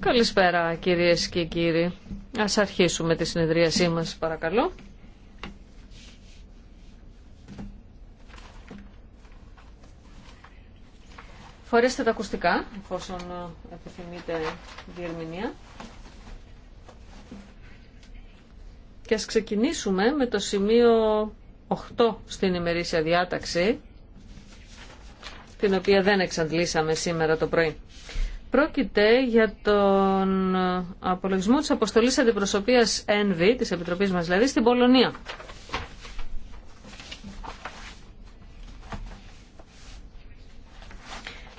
Καλησπέρα κυρίες και κύριοι. Ας αρχίσουμε τη συνεδρίασή μας παρακαλώ. Φορέστε τα ακουστικά, εφόσον ε, επιθυμείτε διερμηνία. Και ας ξεκινήσουμε με το σημείο 8 στην ημερήσια διάταξη, την οποία δεν εξαντλήσαμε σήμερα το πρωί. Πρόκειται για τον απολογισμό της αποστολής αντιπροσωπείας ΕΝΒΗ, της Επιτροπής μας δηλαδή, στην Πολωνία.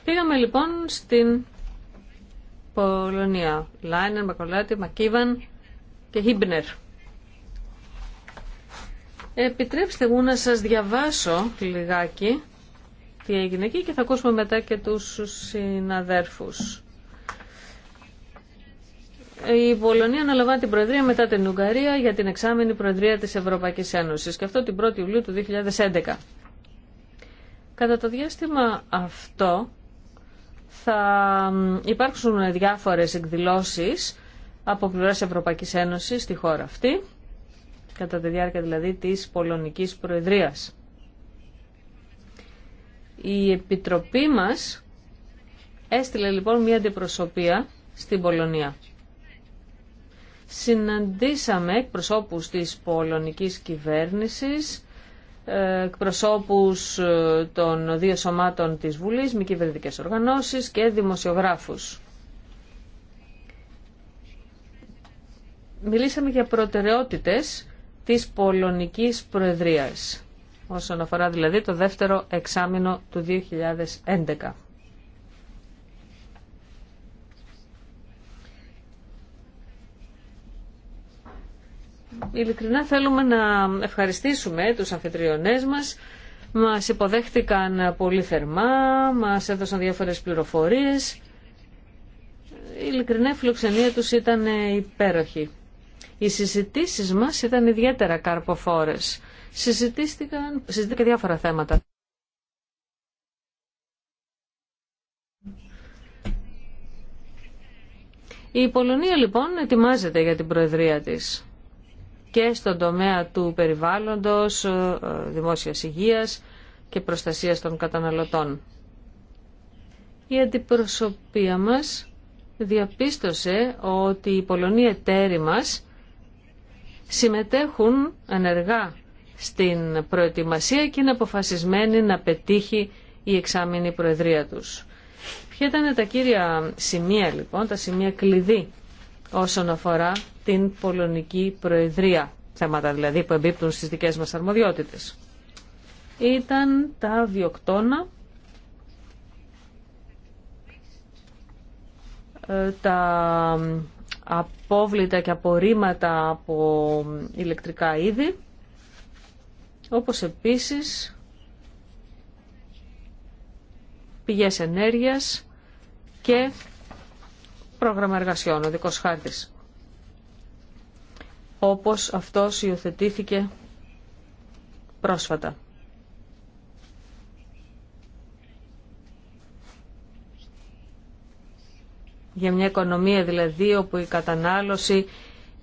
Πήγαμε λοιπόν στην Πολωνία. Λάινερ, Μακολάτη, Μακίβαν και Χίμπνερ. Επιτρέψτε μου να σας διαβάσω λιγάκι τι έγινε εκεί και θα ακούσουμε μετά και τους συναδέρφους. Η Πολωνία αναλαμβάνει την Προεδρία μετά την Ουγγαρία για την εξάμενη Προεδρία της Ευρωπαϊκής Ένωσης και αυτό την 1η Ιουλίου του 2011. Κατά το διάστημα αυτό θα υπάρξουν διάφορες εκδηλώσεις από πλευράς Ευρωπαϊκής Ένωσης στη χώρα αυτή κατά τη διάρκεια δηλαδή της Πολωνικής Προεδρίας. Η Επιτροπή μας έστειλε λοιπόν μια αντιπροσωπεία στην Πολωνία. Συναντήσαμε εκπροσώπους της πολωνικής κυβέρνησης, ε, εκπροσώπους ε, των δύο σωμάτων της Βουλής, μη κυβερνητικέ οργανώσεις και δημοσιογράφους. Μιλήσαμε για προτεραιότητες της Πολωνικής Προεδρίας, όσον αφορά δηλαδή το δεύτερο εξάμεινο του 2011. Ειλικρινά θέλουμε να ευχαριστήσουμε τους αφετριονές μας. Μας υποδέχτηκαν πολύ θερμά, μας έδωσαν διάφορες πληροφορίες. Η φιλοξενία τους ήταν υπέροχη. Οι συζητήσεις μας ήταν ιδιαίτερα καρποφόρες. Συζητήθηκαν, συζητήθηκαν διάφορα θέματα. Η Πολωνία λοιπόν ετοιμάζεται για την Προεδρία της και στον τομέα του περιβάλλοντος, ε, δημόσιας υγείας και προστασίας των καταναλωτών. Η αντιπροσωπεία μας διαπίστωσε ότι η Πολωνία εταίροι μας συμμετέχουν ενεργά στην προετοιμασία και είναι αποφασισμένοι να πετύχει η εξάμεινη προεδρία τους. Ποια ήταν τα κύρια σημεία λοιπόν, τα σημεία κλειδί όσον αφορά την Πολωνική Προεδρία, θέματα δηλαδή που εμπίπτουν στις δικές μας αρμοδιότητες. Ήταν τα βιοκτώνα, ε, τα απόβλητα και απορρίμματα από ηλεκτρικά είδη, όπως επίσης πηγές ενέργειας και πρόγραμμα εργασιών, ο χάρτης. Όπως αυτός υιοθετήθηκε πρόσφατα. για μια οικονομία δηλαδή όπου η κατανάλωση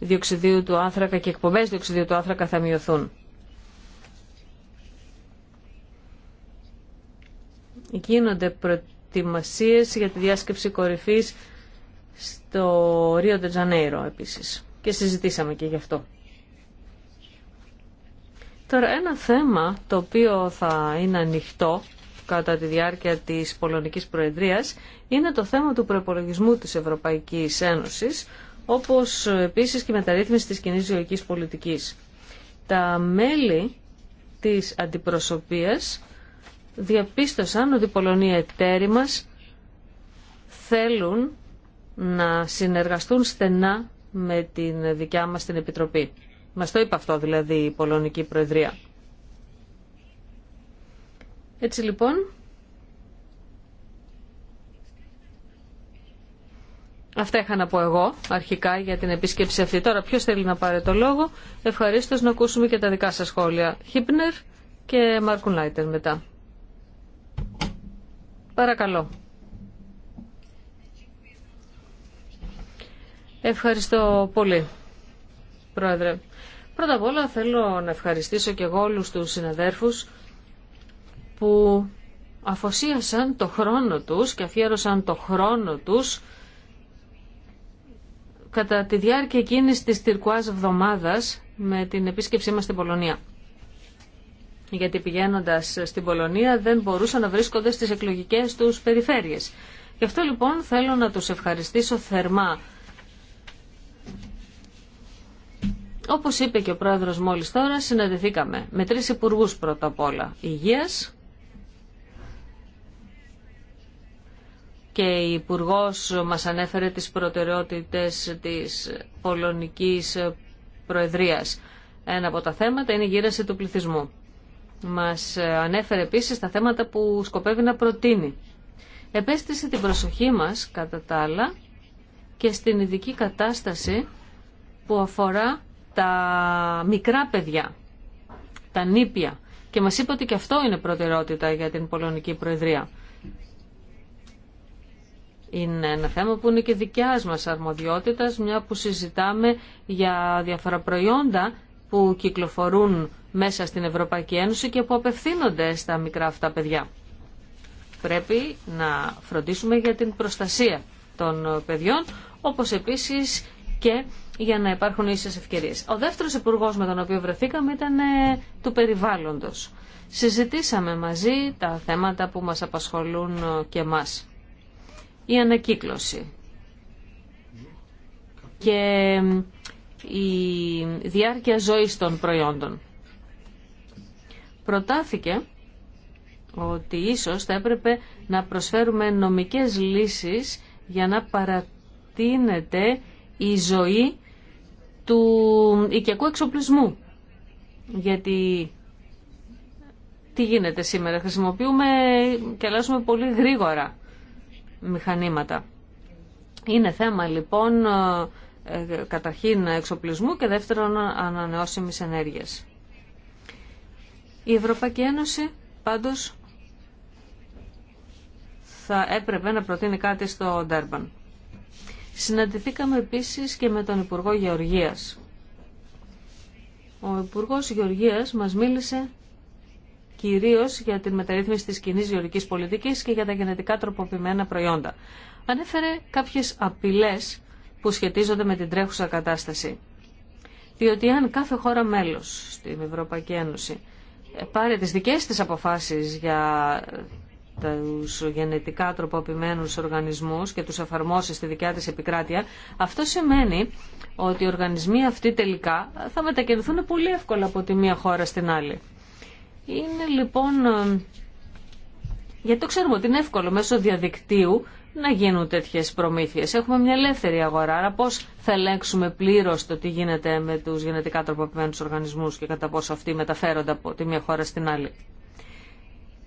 διοξιδίου του άνθρακα και εκπομπές διοξιδίου του άνθρακα θα μειωθούν. Γίνονται προετοιμασίες για τη διάσκεψη κορυφής στο Ρίο Ντετζανέιρο επίσης και συζητήσαμε και γι' αυτό. Τώρα ένα θέμα το οποίο θα είναι ανοιχτό κατά τη διάρκεια της Πολωνικής Προεδρίας είναι το θέμα του προπολογισμού της Ευρωπαϊκής Ένωσης, όπως επίσης και η μεταρρύθμιση της κοινή ζωικής πολιτικής. Τα μέλη της αντιπροσωπείας διαπίστωσαν ότι οι Πολωνοί εταίροι μας θέλουν να συνεργαστούν στενά με την δικιά μας την Επιτροπή. Μας το είπε αυτό δηλαδή η Πολωνική Προεδρία. Έτσι λοιπόν, Αυτά είχα να πω εγώ αρχικά για την επίσκεψη αυτή. Τώρα ποιος θέλει να πάρει το λόγο. Ευχαρίστω να ακούσουμε και τα δικά σας σχόλια. Χίπνερ και Μάρκουν Λάιτερ μετά. Παρακαλώ. Ευχαριστώ πολύ, Πρόεδρε. Πρώτα απ' όλα θέλω να ευχαριστήσω και εγώ όλους τους συναδέρφους που αφοσίασαν το χρόνο τους και αφιέρωσαν το χρόνο τους κατά τη διάρκεια εκείνης της τυρκουάς εβδομάδας με την επίσκεψή μας στην Πολωνία. Γιατί πηγαίνοντας στην Πολωνία δεν μπορούσαν να βρίσκονται στις εκλογικές τους περιφέρειες. Γι' αυτό λοιπόν θέλω να τους ευχαριστήσω θερμά. Όπως είπε και ο πρόεδρος μόλις τώρα, συναντηθήκαμε με τρεις υπουργούς πρώτα απ' όλα. Υγείας, και η υπουργό μας ανέφερε τις προτεραιότητες της Πολωνικής Προεδρίας. Ένα από τα θέματα είναι η γύραση του πληθυσμού. Μας ανέφερε επίσης τα θέματα που σκοπεύει να προτείνει. Επέστησε την προσοχή μας, κατά τα άλλα, και στην ειδική κατάσταση που αφορά τα μικρά παιδιά, τα νήπια. Και μας είπε ότι και αυτό είναι προτεραιότητα για την Πολωνική Προεδρία. Είναι ένα θέμα που είναι και δικιά μας αρμοδιότητας, μια που συζητάμε για διάφορα προϊόντα που κυκλοφορούν μέσα στην Ευρωπαϊκή Ένωση και που απευθύνονται στα μικρά αυτά παιδιά. Πρέπει να φροντίσουμε για την προστασία των παιδιών, όπως επίσης και για να υπάρχουν ίσες ευκαιρίες. Ο δεύτερος υπουργό με τον οποίο βρεθήκαμε ήταν ε, του περιβάλλοντος. Συζητήσαμε μαζί τα θέματα που μας απασχολούν ε, και μας η ανακύκλωση και η διάρκεια ζωής των προϊόντων. Προτάθηκε ότι ίσως θα έπρεπε να προσφέρουμε νομικές λύσεις για να παρατείνεται η ζωή του οικιακού εξοπλισμού. Γιατί τι γίνεται σήμερα, χρησιμοποιούμε και αλλάζουμε πολύ γρήγορα μηχανήματα. Είναι θέμα λοιπόν ε, ε, καταρχήν εξοπλισμού και δεύτερον ανανεώσιμης ενέργειας. Η Ευρωπαϊκή Ένωση πάντως θα έπρεπε να προτείνει κάτι στο Ντέρμπαν. Συναντηθήκαμε επίσης και με τον Υπουργό Γεωργίας. Ο Υπουργός Γεωργίας μας μίλησε Κυρίω για την μεταρρύθμιση τη κοινή γεωρικής πολιτική και για τα γενετικά τροποποιημένα προϊόντα. Ανέφερε κάποιε απειλέ που σχετίζονται με την τρέχουσα κατάσταση. Διότι αν κάθε χώρα μέλο στην Ευρωπαϊκή Ένωση πάρει τι δικέ της αποφάσει για ε, του γενετικά τροποποιημένους οργανισμού και του εφαρμόσει στη δικιά τη επικράτεια, αυτό σημαίνει ότι οι οργανισμοί αυτοί τελικά θα μετακινηθούν πολύ εύκολα από τη μία χώρα στην άλλη. Είναι λοιπόν, ε, γιατί το ξέρουμε ότι είναι εύκολο μέσω διαδικτύου να γίνουν τέτοιες προμήθειες. Έχουμε μια ελεύθερη αγορά, άρα πώς θα ελέγξουμε πλήρω το τι γίνεται με τους γενετικά τροποποιημένους οργανισμούς και κατά πόσο αυτοί μεταφέρονται από τη μία χώρα στην άλλη.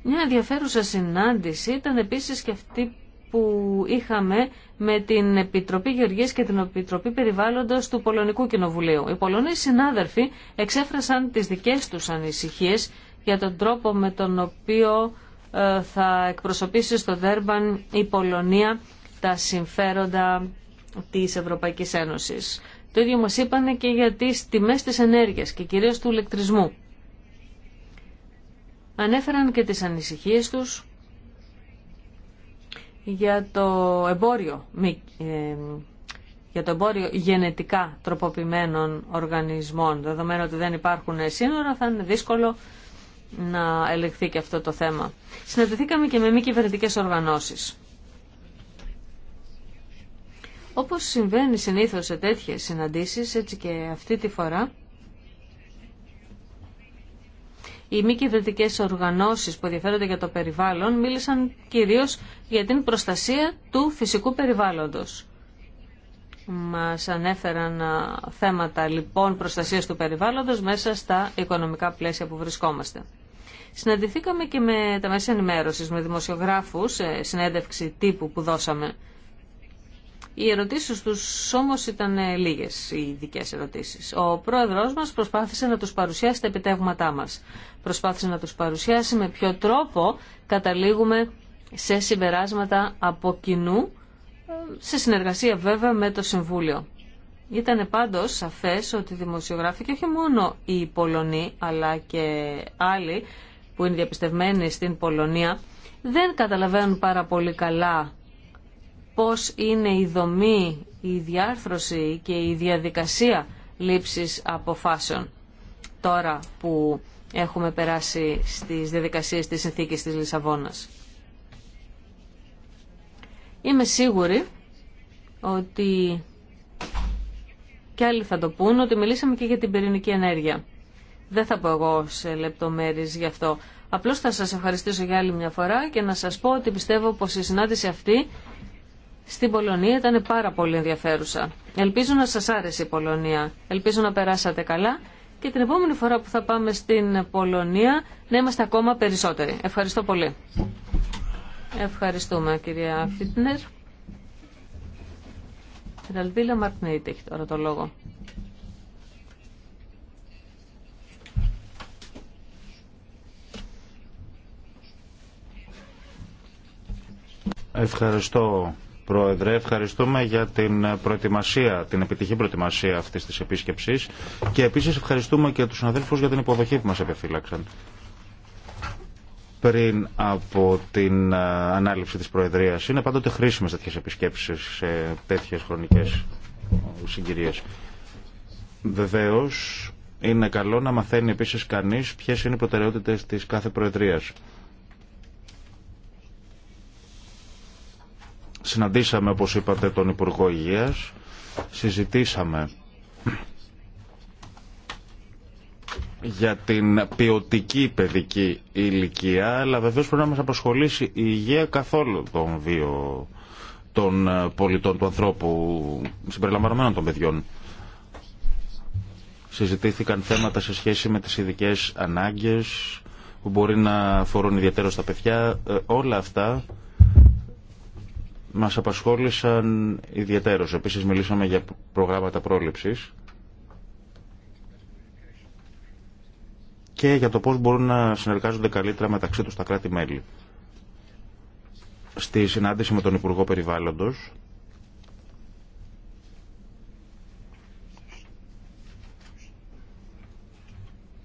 Μια ενδιαφέρουσα συνάντηση ήταν επίσης και αυτή που είχαμε με την Επιτροπή Γεωργίας και την Επιτροπή Περιβάλλοντος του Πολωνικού Κοινοβουλίου. Οι Πολωνοί συνάδελφοι εξέφρασαν τις δικές τους ανησυχίες για τον τρόπο με τον οποίο ε, θα εκπροσωπήσει στο Δέρμπαν η Πολωνία τα συμφέροντα της Ευρωπαϊκής Ένωσης. Το ίδιο μας είπανε και για τις τιμές της ενέργειας και κυρίως του ηλεκτρισμού. Ανέφεραν και τις ανησυχίες τους για το εμπόριο, ε, για το εμπόριο γενετικά τροποποιημένων οργανισμών. Δεδομένου ότι δεν υπάρχουν σύνορα θα είναι δύσκολο να ελεγχθεί και αυτό το θέμα. Συναντηθήκαμε και με μη κυβερνητικέ οργανώσεις. Όπω συμβαίνει συνήθω σε τέτοιε συναντήσεις, έτσι και αυτή τη φορά, οι μη κυβερνητικέ οργανώσεις που ενδιαφέρονται για το περιβάλλον μίλησαν κυρίως για την προστασία του φυσικού περιβάλλοντος. Μας ανέφεραν θέματα λοιπόν προστασίας του περιβάλλοντο μέσα στα οικονομικά πλαίσια που βρισκόμαστε. Συναντηθήκαμε και με τα μέσα ενημέρωση με δημοσιογράφους, ε, συνέντευξη τύπου που δώσαμε. Οι ερωτήσει του όμω ήταν ε, λίγες, οι ειδικέ ερωτήσεις. Ο πρόεδρο μα προσπάθησε να τους παρουσιάσει τα επιτεύγματά μας. Προσπάθησε να τους παρουσιάσει με ποιο τρόπο καταλήγουμε σε συμπεράσματα από κοινού, σε συνεργασία βέβαια με το Συμβούλιο. Ήταν πάντω σαφέ ότι δημοσιογράφοι και όχι μόνο η Πολωνοί αλλά και άλλοι που είναι διαπιστευμένοι στην Πολωνία δεν καταλαβαίνουν πάρα πολύ καλά πώς είναι η δομή, η διάρθρωση και η διαδικασία λήψης αποφάσεων τώρα που έχουμε περάσει στις διαδικασίες της συνθήκης της Λισαβόνας. Είμαι σίγουρη ότι και άλλοι θα το πούν ότι μιλήσαμε και για την πυρηνική ενέργεια. Δεν θα πω εγώ σε λεπτομέρειες γι' αυτό. Απλώς θα σας ευχαριστήσω για άλλη μια φορά και να σας πω ότι πιστεύω πως η συνάντηση αυτή στην Πολωνία ήταν πάρα πολύ ενδιαφέρουσα. Ελπίζω να σας άρεσε η Πολωνία. Ελπίζω να περάσατε καλά και την επόμενη φορά που θα πάμε στην Πολωνία να είμαστε ακόμα περισσότεροι. Ευχαριστώ πολύ. Ευχαριστούμε κυρία Φίτνερ. Ραλβίλα Μαρτνέιτ έχει τώρα το λόγο. Ευχαριστώ Πρόεδρε, ευχαριστούμε για την προετοιμασία, την επιτυχή προετοιμασία αυτή τη επίσκεψη και επίση ευχαριστούμε και του συναδέλφου για την υποδοχή που μα επιφύλαξαν. Πριν από την ε, ανάληψη τη Προεδρία, είναι πάντοτε χρήσιμε τέτοιε επισκέψει σε τέτοιε χρονικέ συγκυρίε. Βεβαίω, είναι καλό να μαθαίνει επίση κανεί ποιε είναι οι προτεραιότητε τη κάθε Προεδρία. Συναντήσαμε, όπως είπατε, τον Υπουργό Υγείας, συζητήσαμε για την ποιοτική παιδική ηλικία, αλλά βεβαίως πρέπει να μας απασχολήσει η υγεία καθόλου των δύο των ε, πολιτών, του ανθρώπου, συμπεριλαμβανομένων των παιδιών. Συζητήθηκαν θέματα σε σχέση με τις ειδικέ ανάγκες που μπορεί να αφορούν ιδιαίτερα στα παιδιά. Ε, όλα αυτά μας απασχόλησαν ιδιαίτερως. Επίσης μιλήσαμε για προγράμματα πρόληψης και για το πώς μπορούν να συνεργάζονται καλύτερα μεταξύ τους τα κράτη-μέλη. Στη συνάντηση με τον Υπουργό Περιβάλλοντος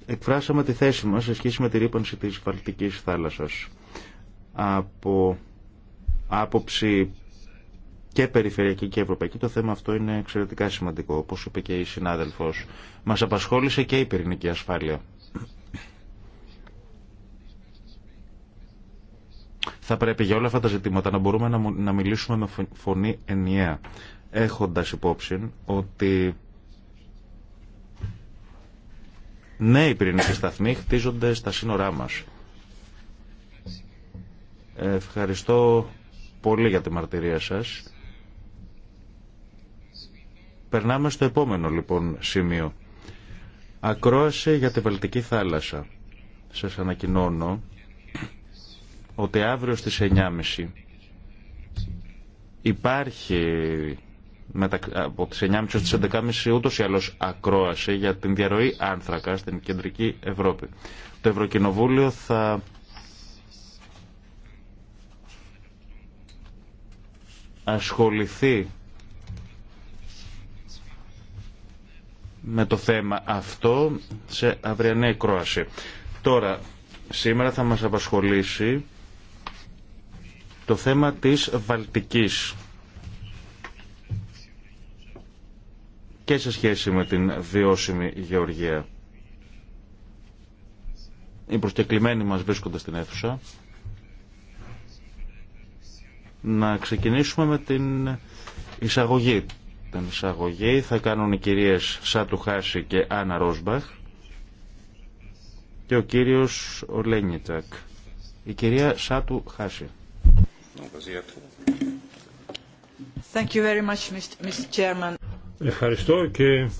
εκφράσαμε τη θέση μας σε σχέση με τη ρήπανση της Βαλτικής θάλασσας. Από άποψη και περιφερειακή και ευρωπαϊκή, το θέμα αυτό είναι εξαιρετικά σημαντικό. Όπως είπε και η συνάδελφο. μας απασχόλησε και η πυρηνική ασφάλεια. Θα πρέπει για όλα αυτά τα ζητήματα να μπορούμε να μιλήσουμε με φωνή ενιαία, έχοντας υπόψη ότι ναι, οι πυρηνικοί σταθμοί χτίζονται στα σύνορά μας. Ευχαριστώ πολύ για τη μαρτυρία σας. Περνάμε στο επόμενο λοιπόν σημείο. Ακρόαση για τη Βαλτική θάλασσα. Σας ανακοινώνω ότι αύριο στις 9.30 υπάρχει από τις 9.30 στις 11.30 ούτως ή άλλως ακρόαση για την διαρροή άνθρακα στην κεντρική Ευρώπη. Το Ευρωκοινοβούλιο θα ασχοληθεί με το θέμα αυτό σε αυριανή κρόαση. Τώρα, σήμερα θα μας απασχολήσει το θέμα της Βαλτικής και σε σχέση με την βιώσιμη γεωργία. Οι προσκεκλημένοι μας βρίσκονται στην αίθουσα. Να ξεκινήσουμε με την εισαγωγή. Την εισαγωγή θα κάνουν οι κυρίες Σάτου Χάση και Άννα Ρόσμπαχ και ο κύριος Ολένιτσακ. Η κυρία Σάτου Χάση. Thank you very much, Mr. Chairman. Ευχαριστώ και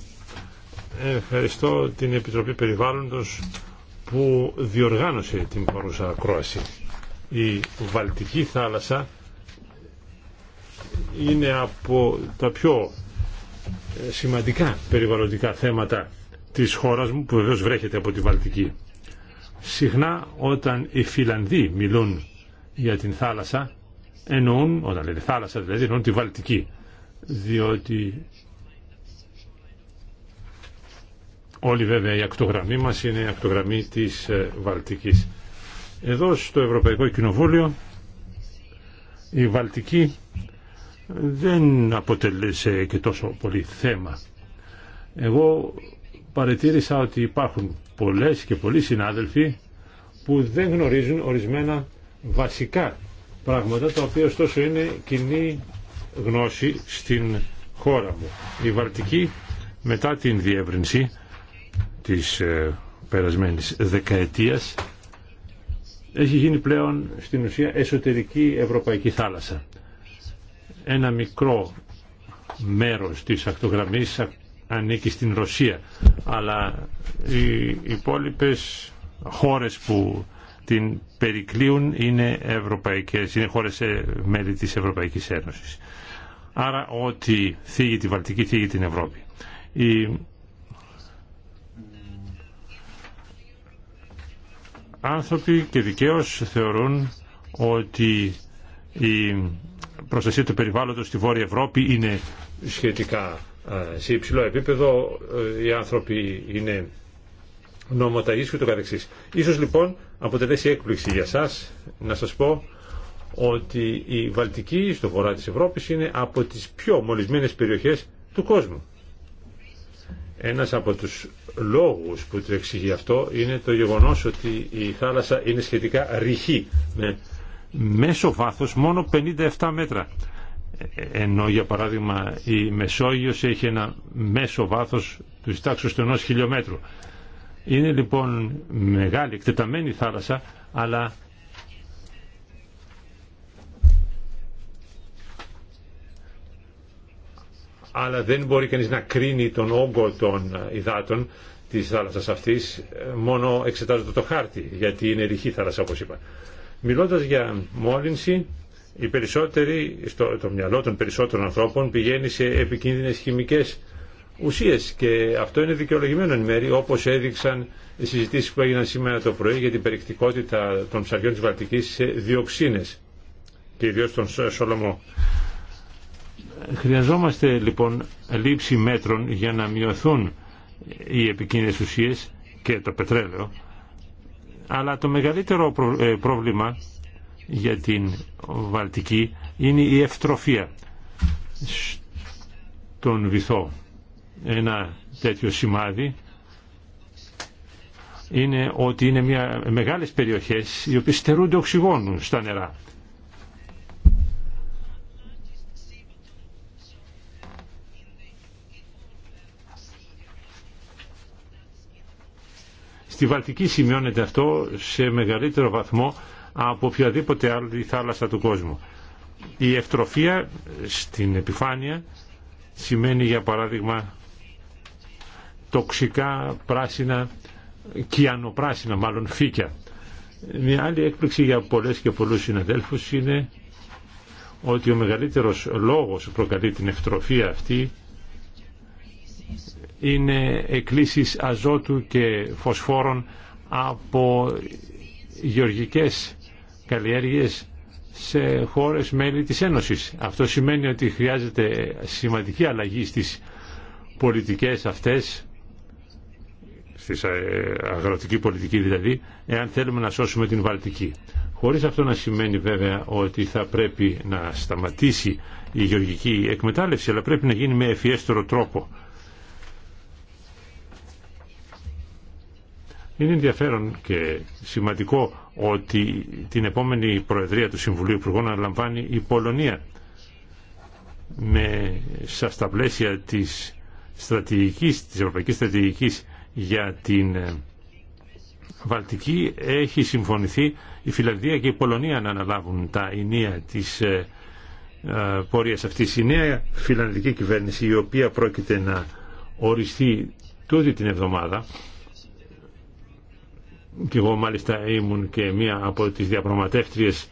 ευχαριστώ την Επιτροπή Περιβάλλοντος που διοργάνωσε την παρούσα ακρόαση. Η Βαλτική θάλασσα είναι από τα πιο ε, σημαντικά περιβαλλοντικά θέματα της χώρας μου που βεβαίως βρέχεται από τη Βαλτική. Συχνά όταν οι Φιλανδοί μιλούν για την θάλασσα εννοούν, όταν λένε θάλασσα δηλαδή εννοούν τη Βαλτική διότι όλη βέβαια η ακτογραμμή μας είναι η ακτογραμμή της ε, Βαλτικής. Εδώ στο Ευρωπαϊκό Κοινοβούλιο η Βαλτική δεν αποτελέσε και τόσο πολύ θέμα. Εγώ παρατήρησα ότι υπάρχουν πολλές και πολλοί συνάδελφοι που δεν γνωρίζουν ορισμένα βασικά πράγματα τα οποία ωστόσο είναι κοινή γνώση στην χώρα μου. Η Βαρτική μετά την διεύρυνση της ε, περασμένης δεκαετίας έχει γίνει πλέον στην ουσία εσωτερική ευρωπαϊκή θάλασσα ένα μικρό μέρος της ακτογραμμής ανήκει στην Ρωσία αλλά οι υπόλοιπες χώρες που την περικλείουν είναι, ευρωπαϊκές, είναι χώρες μέλη της Ευρωπαϊκής Ένωσης. Άρα ό,τι θίγει τη Βαλτική θίγει την Ευρώπη. Η... Άνθρωποι και δικαίως θεωρούν ότι η προστασία του περιβάλλοντος στη Βόρεια Ευρώπη είναι σχετικά σε υψηλό επίπεδο, ε, οι άνθρωποι είναι νομοταγείς και το καθεξής. Ίσως λοιπόν αποτελέσει έκπληξη για σας να σας πω ότι η Βαλτική στο βορρά της Ευρώπης είναι από τις πιο μολυσμένες περιοχές του κόσμου. Ένας από τους λόγους που το εξηγεί αυτό είναι το γεγονός ότι η θάλασσα είναι σχετικά ρηχή με μέσο βάθος μόνο 57 μέτρα. Ενώ για παράδειγμα η Μεσόγειος έχει ένα μέσο βάθος του στάξου του ενός χιλιόμετρου. Είναι λοιπόν μεγάλη, εκτεταμένη θάλασσα, αλλά αλλά δεν μπορεί κανείς να κρίνει τον όγκο των ε, υδάτων της θάλασσας αυτής ε, μόνο εξετάζοντα το χάρτη, γιατί είναι ρηχή θάλασσα όπως είπα. Μιλώντας για μόλυνση, οι περισσότεροι, στο, το μυαλό των περισσότερων ανθρώπων πηγαίνει σε επικίνδυνες χημικές ουσίες και αυτό είναι δικαιολογημένο εν μέρη όπως έδειξαν οι συζητήσεις που έγιναν σήμερα το πρωί για την περιεκτικότητα των ψαριών της Βαλτικής σε διοξίνες και ιδίως τον Σολομό. Χρειαζόμαστε λοιπόν λήψη μέτρων για να μειωθούν οι επικίνδυνες ουσίες και το πετρέλαιο αλλά το μεγαλύτερο ε, πρόβλημα για την Βαλτική είναι η ευτροφία στον βυθό. Ένα τέτοιο σημάδι είναι ότι είναι μια, μεγάλες περιοχές οι οποίες στερούνται οξυγόνου στα νερά. Στη Βαλτική σημειώνεται αυτό σε μεγαλύτερο βαθμό από οποιαδήποτε άλλη θάλασσα του κόσμου. Η ευτροφία στην επιφάνεια σημαίνει για παράδειγμα τοξικά πράσινα, κιανοπράσινα μάλλον φύκια. Μια άλλη έκπληξη για πολλές και πολλούς συναδέλφους είναι ότι ο μεγαλύτερος λόγος που προκαλεί την ευτροφία αυτή είναι εκκλήσεις αζότου και φωσφόρων από γεωργικές καλλιέργειες σε χώρες μέλη της Ένωσης. Αυτό σημαίνει ότι χρειάζεται σημαντική αλλαγή στις πολιτικές αυτές, στις ε, αγροτική πολιτική δηλαδή, εάν θέλουμε να σώσουμε την Βαλτική. Χωρίς αυτό να σημαίνει βέβαια ότι θα πρέπει να σταματήσει η γεωργική εκμετάλλευση, αλλά πρέπει να γίνει με ευφιέστερο τρόπο. Είναι ενδιαφέρον και σημαντικό ότι την επόμενη Προεδρία του Συμβουλίου Υπουργών αναλαμβάνει η Πολωνία με, στα πλαίσια της, στρατηγικής, της Ευρωπαϊκής Στρατηγικής για την ε, Βαλτική έχει συμφωνηθεί η Φιλανδία και η Πολωνία να αναλάβουν τα ενία της ε, αυτή ε, πορείας αυτής. Η νέα φιλανδική κυβέρνηση η οποία πρόκειται να οριστεί τούτη την εβδομάδα και εγώ μάλιστα ήμουν και μία από τις διαπραγματεύτριες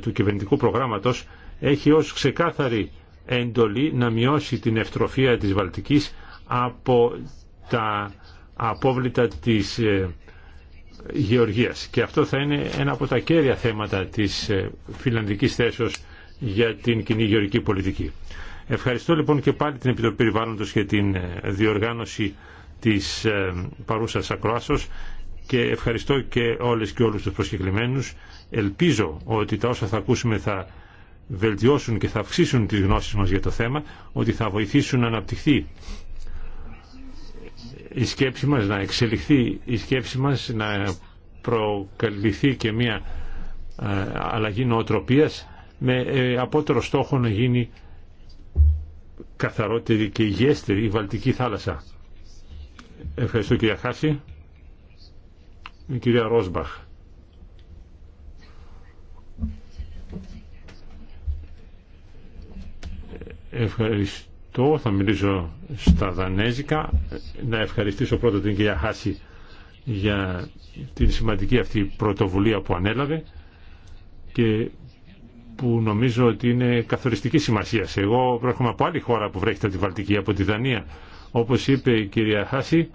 του κυβερνητικού προγράμματος έχει ως ξεκάθαρη εντολή να μειώσει την ευτροφία της Βαλτικής από τα απόβλητα της ε, γεωργίας. Και αυτό θα είναι ένα από τα κέρια θέματα της ε, φιλανδικής θέσεως για την κοινή γεωργική πολιτική. Ευχαριστώ λοιπόν και πάλι την Επιτροπή Περιβάλλοντος για την ε, διοργάνωση της παρούσας ακροάσεως και ευχαριστώ και όλες και όλους τους προσκεκλημένους. Ελπίζω ότι τα όσα θα ακούσουμε θα βελτιώσουν και θα αυξήσουν τις γνώσεις μας για το θέμα, ότι θα βοηθήσουν να αναπτυχθεί η σκέψη μας, να εξελιχθεί η σκέψη μας, να προκαλυφθεί και μια ε, αλλαγή νοοτροπίας με ε, απότερο στόχο να γίνει καθαρότερη και υγιέστερη η Βαλτική θάλασσα. Ευχαριστώ κύριε Χάση. Η κυρία Ρόσμπαχ. Ευχαριστώ. Θα μιλήσω στα δανέζικα. Να ευχαριστήσω πρώτα την κυρία Χάση για την σημαντική αυτή πρωτοβουλία που ανέλαβε και που νομίζω ότι είναι καθοριστική σημασία. Εγώ προέρχομαι από άλλη χώρα που βρέχεται από τη Βαλτική, από τη Δανία. Όπως είπε η κυρία Χάση,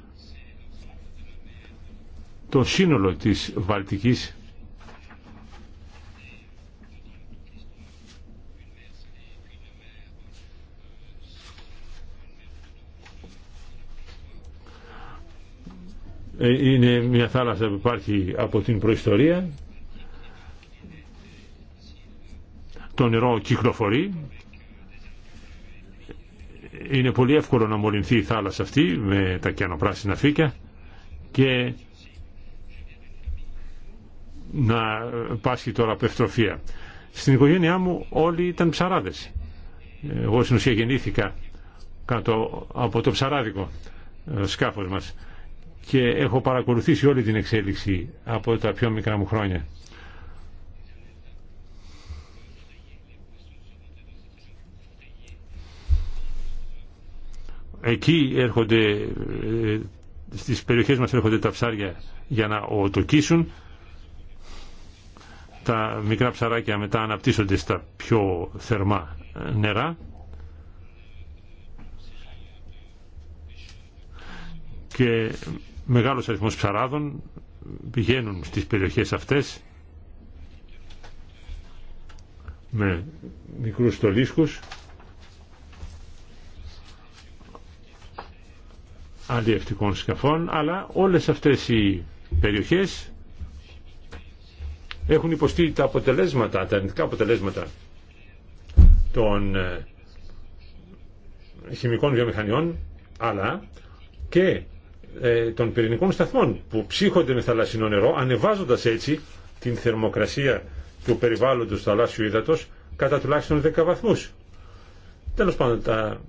το σύνολο της Βαλτικής ε, είναι μια θάλασσα που υπάρχει από την προϊστορία το νερό κυκλοφορεί είναι πολύ εύκολο να μολυνθεί η θάλασσα αυτή με τα κιανοπράσινα φύκια και να πάσχει τώρα από Στην οικογένειά μου όλοι ήταν ψαράδες. Εγώ στην ουσία γεννήθηκα κάτω από το ψαράδικο ε, σκάφος μας και έχω παρακολουθήσει όλη την εξέλιξη από τα πιο μικρά μου χρόνια. Εκεί έρχονται, ε, ε, στις περιοχές μας έρχονται τα ψάρια για να οτοκίσουν τα μικρά ψαράκια μετά αναπτύσσονται στα πιο θερμά νερά και μεγάλος αριθμός ψαράδων πηγαίνουν στις περιοχές αυτές με μικρούς στολίσκους αλλιευτικών σκαφών αλλά όλες αυτές οι περιοχές έχουν υποστεί τα αποτελέσματα, τα αρνητικά αποτελέσματα των ε, χημικών βιομηχανιών αλλά και ε, των πυρηνικών σταθμών που ψύχονται με θαλασσινό νερό ανεβάζοντας έτσι την θερμοκρασία του περιβάλλοντος θαλάσσιου ύδατος κατά τουλάχιστον 10 βαθμούς. Τέλος πάντων τα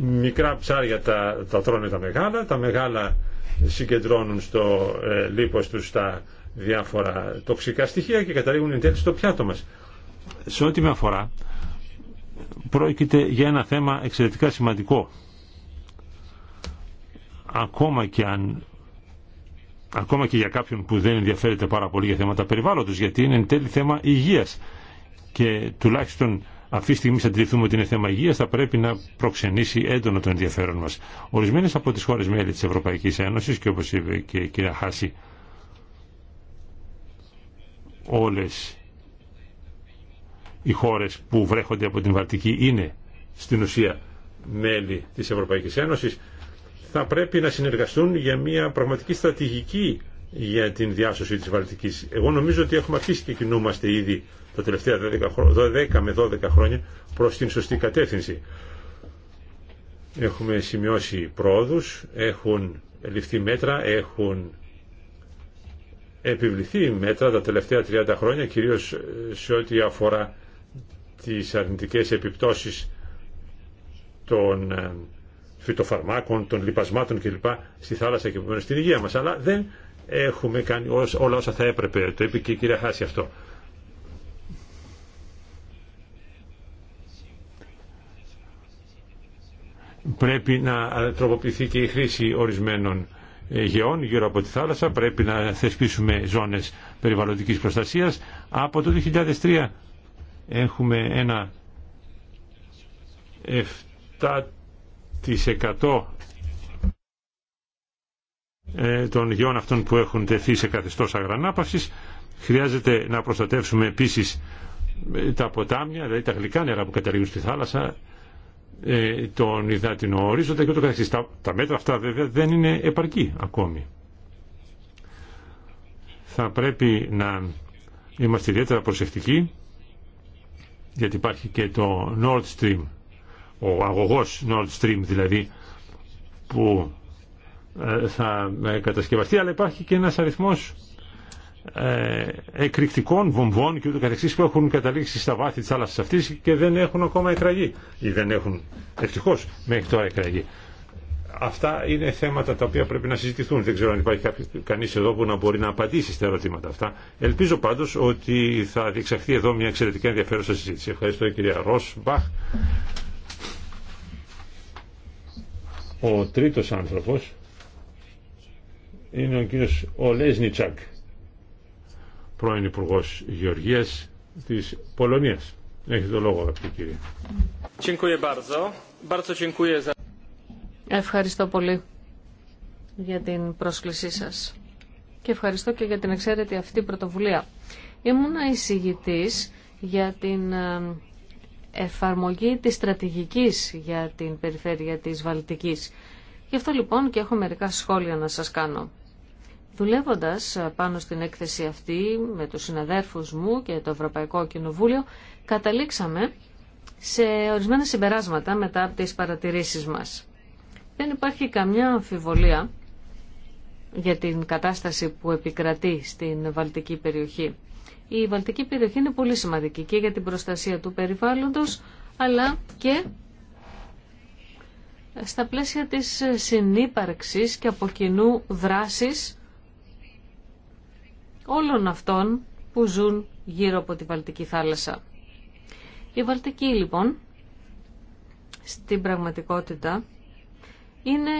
μικρά ψάρια τα, τα τρώνε τα μεγάλα, τα μεγάλα συγκεντρώνουν στο ε, λίπος τους τα διάφορα τοξικά στοιχεία και καταλήγουν εν τέλει στο πιάτο μας. Σε ό,τι με αφορά, πρόκειται για ένα θέμα εξαιρετικά σημαντικό. Ακόμα και αν ακόμα και για κάποιον που δεν ενδιαφέρεται πάρα πολύ για θέματα περιβάλλοντος, γιατί είναι εν τέλει θέμα υγείας. Και τουλάχιστον αυτή τη στιγμή αντιληφθούμε ότι είναι θέμα υγεία, θα πρέπει να προξενήσει έντονο το ενδιαφέρον μας. Ορισμένε από τις χώρε μέλη της Ευρωπαϊκής Ένωσης και όπως είπε και η κυρία Χάση, όλες οι χώρες που βρέχονται από την Βαλτική είναι στην ουσία μέλη της Ευρωπαϊκής Ένωσης θα πρέπει να συνεργαστούν για μια πραγματική στρατηγική για την διάσωση της Βαλτικής. Εγώ νομίζω ότι έχουμε αρχίσει και κινούμαστε ήδη τα τελευταία 10 με 12 χρόνια προς την σωστή κατεύθυνση. Έχουμε σημειώσει πρόοδους, έχουν ληφθεί μέτρα, έχουν επιβληθεί μέτρα τα τελευταία 30 χρόνια, κυρίως ε, σε ό,τι αφορά τις αρνητικές επιπτώσεις των ε, φυτοφαρμάκων, των λιπασμάτων κλπ. στη θάλασσα και επομένως στην υγεία μας. Αλλά δεν έχουμε κάνει όλα όσα θα έπρεπε. Το είπε και η κυρία Χάση αυτό. Πρέπει να τροποποιηθεί και η χρήση ορισμένων ε, γεών γύρω από τη θάλασσα. Πρέπει να θεσπίσουμε ζώνες περιβαλλοντικής προστασίας. Από το 2003 έχουμε ένα 7% ε, των γεών αυτών που έχουν τεθεί σε καθεστώς αγρανάπαυσης. Χρειάζεται να προστατεύσουμε επίσης ε, τα ποτάμια, δηλαδή τα γλυκά νερά που καταλήγουν στη θάλασσα, ε, τον υδάτινο ορίζοντα και ούτω Τα, τα μέτρα αυτά βέβαια δεν είναι επαρκή ακόμη. Θα πρέπει να είμαστε ιδιαίτερα προσεκτικοί γιατί υπάρχει και το Nord Stream, ο αγωγός Nord Stream δηλαδή που ε, θα ε, κατασκευαστεί αλλά υπάρχει και ένας αριθμός ε, εκρηκτικών βομβών και ούτω καθεξής που έχουν καταλήξει στα βάθη της θάλασσας αυτής και δεν έχουν ακόμα εκραγεί ή δεν έχουν ευτυχώς μέχρι τώρα εκραγεί. Αυτά είναι θέματα τα οποία πρέπει να συζητηθούν. Δεν ξέρω αν υπάρχει κάποιος, κανείς εδώ που να μπορεί να απαντήσει στα ερωτήματα αυτά. Ελπίζω πάντως ότι θα διεξαχθεί εδώ μια εξαιρετικά ενδιαφέρουσα συζήτηση. Ευχαριστώ κυρία Ροσμπαχ. Ο τρίτος άνθρωπος είναι ο κύριος Ολέσνιτσακ πρώην Υπουργό Γεωργία τη Πολωνία. Έχετε το λόγο, αγαπητή κυρία. Ευχαριστώ πολύ για την πρόσκλησή σας και ευχαριστώ και για την εξαίρετη αυτή πρωτοβουλία. Ήμουνα εισηγητής για την ε, εφαρμογή της στρατηγικής για την περιφέρεια της Βαλτικής. Γι' αυτό λοιπόν και έχω μερικά σχόλια να σας κάνω. Δουλεύοντας ε, πάνω στην έκθεση αυτή με τους συναδέρφους μου και το Ευρωπαϊκό Κοινοβούλιο, καταλήξαμε σε ορισμένα συμπεράσματα μετά από τις παρατηρήσεις μας. Δεν υπάρχει καμιά αμφιβολία για την κατάσταση που επικρατεί στην Βαλτική περιοχή. Η Βαλτική περιοχή είναι πολύ σημαντική και για την προστασία του περιβάλλοντος, αλλά και στα πλαίσια της συνύπαρξης και από κοινού δράσης όλων αυτών που ζουν γύρω από τη Βαλτική θάλασσα. Η Βαλτική λοιπόν στην πραγματικότητα είναι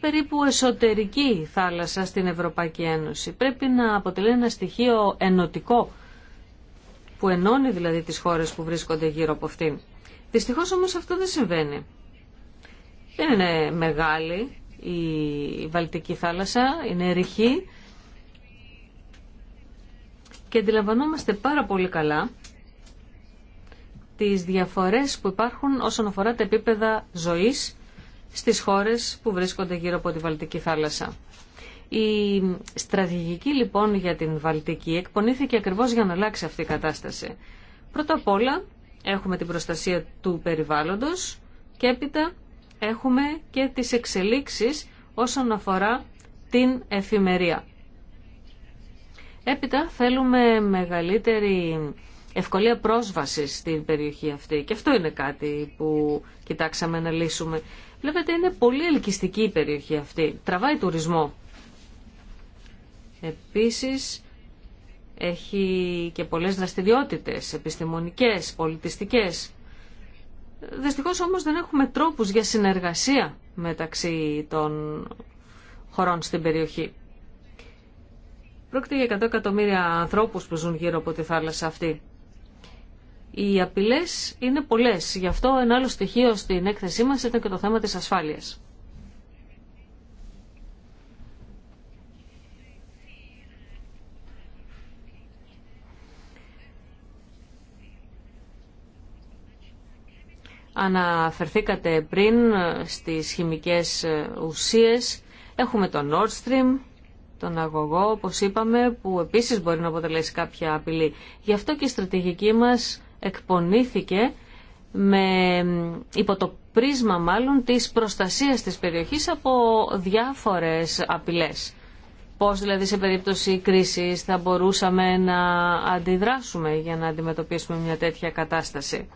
περίπου εσωτερική θάλασσα στην Ευρωπαϊκή Ένωση. Πρέπει να αποτελεί ένα στοιχείο ενωτικό που ενώνει δηλαδή τις χώρες που βρίσκονται γύρω από αυτήν. Δυστυχώς όμως αυτό δεν συμβαίνει. Δεν είναι μεγάλη η Βαλτική θάλασσα, είναι ρηχή και αντιλαμβανόμαστε πάρα πολύ καλά τις διαφορές που υπάρχουν όσον αφορά τα επίπεδα ζωής στις χώρες που βρίσκονται γύρω από τη Βαλτική θάλασσα. Η στρατηγική λοιπόν για την Βαλτική εκπονήθηκε ακριβώς για να αλλάξει αυτή η κατάσταση. Πρώτα απ' όλα έχουμε την προστασία του περιβάλλοντος και έπειτα έχουμε και τις εξελίξεις όσον αφορά την εφημερία. Έπειτα θέλουμε μεγαλύτερη ευκολία πρόσβασης στην περιοχή αυτή και αυτό είναι κάτι που κοιτάξαμε να λύσουμε. Βλέπετε είναι πολύ ελκυστική η περιοχή αυτή, τραβάει τουρισμό. Επίσης έχει και πολλές δραστηριότητες, επιστημονικές, πολιτιστικές. Δυστυχώς όμως δεν έχουμε τρόπους για συνεργασία μεταξύ των χωρών στην περιοχή. Πρόκειται για 100 εκατομμύρια ανθρώπους που ζουν γύρω από τη θάλασσα αυτή. Οι απειλέ είναι πολλέ. Γι' αυτό ένα άλλο στοιχείο στην έκθεσή μας ήταν και το θέμα της ασφάλειας. Αναφερθήκατε πριν στις χημικές ουσίες. Έχουμε το Nord Stream, τον αγωγό, όπως είπαμε, που επίσης μπορεί να αποτελέσει κάποια απειλή. Γι' αυτό και η στρατηγική μας εκπονήθηκε με, υπό το πρίσμα μάλλον της προστασίας της περιοχής από διάφορες απειλές. Πώς δηλαδή σε περίπτωση κρίσης θα μπορούσαμε να αντιδράσουμε για να αντιμετωπίσουμε μια τέτοια κατάσταση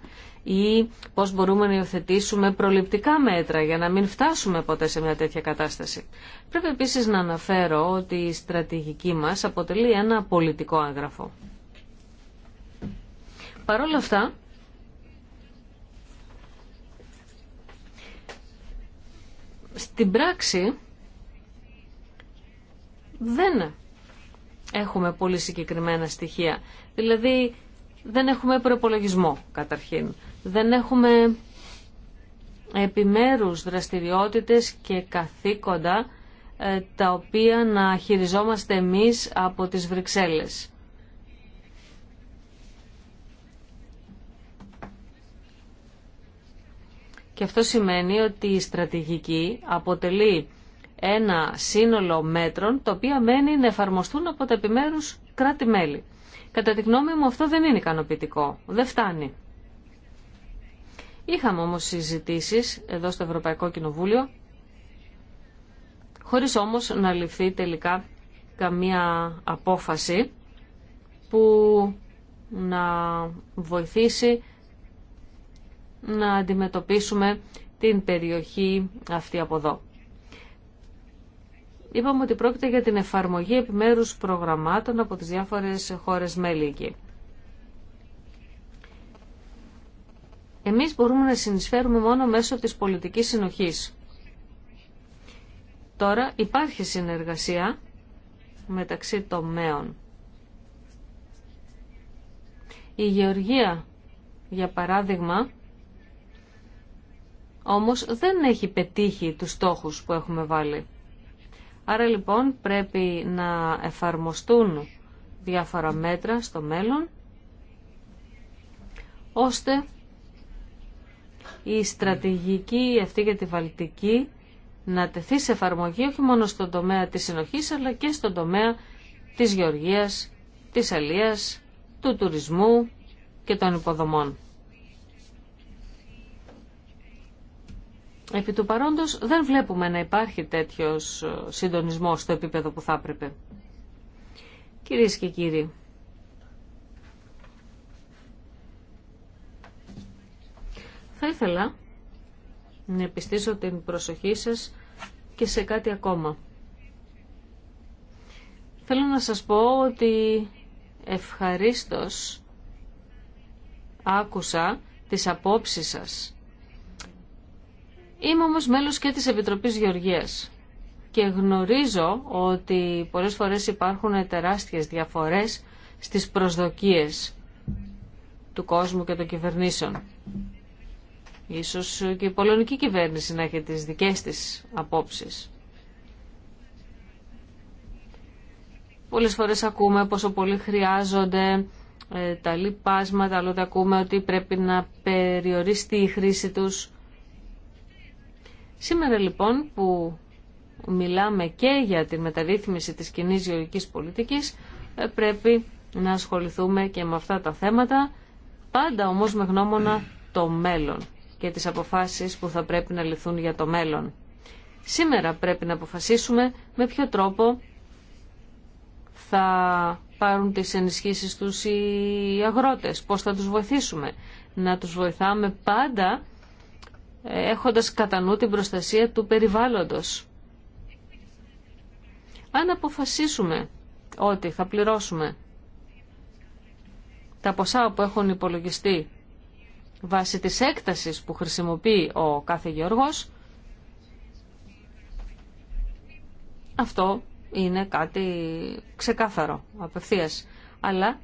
ή πώς μπορούμε να υιοθετήσουμε προληπτικά μέτρα για να μην φτάσουμε ποτέ σε μια τέτοια κατάσταση. Πρέπει επίσης να αναφέρω ότι η στρατηγική μας αποτελεί ένα πολιτικό άγγραφο. Παρ' όλα αυτά, στην πράξη δεν έχουμε πολύ συγκεκριμένα στοιχεία. Δηλαδή δεν έχουμε προπολογισμό καταρχήν δεν έχουμε επιμέρους δραστηριότητες και καθήκοντα ε, τα οποία να χειριζόμαστε εμείς από τις Βρυξέλλες. Και αυτό σημαίνει ότι η στρατηγική αποτελεί ένα σύνολο μέτρων τα οποία μένει να εφαρμοστούν από τα επιμέρους κράτη-μέλη. Κατά τη γνώμη μου αυτό δεν είναι ικανοποιητικό, δεν φτάνει. Είχαμε όμως συζητήσεις εδώ στο Ευρωπαϊκό Κοινοβούλιο, χωρίς όμως να ληφθεί τελικά καμία απόφαση που να βοηθήσει να αντιμετωπίσουμε την περιοχή αυτή από εδώ. Είπαμε ότι πρόκειται για την εφαρμογή επιμέρους προγραμμάτων από τις διάφορες χώρες μέλη εκεί. Εμείς μπορούμε να συνεισφέρουμε μόνο μέσω της πολιτικής συνοχής. Τώρα υπάρχει συνεργασία μεταξύ τομέων. Η Γεωργία, για παράδειγμα, όμως δεν έχει πετύχει τους στόχους που έχουμε βάλει. Άρα λοιπόν πρέπει να εφαρμοστούν διάφορα μέτρα στο μέλλον, ώστε η στρατηγική αυτή για τη Βαλτική να τεθεί σε εφαρμογή όχι μόνο στον τομέα της συνοχής αλλά και στον τομέα της γεωργίας, της αλίας, του τουρισμού και των υποδομών. Επί του παρόντος δεν βλέπουμε να υπάρχει τέτοιος ε, συντονισμός στο επίπεδο που θα έπρεπε. Κυρίες και κύριοι, Θα ήθελα να επιστήσω την προσοχή σας και σε κάτι ακόμα. Θέλω να σας πω ότι ευχαρίστως άκουσα τις απόψεις σας. Είμαι όμως μέλος και της Επιτροπής Γεωργίας και γνωρίζω ότι πολλές φορές υπάρχουν τεράστιες διαφορές στις προσδοκίες του κόσμου και των κυβερνήσεων. Ίσως και η πολωνική κυβέρνηση να έχει τις δικές της απόψεις. Πολλές φορές ακούμε πόσο πολύ χρειάζονται ε, τα λοιπάσματα, αλλά ακούμε ότι πρέπει να περιοριστεί η χρήση τους. Σήμερα λοιπόν που μιλάμε και για τη μεταρρύθμιση της κοινή γεωργικής πολιτικής, ε, πρέπει να ασχοληθούμε και με αυτά τα θέματα, πάντα όμως με γνώμονα το μέλλον και τις αποφάσεις που θα πρέπει να λυθούν για το μέλλον. Σήμερα πρέπει να αποφασίσουμε με ποιο τρόπο θα πάρουν τις ενισχύσεις τους οι αγρότες, πώς θα τους βοηθήσουμε. Να τους βοηθάμε πάντα ε, έχοντας κατά νου την προστασία του περιβάλλοντος. Αν αποφασίσουμε ότι θα πληρώσουμε τα ποσά που έχουν υπολογιστεί βάσει της έκτασης που χρησιμοποιεί ο κάθε γεωργός, αυτό είναι κάτι ξεκάθαρο, απευθείας. Αλλά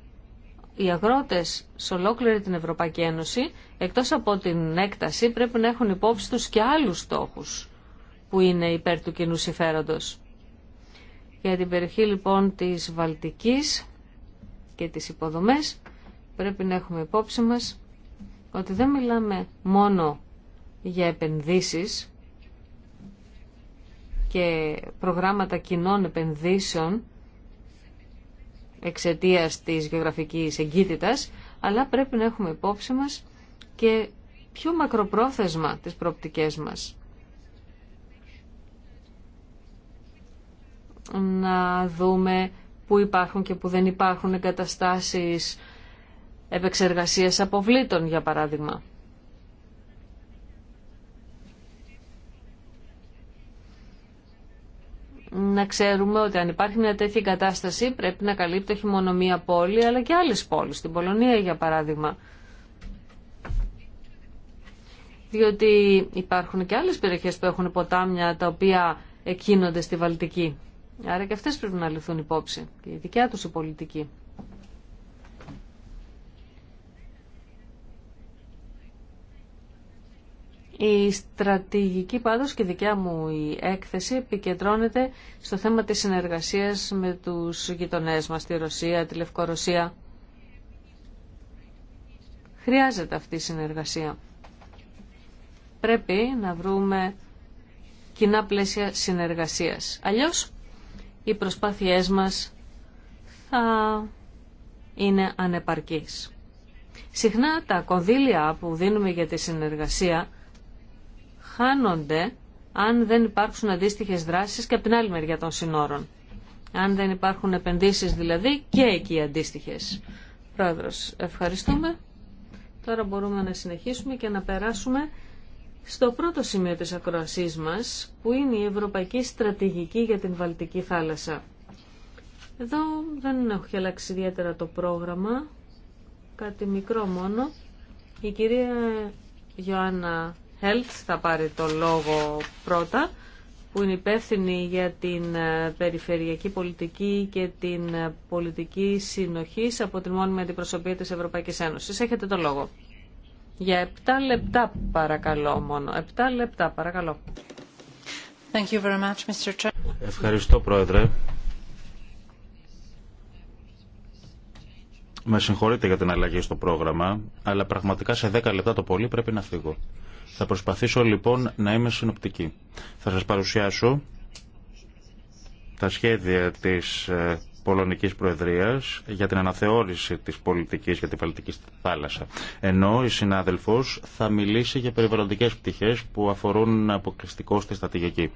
οι αγρότες σε ολόκληρη την Ευρωπαϊκή Ένωση, εκτός από την έκταση, πρέπει να έχουν υπόψη τους και άλλους στόχους που είναι υπέρ του κοινού συμφέροντος. Για την περιοχή λοιπόν της Βαλτικής και τις υποδομές πρέπει να έχουμε υπόψη μας ότι δεν μιλάμε μόνο για επενδύσεις και προγράμματα κοινών επενδύσεων εξαιτίας της γεωγραφικής εγκύτητας, αλλά πρέπει να έχουμε υπόψη μας και πιο μακροπρόθεσμα τις προοπτικές μας. Να δούμε που υπάρχουν και που δεν υπάρχουν εγκαταστάσεις, επεξεργασίες αποβλήτων, για παράδειγμα. Να ξέρουμε ότι αν υπάρχει μια τέτοια κατάσταση πρέπει να καλύπτει όχι μόνο μία πόλη αλλά και άλλες πόλεις, στην Πολωνία για παράδειγμα. Διότι υπάρχουν και άλλες περιοχές που έχουν ποτάμια τα οποία εκκίνονται στη Βαλτική. Άρα και αυτές πρέπει να λυθούν υπόψη και η δικιά τους η πολιτική. Η στρατηγική πάντως και δικιά μου η έκθεση επικεντρώνεται στο θέμα της συνεργασίας με τους γειτονές μας, τη Ρωσία, τη Λευκορωσία. Χρειάζεται αυτή η συνεργασία. Πρέπει να βρούμε κοινά πλαίσια συνεργασίας. Αλλιώς οι προσπάθειές μας θα είναι ανεπαρκείς. Συχνά τα κονδύλια που δίνουμε για τη συνεργασία χάνονται αν δεν υπάρξουν αντίστοιχε δράσεις και από την άλλη μεριά των συνόρων. Αν δεν υπάρχουν επενδύσεις δηλαδή και εκεί αντίστοιχε. Πρόεδρο, ευχαριστούμε. Τώρα μπορούμε να συνεχίσουμε και να περάσουμε στο πρώτο σημείο της ακροασής μας, που είναι η Ευρωπαϊκή Στρατηγική για την Βαλτική Θάλασσα. Εδώ δεν έχω αλλάξει ιδιαίτερα το πρόγραμμα, κάτι μικρό μόνο. Η κυρία Ιωάννα Health θα πάρει το λόγο πρώτα, που είναι υπεύθυνη για την ε, περιφερειακή πολιτική και την ε, πολιτική συνοχής από την μόνιμη αντιπροσωπεία της Ευρωπαϊκής Ένωσης. Έχετε το λόγο. Για 7 λεπτά παρακαλώ μόνο. 7 λεπτά παρακαλώ. Thank you very much, Mr. Ευχαριστώ Πρόεδρε. Με συγχωρείτε για την αλλαγή στο πρόγραμμα, αλλά πραγματικά σε 10 λεπτά το πολύ πρέπει να φύγω. Θα προσπαθήσω λοιπόν να είμαι συνοπτική. Θα σας παρουσιάσω τα σχέδια της ε, Πολωνικής Προεδρίας για την αναθεώρηση της πολιτικής για την πολιτική θάλασσα. Ενώ η συνάδελφος θα μιλήσει για περιβαλλοντικές πτυχές που αφορούν αποκριστικό στη στρατηγική.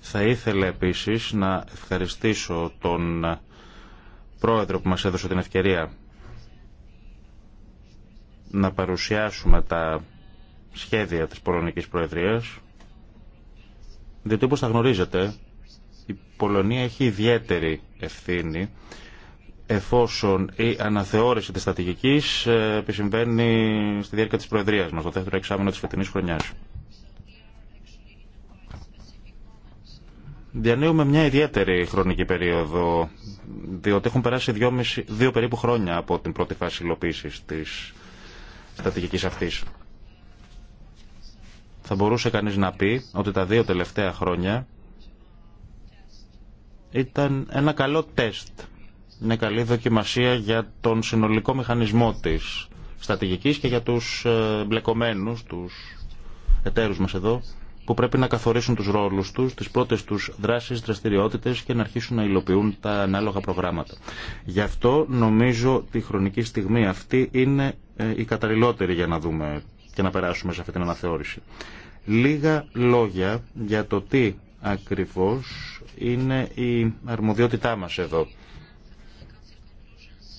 Θα ήθελα επίσης να ευχαριστήσω τον ε, πρόεδρο που μας έδωσε την ευκαιρία να παρουσιάσουμε τα σχέδια της Πολωνικής Προεδρίας, διότι όπως θα γνωρίζετε, η Πολωνία έχει ιδιαίτερη ευθύνη εφόσον η αναθεώρηση της στρατηγικής ε, επισυμβαίνει στη διάρκεια της Προεδρίας μας, το δεύτερο εξάμεινο της φετινής χρονιάς. Διανύουμε μια ιδιαίτερη χρονική περίοδο, διότι έχουν περάσει δύο, δύο περίπου χρόνια από την πρώτη φάση υλοποίησης της στρατηγικής αυτής θα μπορούσε κανείς να πει ότι τα δύο τελευταία χρόνια ήταν ένα καλό τεστ, μια καλή δοκιμασία για τον συνολικό μηχανισμό της στρατηγικής και για τους ε, μπλεκομένους, τους εταίρους μας εδώ, που πρέπει να καθορίσουν τους ρόλους τους, τις πρώτες τους δράσεις, δραστηριότητες και να αρχίσουν να υλοποιούν τα ανάλογα προγράμματα. Γι' αυτό νομίζω τη χρονική στιγμή αυτή είναι ε, η καταλληλότερη για να δούμε και να περάσουμε σε αυτή την αναθεώρηση. Λίγα λόγια για το τι ακριβώς είναι η αρμοδιότητά μας εδώ.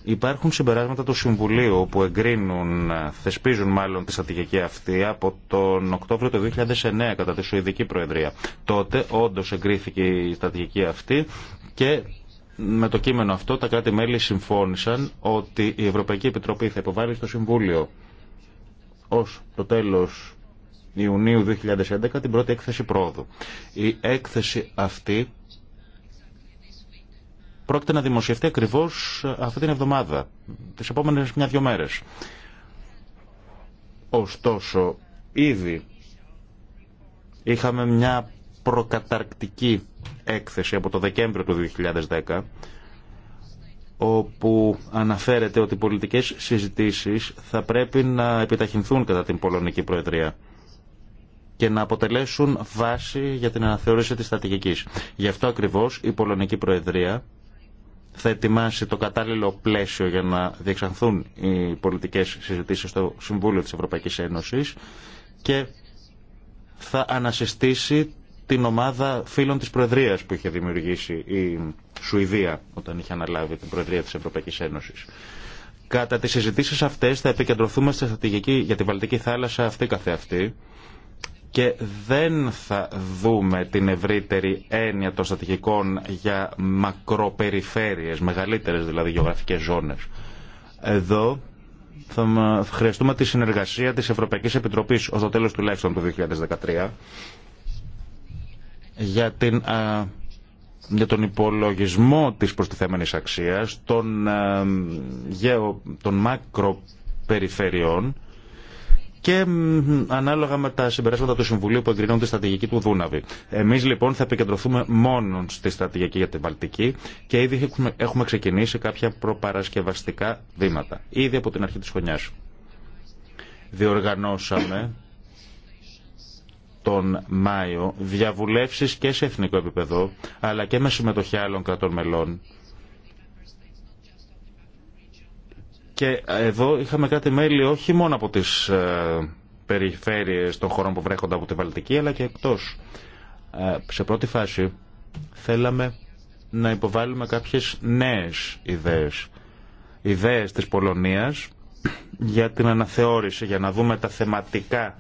Υπάρχουν συμπεράσματα του Συμβουλίου που εγκρίνουν, θεσπίζουν μάλλον τη στρατηγική αυτή από τον Οκτώβριο του 2009 κατά τη Σουηδική Προεδρία. Τότε όντως εγκρίθηκε η στρατηγική αυτή και με το κείμενο αυτό τα κράτη-μέλη συμφώνησαν ότι η Ευρωπαϊκή Επιτροπή θα υποβάλει στο Συμβούλιο ως το τέλος Ιουνίου 2011 την πρώτη έκθεση πρόοδου. Η έκθεση αυτή πρόκειται να δημοσιευτεί ακριβώς αυτή την εβδομάδα, τις επόμενες μια-δυο μέρες. Ωστόσο, ήδη είχαμε μια προκαταρκτική έκθεση από το Δεκέμβριο του 2010 όπου αναφέρεται ότι οι πολιτικές συζητήσεις θα πρέπει να επιταχυνθούν κατά την Πολωνική Προεδρία και να αποτελέσουν βάση για την αναθεώρηση της στρατηγικής. Γι' αυτό ακριβώς η Πολωνική Προεδρία θα ετοιμάσει το κατάλληλο πλαίσιο για να διεξανθούν οι πολιτικές συζητήσεις στο Συμβούλιο της Ευρωπαϊκής Ένωσης και θα ανασυστήσει την ομάδα φίλων της Προεδρίας που είχε δημιουργήσει η Σουηδία όταν είχε αναλάβει την Προεδρία της Ευρωπαϊκής Ένωσης. Κατά τις συζητήσεις αυτές θα επικεντρωθούμε στη στρατηγική για τη Βαλτική θάλασσα αυτή καθεαυτή και δεν θα δούμε την ευρύτερη έννοια των στατικικών για μακροπεριφέρειες, μεγαλύτερες δηλαδή γεωγραφικές ζώνες. Εδώ θα χρειαστούμε τη συνεργασία της Ευρωπαϊκής Επιτροπής ως το τέλος τουλάχιστον του 2013 για, την, τον υπολογισμό της προστιθέμενης αξίας των μακροπεριφερειών και ανάλογα με τα συμπεράσματα του Συμβουλίου που εγκρινούν τη στρατηγική του Δούναβη. Εμεί λοιπόν θα επικεντρωθούμε μόνο στη στρατηγική για την Βαλτική και ήδη έχουμε ξεκινήσει κάποια προπαρασκευαστικά βήματα, ήδη από την αρχή τη χρονιά. Διοργανώσαμε τον Μάιο διαβουλεύσεις και σε εθνικό επίπεδο αλλά και με συμμετοχή άλλων κρατών μελών Και εδώ είχαμε κάτι μέλη όχι μόνο από τις ε, περιφέρειες των χωρών που βρέχονται από τη Βαλτική, αλλά και εκτός. Ε, σε πρώτη φάση θέλαμε να υποβάλουμε κάποιες νέες ιδέες. Ιδέες της Πολωνίας για την αναθεώρηση, για να δούμε τα θεματικά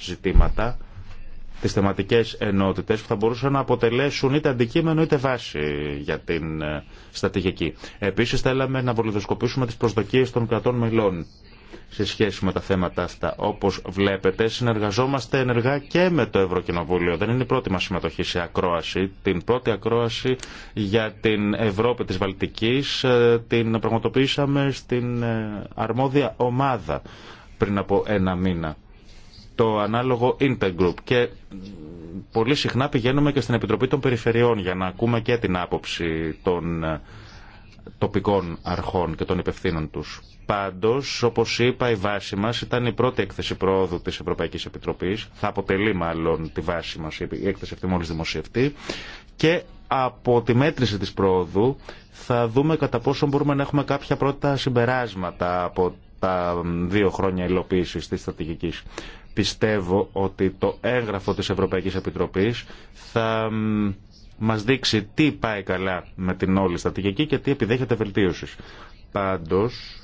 ζητήματα τι θεματικέ ενότητε που θα μπορούσαν να αποτελέσουν είτε αντικείμενο είτε βάση για την ε, στρατηγική. Επίση, θέλαμε να βολιδοσκοπήσουμε τι προσδοκίε των κρατών μελών σε σχέση με τα θέματα αυτά. Όπω βλέπετε, συνεργαζόμαστε ενεργά και με το Ευρωκοινοβούλιο. Δεν είναι η πρώτη μα συμμετοχή σε ακρόαση. Την πρώτη ακρόαση για την Ευρώπη τη Βαλτική ε, την πραγματοποιήσαμε στην ε, αρμόδια ομάδα πριν από ένα μήνα το ανάλογο Intergroup και πολύ συχνά πηγαίνουμε και στην Επιτροπή των Περιφερειών για να ακούμε και την άποψη των ε, τοπικών αρχών και των υπευθύνων τους. Πάντως, όπως είπα, η βάση μας ήταν η πρώτη έκθεση πρόοδου της Ευρωπαϊκής Επιτροπής, θα αποτελεί μάλλον τη βάση μας η έκθεση αυτή μόλις δημοσιευτεί και από τη μέτρηση της πρόοδου θα δούμε κατά πόσο μπορούμε να έχουμε κάποια πρώτα συμπεράσματα από τα δύο χρόνια υλοποίηση της στρατηγική. Πιστεύω ότι το έγγραφο της Ευρωπαϊκής Επιτροπή θα μας δείξει τι πάει καλά με την όλη στρατηγική και τι επιδέχεται βελτίωση. Πάντως,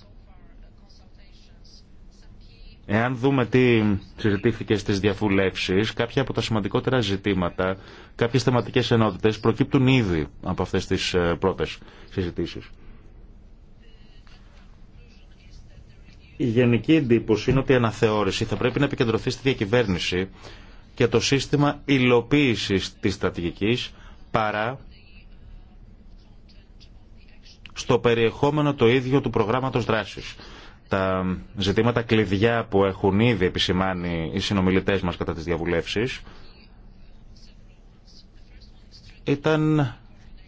Εάν δούμε τι συζητήθηκε στι διαφουλεύσει, κάποια από τα σημαντικότερα ζητήματα, κάποιε θεματικέ ενότητε προκύπτουν ήδη από αυτέ τι ε, πρώτε συζητήσει. Η γενική εντύπωση είναι ότι η αναθεώρηση θα πρέπει να επικεντρωθεί στη διακυβέρνηση και το σύστημα υλοποίησης της στρατηγικής παρά στο περιεχόμενο το ίδιο του προγράμματος δράσης. Τα ζητήματα κλειδιά που έχουν ήδη επισημάνει οι συνομιλητές μας κατά τις διαβουλεύσεις ήταν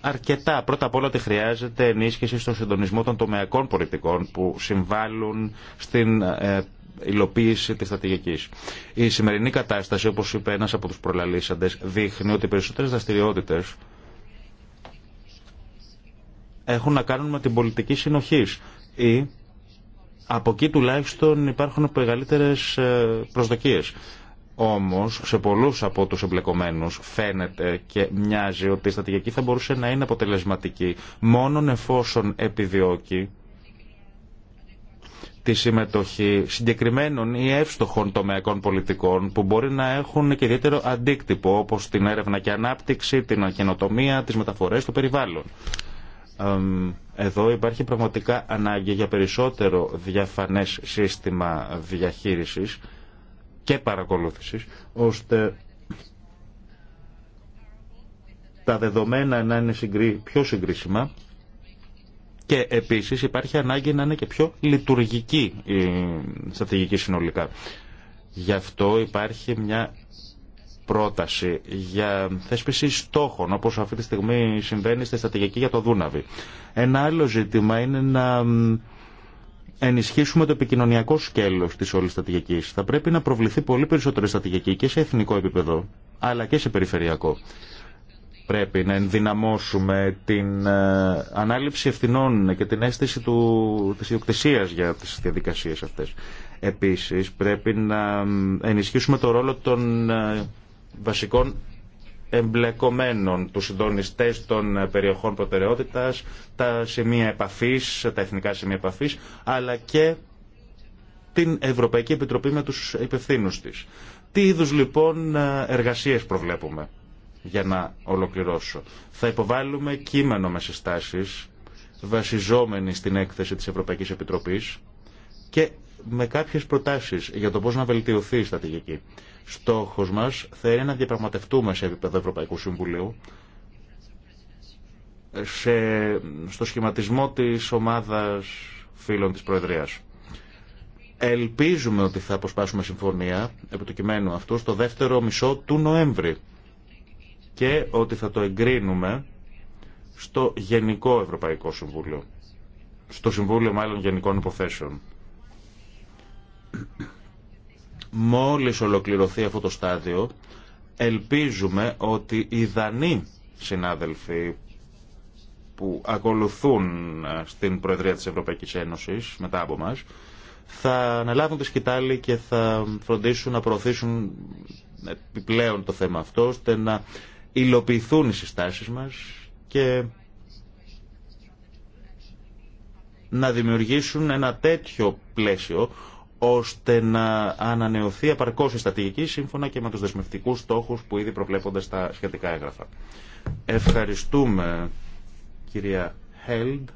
αρκετά. Πρώτα απ' όλα ότι χρειάζεται ενίσχυση στον συντονισμό των τομεακών πολιτικών που συμβάλλουν στην ε, υλοποίηση της στρατηγικής. Η σημερινή κατάσταση, όπως είπε ένας από τους προλαλήσαντες, δείχνει ότι οι περισσότερες δραστηριότητες έχουν να κάνουν με την πολιτική συνοχής ή από εκεί τουλάχιστον υπάρχουν μεγαλύτερε ε, προσδοκίες. Όμως σε πολλούς από τους εμπλεκομένους φαίνεται και μοιάζει ότι η στρατηγική θα μπορούσε να είναι αποτελεσματική μόνον εφόσον επιδιώκει τη συμμετοχή συγκεκριμένων ή εύστοχων τομεακών πολιτικών που μπορεί να έχουν και ιδιαίτερο αντίκτυπο όπως την έρευνα και ανάπτυξη, την καινοτομία, τις μεταφορές, το περιβάλλον. Εδώ υπάρχει πραγματικά ανάγκη για περισσότερο διαφανές σύστημα διαχείρισης και παρακολούθησης, ώστε τα δεδομένα να είναι πιο συγκρίσιμα και επίσης υπάρχει ανάγκη να είναι και πιο λειτουργική η στρατηγική συνολικά. Γι' αυτό υπάρχει μια πρόταση για θέσπιση στόχων, όπως αυτή τη στιγμή συμβαίνει στη στρατηγική για το Δούναβη. Ένα άλλο ζήτημα είναι να ενισχύσουμε το επικοινωνιακό σκέλο τη όλη στρατηγική. Θα πρέπει να προβληθεί πολύ η στρατηγική και σε εθνικό επίπεδο, αλλά και σε περιφερειακό. Πρέπει να ενδυναμώσουμε την ε, ανάληψη ευθυνών και την αίσθηση του, της ιδιοκτησίας για τις διαδικασίες αυτές. Επίσης, πρέπει να ενισχύσουμε το ρόλο των ε, βασικών εμπλεκομένων, τους συντονιστές των περιοχών προτεραιότητας, τα σημεία επαφής, τα εθνικά σημεία επαφής, αλλά και την Ευρωπαϊκή Επιτροπή με τους υπευθύνους της. Τι είδους λοιπόν εργασίες προβλέπουμε για να ολοκληρώσω. Θα υποβάλουμε κείμενο με συστάσεις βασιζόμενοι στην έκθεση της Ευρωπαϊκής Επιτροπής και με κάποιες προτάσεις για το πώς να βελτιωθεί η στρατηγική. Στόχο μα θα είναι να διαπραγματευτούμε σε επίπεδο Ευρωπαϊκού Συμβουλίου σε, στο σχηματισμό της ομάδας φίλων της Προεδρίας. Ελπίζουμε ότι θα αποσπάσουμε συμφωνία επί του κειμένου αυτού στο δεύτερο μισό του Νοέμβρη και ότι θα το εγκρίνουμε στο Γενικό Ευρωπαϊκό Συμβούλιο. Στο Συμβούλιο μάλλον Γενικών Υποθέσεων. Μόλις ολοκληρωθεί αυτό το στάδιο, ελπίζουμε ότι οι Δανείοι συνάδελφοι που ακολουθούν ε, στην Προεδρία της Ευρωπαϊκής Ένωσης μετά από μας, θα αναλάβουν τη σκητάλη και θα φροντίσουν να προωθήσουν επιπλέον το θέμα αυτό, ώστε να υλοποιηθούν οι συστάσεις μας και να δημιουργήσουν ένα τέτοιο πλαίσιο ώστε να ανανεωθεί απαρκώ η στατηγική σύμφωνα και με τους δεσμευτικούς στόχου που ήδη προβλέπονται στα σχετικά έγγραφα. Ευχαριστούμε κυρία Χέλντ.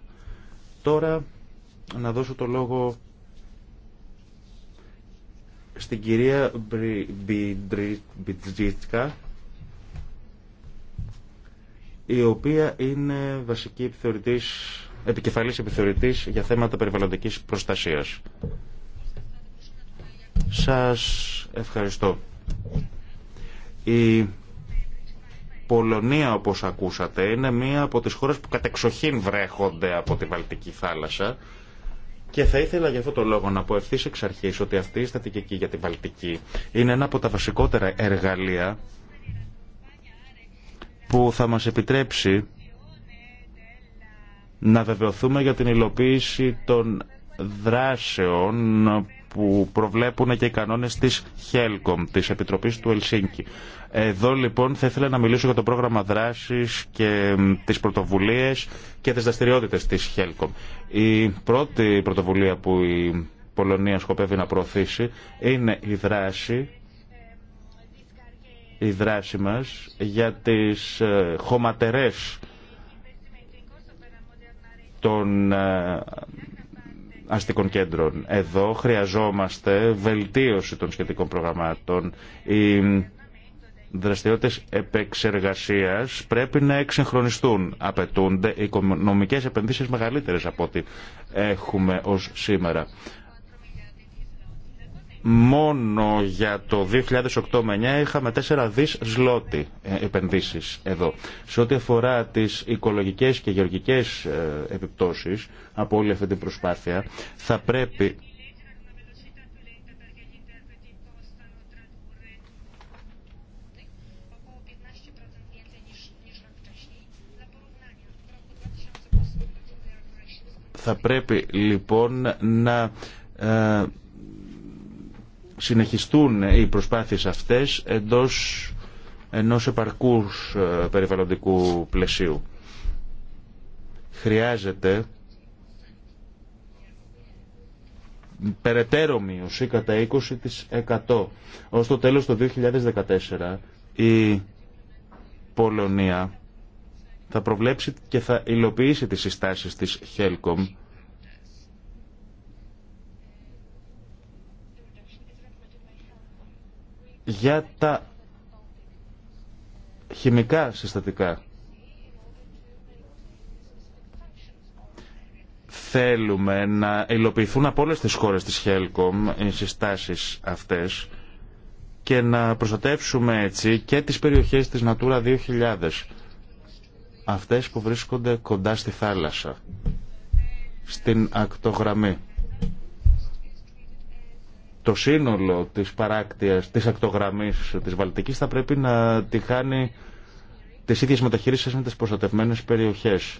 Τώρα να δώσω το λόγο στην κυρία Μπιτζίτσκα η οποία είναι βασική επιθεωρητής, επικεφαλής επιθεωρητής για θέματα περιβαλλοντικής προστασίας. Σας ευχαριστώ. Η Πολωνία, όπως ακούσατε, είναι μία από τις χώρες που κατεξοχήν βρέχονται από τη Βαλτική θάλασσα και θα ήθελα για αυτό το λόγο να πω ευθύ εξ αρχή ότι αυτή η στατική για τη Βαλτική είναι ένα από τα βασικότερα εργαλεία που θα μας επιτρέψει να βεβαιωθούμε για την υλοποίηση των δράσεων που προβλέπουν και οι κανόνες της HELCOM, της Επιτροπής του Ελσίνκη. Εδώ λοιπόν θα ήθελα να μιλήσω για το πρόγραμμα δράσης και τις πρωτοβουλίες και τις δραστηριότητε της HELCOM. Η πρώτη πρωτοβουλία που η Πολωνία σκοπεύει να προωθήσει είναι η δράση η δράση μας για τις ε, χωματερές των ε, αστικών κέντρων. Εδώ χρειαζόμαστε βελτίωση των σχετικών προγραμμάτων. Οι δραστηριότητες επεξεργασίας πρέπει να εξυγχρονιστούν. Απαιτούνται οικονομικές επενδύσεις μεγαλύτερες από ό,τι έχουμε ως σήμερα μόνο για το 2008 με 2009 είχαμε 4 δις σλότη ε, επενδύσεις εδώ. Σε ό,τι αφορά τις οικολογικές και γεωργικές ε, επιπτώσεις από όλη αυτή την προσπάθεια θα πρέπει θα πρέπει λοιπόν να ε, συνεχιστούν οι προσπάθειες αυτές εντός ενός επαρκούς ε, περιβαλλοντικού πλαισίου. Χρειάζεται περαιτέρω μείωση κατά 20% ως το τέλος του 2014 η Πολωνία θα προβλέψει και θα υλοποιήσει τις συστάσεις της Helcom για τα χημικά συστατικά. Θέλουμε να υλοποιηθούν από όλες τις χώρες της Helcom οι συστάσεις αυτές και να προστατεύσουμε έτσι και τις περιοχές της Natura 2000, αυτές που βρίσκονται κοντά στη θάλασσα, στην ακτογραμμή το σύνολο της παράκτειας, της ακτογραμμής της Βαλτικής θα πρέπει να τη χάνει τις ίδιες μεταχείρισεις με τις προστατευμένες περιοχές.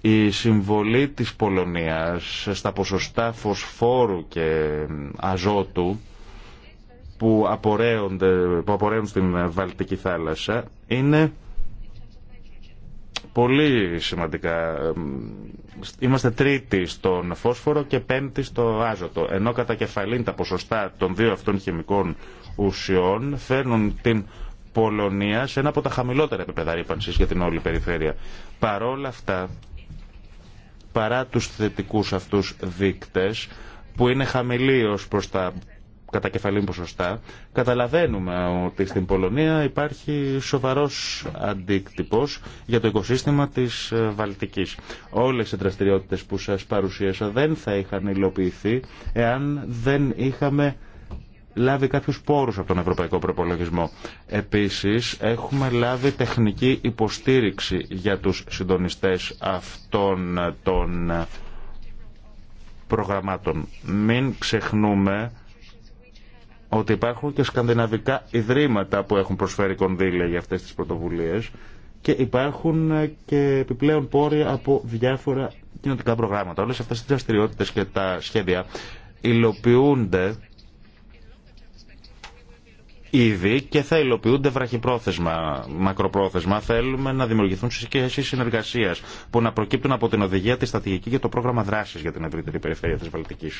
Η συμβολή της Πολωνίας στα ποσοστά φωσφόρου και αζότου που, που απορρέουν στην Βαλτική θάλασσα είναι Πολύ σημαντικά. Είμαστε τρίτοι στον φόσφορο και πέμπτη στο άζωτο. Ενώ κατά κεφαλήν τα ποσοστά των δύο αυτών χημικών ουσιών φέρνουν την Πολωνία σε ένα από τα χαμηλότερα επίπεδα ρήπανσης για την όλη περιφέρεια. Παρόλα αυτά, παρά τους θετικούς αυτούς δείκτες, που είναι χαμηλοί ως προς τα κεφαλήν ποσοστά, καταλαβαίνουμε ότι στην Πολωνία υπάρχει σοβαρός αντίκτυπος για το οικοσύστημα της ε, Βαλτικής. Όλες οι δραστηριότητε που σας παρουσίασα δεν θα είχαν υλοποιηθεί εάν δεν είχαμε λάβει κάποιους πόρους από τον Ευρωπαϊκό Προπολογισμό. Επίσης, έχουμε λάβει τεχνική υποστήριξη για τους συντονιστές αυτών των ε, προγραμμάτων. Μην ξεχνούμε ότι υπάρχουν και σκανδιναβικά ιδρύματα που έχουν προσφέρει κονδύλια για αυτές τις πρωτοβουλίες και υπάρχουν ε, και επιπλέον πόρια από διάφορα κοινωτικά προγράμματα. Όλες αυτές τις δραστηριότητε και τα σχέδια υλοποιούνται ήδη και θα υλοποιούνται βραχυπρόθεσμα, μακροπρόθεσμα. Θέλουμε να δημιουργηθούν σχέσει συνεργασία που να προκύπτουν από την οδηγία, τη στρατηγική και το πρόγραμμα δράση για την ευρύτερη περιφέρεια τη Βαλτική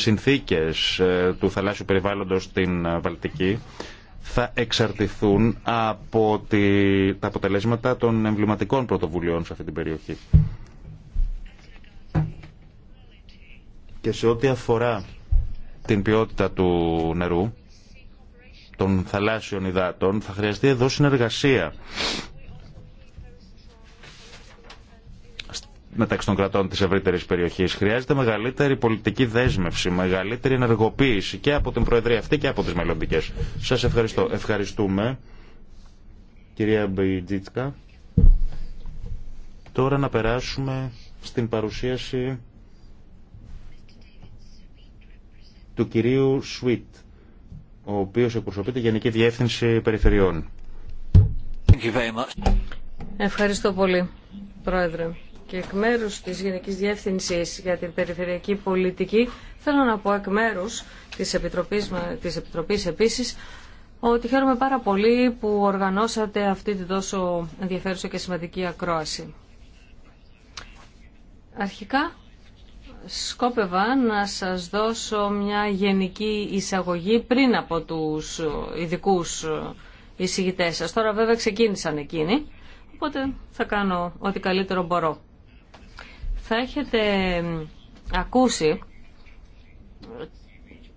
συνθήκες ε, του θαλάσσιου περιβάλλοντος στην ε, Βαλτική θα εξαρτηθούν από τη, τα αποτελέσματα των εμβληματικών πρωτοβουλειών σε αυτή την περιοχή. Και σε ό,τι αφορά την ποιότητα του νερού, των θαλάσσιων υδάτων, θα χρειαστεί εδώ συνεργασία μεταξύ των κρατών τη ευρύτερη περιοχή. Χρειάζεται μεγαλύτερη πολιτική δέσμευση, μεγαλύτερη ενεργοποίηση και από την Προεδρία αυτή και από τι μελλοντικέ. Σα ευχαριστώ. Ευχαριστούμε. Κυρία Μπιτζίτσκα. Τώρα να περάσουμε στην παρουσίαση του κυρίου Σουίτ, ο οποίος εκπροσωπεί τη Γενική Διεύθυνση Περιφερειών. Ευχαριστώ πολύ, Πρόεδρε και εκ μέρου τη Γενική Διεύθυνση για την Περιφερειακή Πολιτική, θέλω να πω εκ μέρου τη Επιτροπή Επιτροπής επίση ότι χαίρομαι πάρα πολύ που οργανώσατε αυτή την τόσο ενδιαφέρουσα και σημαντική ακρόαση. Αρχικά, σκόπευα να σας δώσω μια γενική εισαγωγή πριν από τους ειδικού εισηγητές σας. Τώρα βέβαια ξεκίνησαν εκείνοι, οπότε θα κάνω ό,τι καλύτερο μπορώ. Θα έχετε ακούσει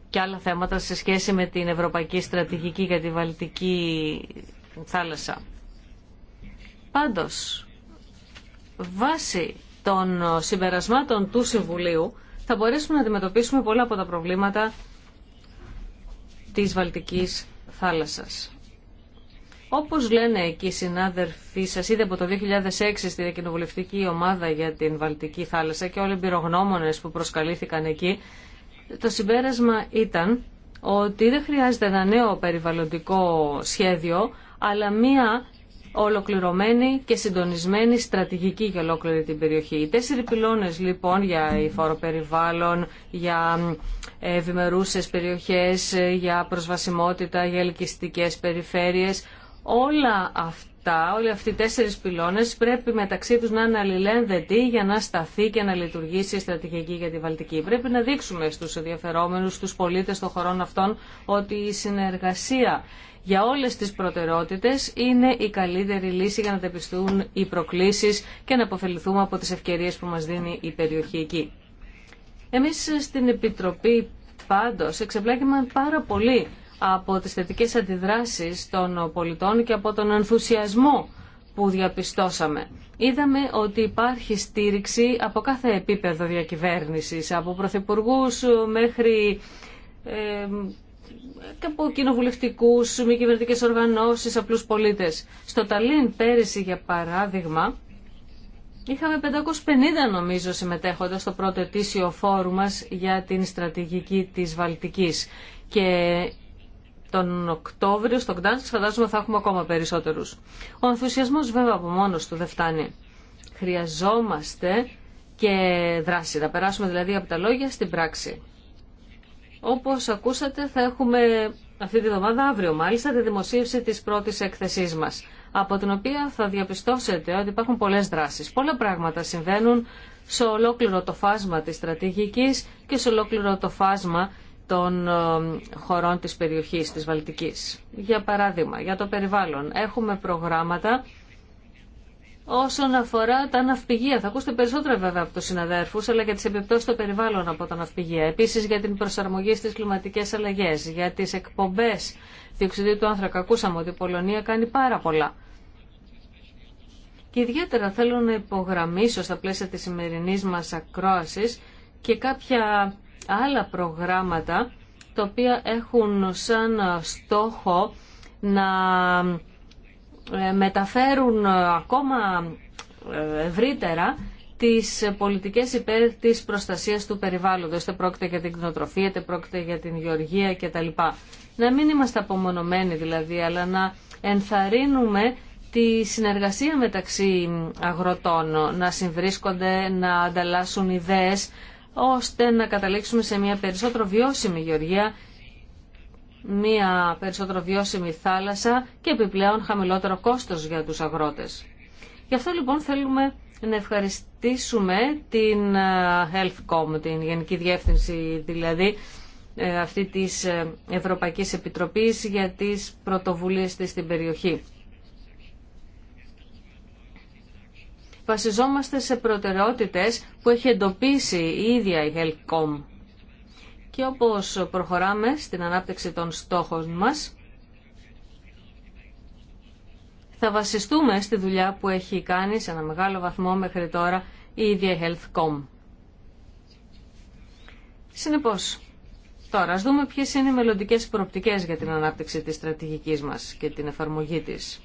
και άλλα θέματα σε σχέση με την Ευρωπαϊκή Στρατηγική για τη Βαλτική Θάλασσα. Πάντως, βάσει των συμπερασμάτων του Συμβουλίου θα μπορέσουμε να αντιμετωπίσουμε πολλά από τα προβλήματα της Βαλτικής Θάλασσας. Όπω λένε εκεί οι συνάδελφοί σα είδε από το 2006 στη διακοινοβουλευτική ομάδα για την Βαλτική θάλασσα και όλοι οι πυρογνώμονες που προσκαλήθηκαν εκεί, το συμπέρασμα ήταν ότι δεν χρειάζεται ένα νέο περιβαλλοντικό σχέδιο, αλλά μία ολοκληρωμένη και συντονισμένη στρατηγική για ολόκληρη την περιοχή. Οι τέσσερι πυλώνες λοιπόν για υφοροπεριβάλλον, για ε, ευημερούσες περιοχές, ε, για προσβασιμότητα, για ελκυστικές περιφέρειες, Όλα αυτά, όλοι αυτοί οι τέσσερις πυλώνες πρέπει μεταξύ τους να είναι αλληλένδετοι για να σταθεί και να λειτουργήσει η στρατηγική για τη Βαλτική. Πρέπει να δείξουμε στους ενδιαφερόμενους, στους πολίτες των χωρών αυτών ότι η συνεργασία για όλες τις προτεραιότητες είναι η καλύτερη λύση για να τεπιστούν οι προκλήσεις και να αποφεληθούμε από τις ευκαιρίες που μας δίνει η περιοχή εκεί. Εμείς στην Επιτροπή πάντως εξεπλάγημαν πάρα πολύ από τις θετικές αντιδράσεις των πολιτών και από τον ενθουσιασμό που διαπιστώσαμε. Είδαμε ότι υπάρχει στήριξη από κάθε επίπεδο διακυβέρνησης, από πρωθυπουργού μέχρι και από κοινοβουλευτικού, μη κυβερνητικέ οργανώσεις, απλούς πολίτες. Στο Ταλίν πέρυσι, για παράδειγμα, είχαμε 550 νομίζω συμμετέχοντα στο πρώτο ετήσιο φόρου για την στρατηγική της Βαλτικής. Και τον Οκτώβριο στο Κτάνσκ φαντάζομαι θα έχουμε ακόμα περισσότερου. Ο ενθουσιασμό βέβαια από μόνο του δεν φτάνει. Χρειαζόμαστε και δράση. Να περάσουμε δηλαδή από τα λόγια στην πράξη. Όπω ακούσατε θα έχουμε αυτή τη βδομάδα, αύριο μάλιστα, τη δημοσίευση τη πρώτη έκθεσή μα, από την οποία θα διαπιστώσετε ότι υπάρχουν πολλέ δράσει. Πολλά πράγματα συμβαίνουν σε ολόκληρο το φάσμα της στρατηγικής και σε ολόκληρο το φάσμα των ε, χωρών της περιοχής, της Βαλτικής. Για παράδειγμα, για το περιβάλλον. Έχουμε προγράμματα όσον αφορά τα ναυπηγεία. Θα ακούσετε περισσότερα βέβαια από τους συναδέρφους, αλλά για τις επιπτώσεις στο περιβάλλον από τα ναυπηγεία. Επίσης για την προσαρμογή στις κλιματικές αλλαγές, για τις εκπομπές διοξιδίου του άνθρακα. Ακούσαμε ότι η Πολωνία κάνει πάρα πολλά. Και ιδιαίτερα θέλω να υπογραμμίσω στα πλαίσια της σημερινής μας ακρόασης και κάποια άλλα προγράμματα τα οποία έχουν σαν στόχο να ε, μεταφέρουν ακόμα ε, ευρύτερα τις πολιτικές υπέρ της προστασίας του περιβάλλοντος, είτε πρόκειται για την κοινοτροφία, είτε πρόκειται για την γεωργία κτλ. Να μην είμαστε απομονωμένοι δηλαδή, αλλά να ενθαρρύνουμε τη συνεργασία μεταξύ αγροτών, να συμβρίσκονται, να ανταλλάσσουν ιδέες, ώστε να καταλήξουμε σε μια περισσότερο βιώσιμη γεωργία, μια περισσότερο βιώσιμη θάλασσα και επιπλέον χαμηλότερο κόστος για τους αγρότες. Γι' αυτό λοιπόν θέλουμε να ευχαριστήσουμε την HealthCom, ε, την Γενική Διεύθυνση δηλαδή, ε, αυτή της ε, Ευρωπαϊκής Επιτροπής για τις πρωτοβουλίες της στην περιοχή. βασιζόμαστε σε προτεραιότητες που έχει εντοπίσει η ίδια η HealthCom. Και όπως προχωράμε στην ανάπτυξη των στόχων μας, θα βασιστούμε στη δουλειά που έχει κάνει σε ένα μεγάλο βαθμό μέχρι τώρα η ίδια η Health.com. Συνεπώς, τώρα ας δούμε ποιες είναι οι μελλοντικές προοπτικές για την ανάπτυξη της στρατηγικής μας και την εφαρμογή της.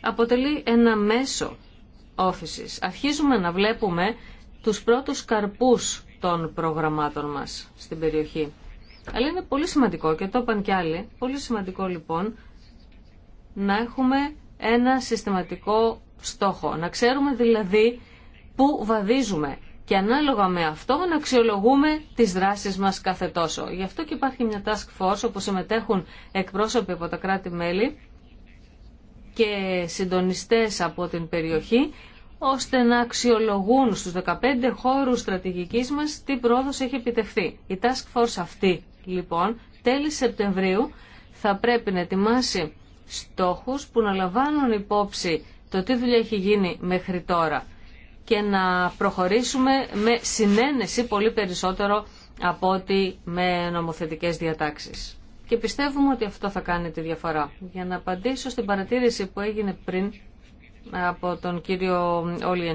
Αποτελεί ένα μέσο offices. Αρχίζουμε να βλέπουμε τους πρώτους καρπούς των προγραμμάτων μας στην περιοχή. Αλλά είναι πολύ σημαντικό και το είπαν κι άλλοι, πολύ σημαντικό λοιπόν να έχουμε ένα συστηματικό στόχο. Να ξέρουμε δηλαδή πού βαδίζουμε και ανάλογα με αυτό να αξιολογούμε τις δράσεις μας κάθε τόσο. Γι' αυτό και υπάρχει μια task force όπου συμμετέχουν εκπρόσωποι από τα κράτη-μέλη και συντονιστές από την περιοχή ώστε να αξιολογούν στους 15 χώρους στρατηγικής μας τι πρόοδος έχει επιτευχθεί. Η Task Force αυτή, λοιπόν, τέλη Σεπτεμβρίου θα πρέπει να ετοιμάσει στόχους που να λαμβάνουν υπόψη το τι δουλειά έχει γίνει μέχρι τώρα και να προχωρήσουμε με συνένεση πολύ περισσότερο από ότι με νομοθετικές διατάξεις. Και πιστεύουμε ότι αυτό θα κάνει τη διαφορά. Για να απαντήσω στην παρατήρηση που έγινε πριν από τον κύριο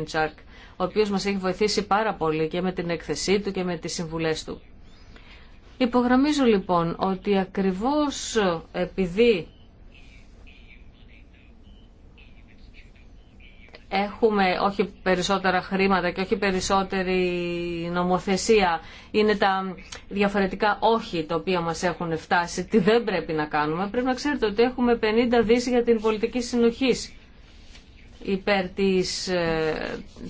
Τσάρκ, ο οποίος μας έχει βοηθήσει πάρα πολύ και με την έκθεσή του και με τις συμβουλές του. Υπογραμμίζω λοιπόν ότι ακριβώς επειδή έχουμε όχι περισσότερα χρήματα και όχι περισσότερη νομοθεσία. Είναι τα διαφορετικά όχι τα οποία μας έχουν φτάσει, τι δεν πρέπει να κάνουμε. Πρέπει να ξέρετε ότι έχουμε 50 δις για την πολιτική συνοχής υπέρ της ε,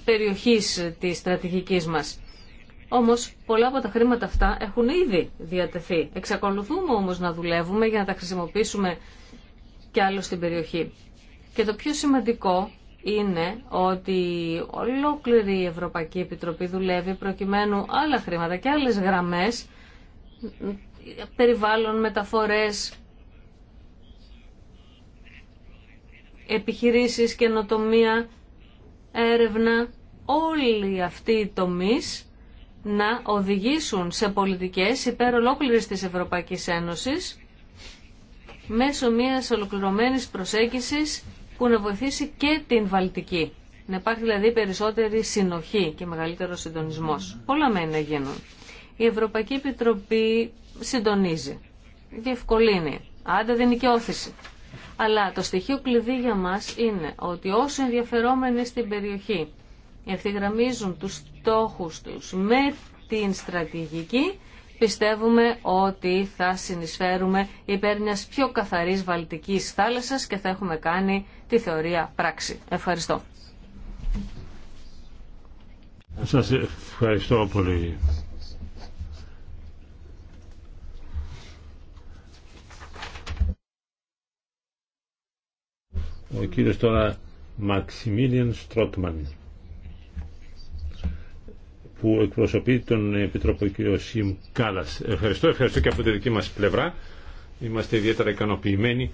περιοχής της στρατηγικής μας. Όμως πολλά από τα χρήματα αυτά έχουν ήδη διατεθεί. Εξακολουθούμε όμως να δουλεύουμε για να τα χρησιμοποιήσουμε και άλλο στην περιοχή. Και το πιο σημαντικό είναι ότι ολόκληρη η Ευρωπαϊκή Επιτροπή δουλεύει προκειμένου άλλα χρήματα και άλλες γραμμές, περιβάλλον, μεταφορές, επιχειρήσεις, καινοτομία, έρευνα, όλοι αυτοί οι τομείς να οδηγήσουν σε πολιτικές υπέρ ολόκληρης της Ευρωπαϊκής Ένωσης μέσω μιας ολοκληρωμένης προσέγγισης που να βοηθήσει και την Βαλτική. Να υπάρχει δηλαδή περισσότερη συνοχή και μεγαλύτερο συντονισμός. Πολλά μένει να γίνουν. Η Ευρωπαϊκή Επιτροπή συντονίζει, διευκολύνει, άντε δίνει και όθηση. Αλλά το στοιχείο κλειδί για μας είναι ότι όσοι ενδιαφερόμενοι στην περιοχή ευθυγραμμίζουν τους στόχους τους με την στρατηγική, πιστεύουμε ότι θα συνεισφέρουμε υπέρ μιας πιο καθαρής βαλτικής θάλασσας και θα έχουμε κάνει τη θεωρία πράξη. Ευχαριστώ. Σας ευχαριστώ πολύ Ο κύριος τώρα Μαξιμίλιαν Στρότμαν που εκπροσωπεί τον Επιτρόπο κ. Σιμ Κάλλας. Ευχαριστώ, ευχαριστώ και από τη δική μας πλευρά. Είμαστε ιδιαίτερα ικανοποιημένοι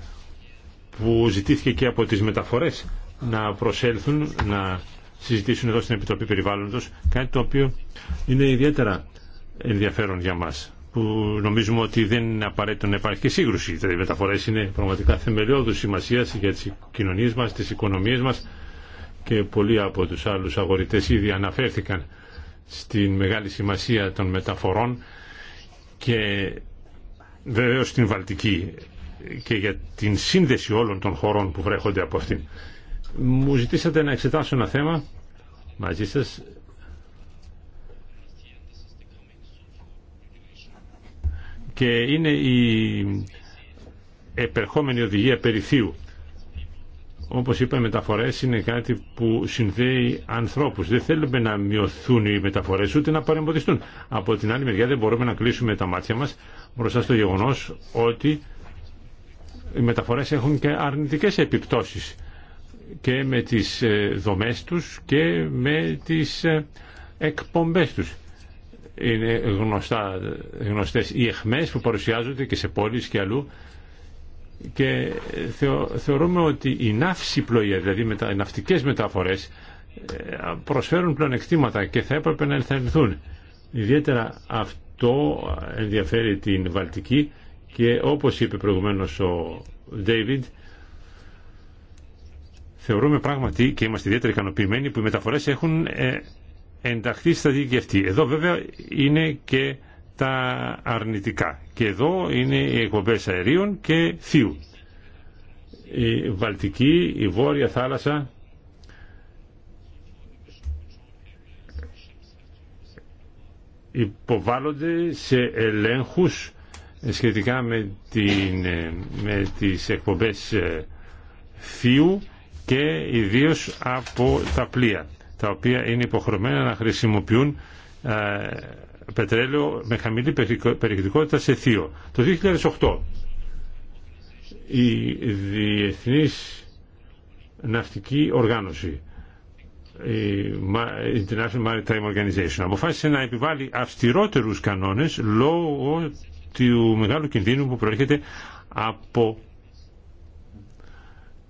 που ζητήθηκε και από τις μεταφορές να προσέλθουν, να συζητήσουν εδώ στην Επιτροπή Περιβάλλοντος, κάτι το οποίο είναι ιδιαίτερα ενδιαφέρον για μας που νομίζουμε ότι δεν είναι απαραίτητο να υπάρχει και σύγκρουση. Δηλαδή, οι μεταφορέ είναι πραγματικά θεμελιώδου σημασία για τι κοινωνίε μα, τι οικονομίε μα και πολλοί από του άλλου αγορητέ ήδη αναφέρθηκαν στην μεγάλη σημασία των μεταφορών και βεβαίω στην Βαλτική και για την σύνδεση όλων των χωρών που βρέχονται από αυτήν. Μου ζητήσατε να εξετάσω ένα θέμα μαζί σας και είναι η επερχόμενη οδηγία περιθείου. Όπως είπα, οι μεταφορές είναι κάτι που συνδέει ανθρώπους. Δεν θέλουμε να μειωθούν οι μεταφορές ούτε να παρεμποδιστούν. Από την άλλη μεριά δεν μπορούμε να κλείσουμε τα μάτια μας μπροστά στο γεγονός ότι οι μεταφορές έχουν και αρνητικές επιπτώσεις και με τις ε, δομές τους και με τις ε, εκπομπές τους είναι γνωστά, γνωστές οι εχμές που παρουσιάζονται και σε πόλεις και αλλού και θεωρούμε ότι η ναύση πλοία, δηλαδή μετα, οι ναυτικές μεταφορές ε, προσφέρουν πλεονεκτήματα και θα έπρεπε να ενθαρρυνθούν. Ιδιαίτερα αυτό ενδιαφέρει την Βαλτική και όπως είπε προηγουμένως ο Ντέιβιντ θεωρούμε πράγματι και είμαστε ιδιαίτερα ικανοποιημένοι που οι μεταφορές έχουν ε, ενταχθεί στα δίκαια αυτή. Εδώ βέβαια είναι και τα αρνητικά. Και εδώ είναι οι εκπομπέ αερίων και θείου. Η Βαλτική, η Βόρεια Θάλασσα, υποβάλλονται σε ελέγχους σχετικά με, την, με τις εκπομπές θείου και ιδίως από τα πλοία τα οποία είναι υποχρεωμένα να χρησιμοποιούν ε, πετρέλαιο με χαμηλή περιεκτικότητα σε θείο. Το 2008 η Διεθνής Ναυτική Οργάνωση η International Maritime Organization αποφάσισε να επιβάλλει αυστηρότερους κανόνες λόγω του μεγάλου κινδύνου που προέρχεται από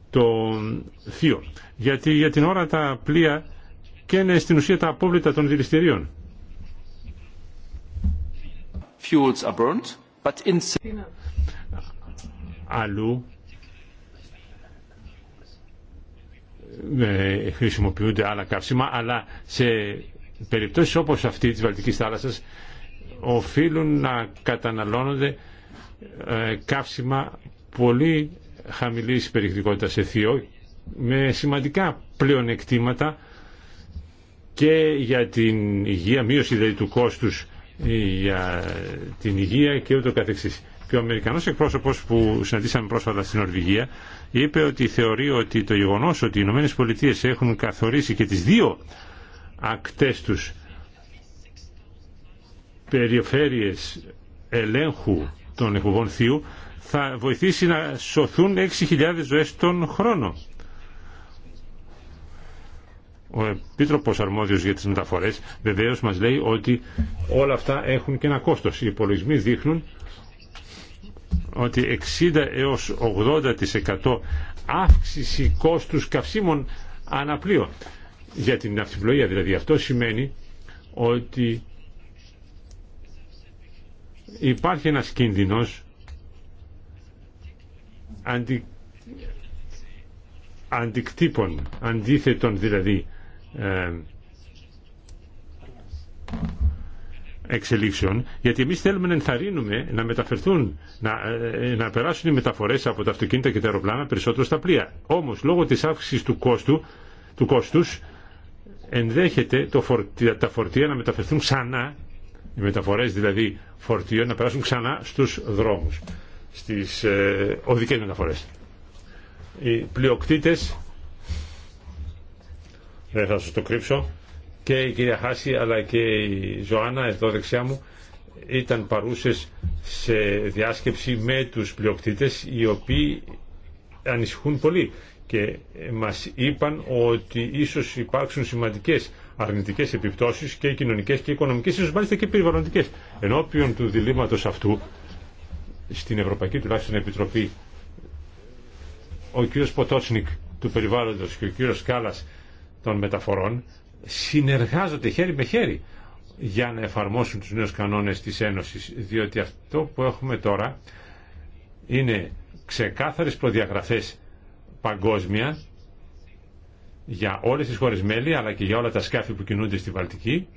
το θείο. Γιατί για την ώρα τα πλοία και είναι στην ουσία τα απόβλητα των δηληστηρίων. Αλλού ε, χρησιμοποιούνται άλλα καύσιμα, αλλά σε περιπτώσεις όπως αυτή της Βαλτικής θάλασσας οφείλουν να καταναλώνονται ε, καύσιμα πολύ χαμηλής περιεκτικότητας σε θείο με σημαντικά πλεονεκτήματα και για την υγεία, μείωση δηλαδή του κόστους ε, για την υγεία και ούτω καθεξής. Και ο Αμερικανός εκπρόσωπος που συναντήσαμε πρόσφατα στην Νορβηγία είπε ότι θεωρεί ότι το γεγονός ότι οι Ηνωμένες Πολιτείες έχουν καθορίσει και τις δύο ακτές τους περιφέρειες ελέγχου των εκπομπών θείου θα βοηθήσει να σωθούν 6.000 ζωές τον χρόνο ο Επίτροπος Αρμόδιος για τις Μεταφορές βεβαίως μας λέει ότι όλα αυτά έχουν και ένα κόστος. Οι υπολογισμοί δείχνουν ότι 60 έως 80% αύξηση κόστους καυσίμων αναπλείων για την ναυτιπλοεία. Δηλαδή αυτό σημαίνει ότι υπάρχει ένας κίνδυνος αντικτύπων, αντίθετων δηλαδή ε, εξελίξεων, γιατί εμείς θέλουμε να ενθαρρύνουμε να μεταφερθούν, να, ε, ε, να περάσουν οι μεταφορές από τα αυτοκίνητα και τα αεροπλάνα περισσότερο στα πλοία. Όμως, λόγω της αύξησης του, κόστου, του κόστους, ενδέχεται το τα φορτία να μεταφερθούν ξανά, οι μεταφορές δηλαδή φορτίων, να περάσουν ξανά στους δρόμους, στις ε, οδικές μεταφορές. Οι πλειοκτήτες δεν θα σας το κρύψω και η κυρία Χάση αλλά και η Ζωάνα εδώ δεξιά μου ήταν παρούσες σε διάσκεψη με τους πλειοκτήτες οι οποίοι ανησυχούν πολύ και μας είπαν ότι ίσως υπάρξουν σημαντικές αρνητικές επιπτώσεις και κοινωνικές και οικονομικές, ίσως μάλιστα και περιβαλλοντικές. Ενώπιον του διλήμματος αυτού, στην Ευρωπαϊκή τουλάχιστον Επιτροπή, ο κύριος Ποτότσνικ του περιβάλλοντος και ο κύριος Κάλλας των μεταφορών συνεργάζονται χέρι με χέρι για να εφαρμόσουν τους νέους κανόνες της Ένωσης, διότι αυτό που έχουμε τώρα είναι ξεκάθαρες προδιαγραφές παγκόσμια για όλες τις χώρες μέλη, αλλά και για όλα τα σκάφη που κινούνται στη Βαλτική,